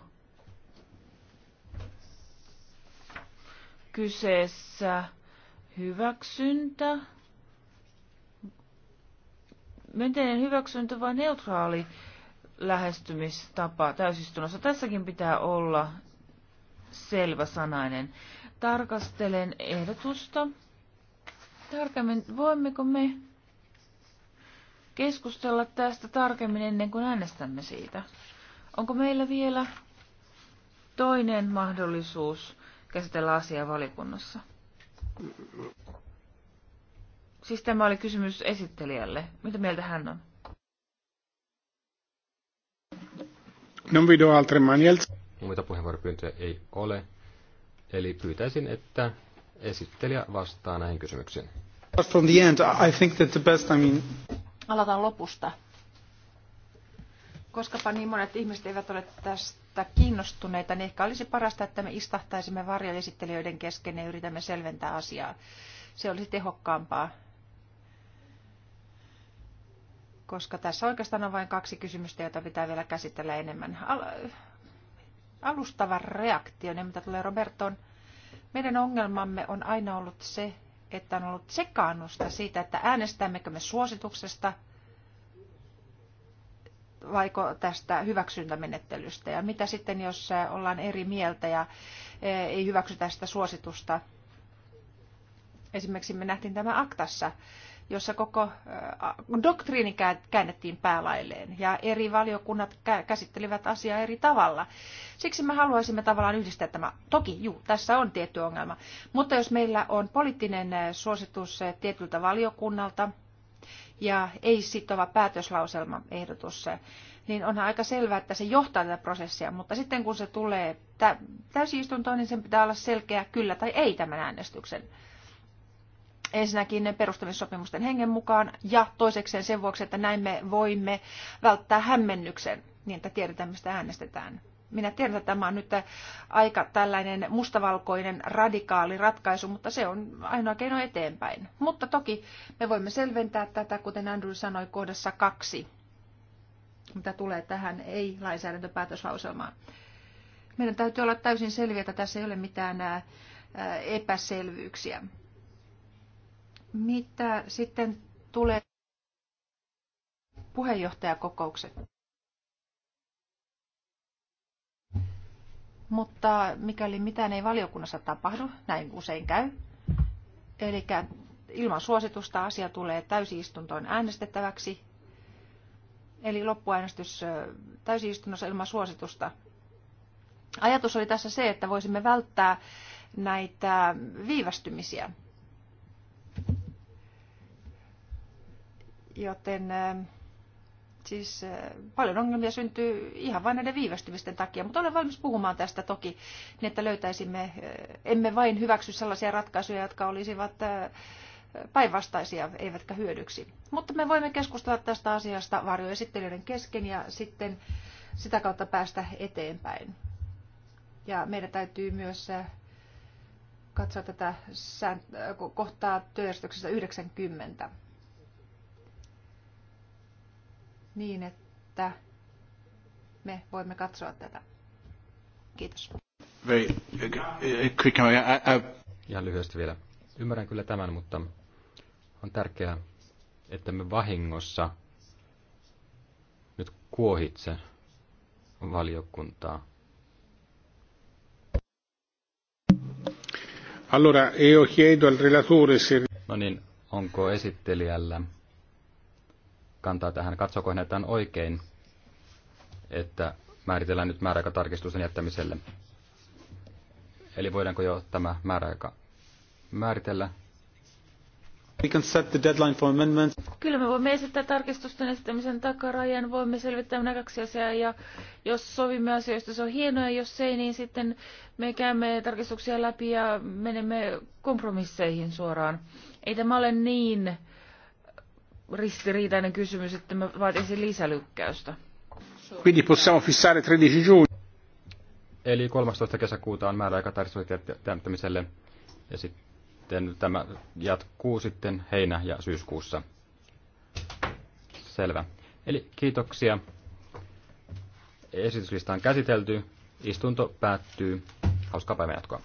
kyseessä hyväksyntä, myönteinen hyväksyntä vai neutraali lähestymistapa täysistunnossa. Tässäkin pitää olla selvä sanainen. Tarkastelen ehdotusta tarkemmin. Voimmeko me keskustella tästä tarkemmin ennen kuin äänestämme siitä? Onko meillä vielä toinen mahdollisuus käsitellä asiaa valikunnassa? Siis tämä oli kysymys esittelijälle. Mitä mieltä hän on? Non vedo altre Muita puheenvuoropyyntöjä ei ole, eli pyytäisin, että esittelijä vastaa näihin kysymyksiin. From the end, I think that the best, I mean... Aloitan lopusta. Koskapa niin monet ihmiset eivät ole tästä kiinnostuneita, niin ehkä olisi parasta, että me istahtaisimme varjoesittelijöiden kesken ja yritämme selventää asiaa. Se olisi tehokkaampaa koska tässä oikeastaan on vain kaksi kysymystä, joita pitää vielä käsitellä enemmän. Al- alustava reaktio, niin mitä tulee Robertoon. Meidän ongelmamme on aina ollut se, että on ollut sekaannusta siitä, että äänestämmekö me suosituksesta vaiko tästä hyväksyntämenettelystä ja mitä sitten, jos äh, ollaan eri mieltä ja äh, ei hyväksytä sitä suositusta. Esimerkiksi me nähtiin tämä aktassa, jossa koko äh, doktriini käännettiin päälailleen ja eri valiokunnat käsittelivät asiaa eri tavalla. Siksi me haluaisimme tavallaan yhdistää tämä. Toki, juu, tässä on tietty ongelma. Mutta jos meillä on poliittinen suositus tietyltä valiokunnalta, ja ei-sitova päätöslauselmaehdotus, niin onhan aika selvää, että se johtaa tätä prosessia, mutta sitten kun se tulee täysistuntoon, niin sen pitää olla selkeä kyllä tai ei tämän äänestyksen. Ensinnäkin ne perustamissopimusten hengen mukaan ja toisekseen sen vuoksi, että näin me voimme välttää hämmennyksen niin, että tiedetään mistä äänestetään. Minä tiedän, että tämä on nyt aika tällainen mustavalkoinen radikaali ratkaisu, mutta se on ainoa keino eteenpäin. Mutta toki me voimme selventää tätä, kuten Andrew sanoi kohdassa kaksi, mitä tulee tähän ei-lainsäädäntöpäätöslauselmaan. Meidän täytyy olla täysin selviä, että tässä ei ole mitään epäselvyyksiä. Mitä sitten tulee puheenjohtajakokoukset? Mutta mikäli mitään ei valiokunnassa tapahdu, näin usein käy, eli ilman suositusta asia tulee täysistuntoon äänestettäväksi, eli loppuäänestys täysistunnossa ilman suositusta. Ajatus oli tässä se, että voisimme välttää näitä viivästymisiä. Joten Siis eh, paljon ongelmia syntyy ihan vain näiden viivästymisten takia, mutta olen valmis puhumaan tästä toki, niin että löytäisimme, eh, emme vain hyväksy sellaisia ratkaisuja, jotka olisivat eh, päinvastaisia eivätkä hyödyksi. Mutta me voimme keskustella tästä asiasta varjoesittelijöiden kesken ja sitten sitä kautta päästä eteenpäin. Ja meidän täytyy myös katsoa tätä kohtaa työjärjestyksessä 90. niin, että me voimme katsoa tätä. Kiitos. Very quick, Ihan lyhyesti vielä. Ymmärrän kyllä tämän, mutta on tärkeää, että me vahingossa nyt kuohitse valiokuntaa. Allora, io chiedo al relatore se... No niin, onko esittelijällä kantaa tähän. Katsoko hän tämän oikein, että määritellään nyt määräaikatarkistusten jättämiselle? Eli voidaanko jo tämä määräaika määritellä? We can set the deadline for amendments. Kyllä me voimme esittää tarkistusten esittämisen takarajan, voimme selvittää nämä kaksi asiaa ja jos sovimme asioista, se on hienoa ja jos ei, niin sitten me käymme tarkistuksia läpi ja menemme kompromisseihin suoraan. Ei tämä ole niin ristiriitainen kysymys, että mä vaatisin lisälykkäystä. Quindi possiamo fissare 13 giugno. Eli 13. kesäkuuta on aika tarkistusjättämiselle ja sitten tämä jatkuu sitten heinä- ja syyskuussa. Selvä. Eli kiitoksia. Esityslista on käsitelty. Istunto päättyy. Hauskaa päivänjatkoa.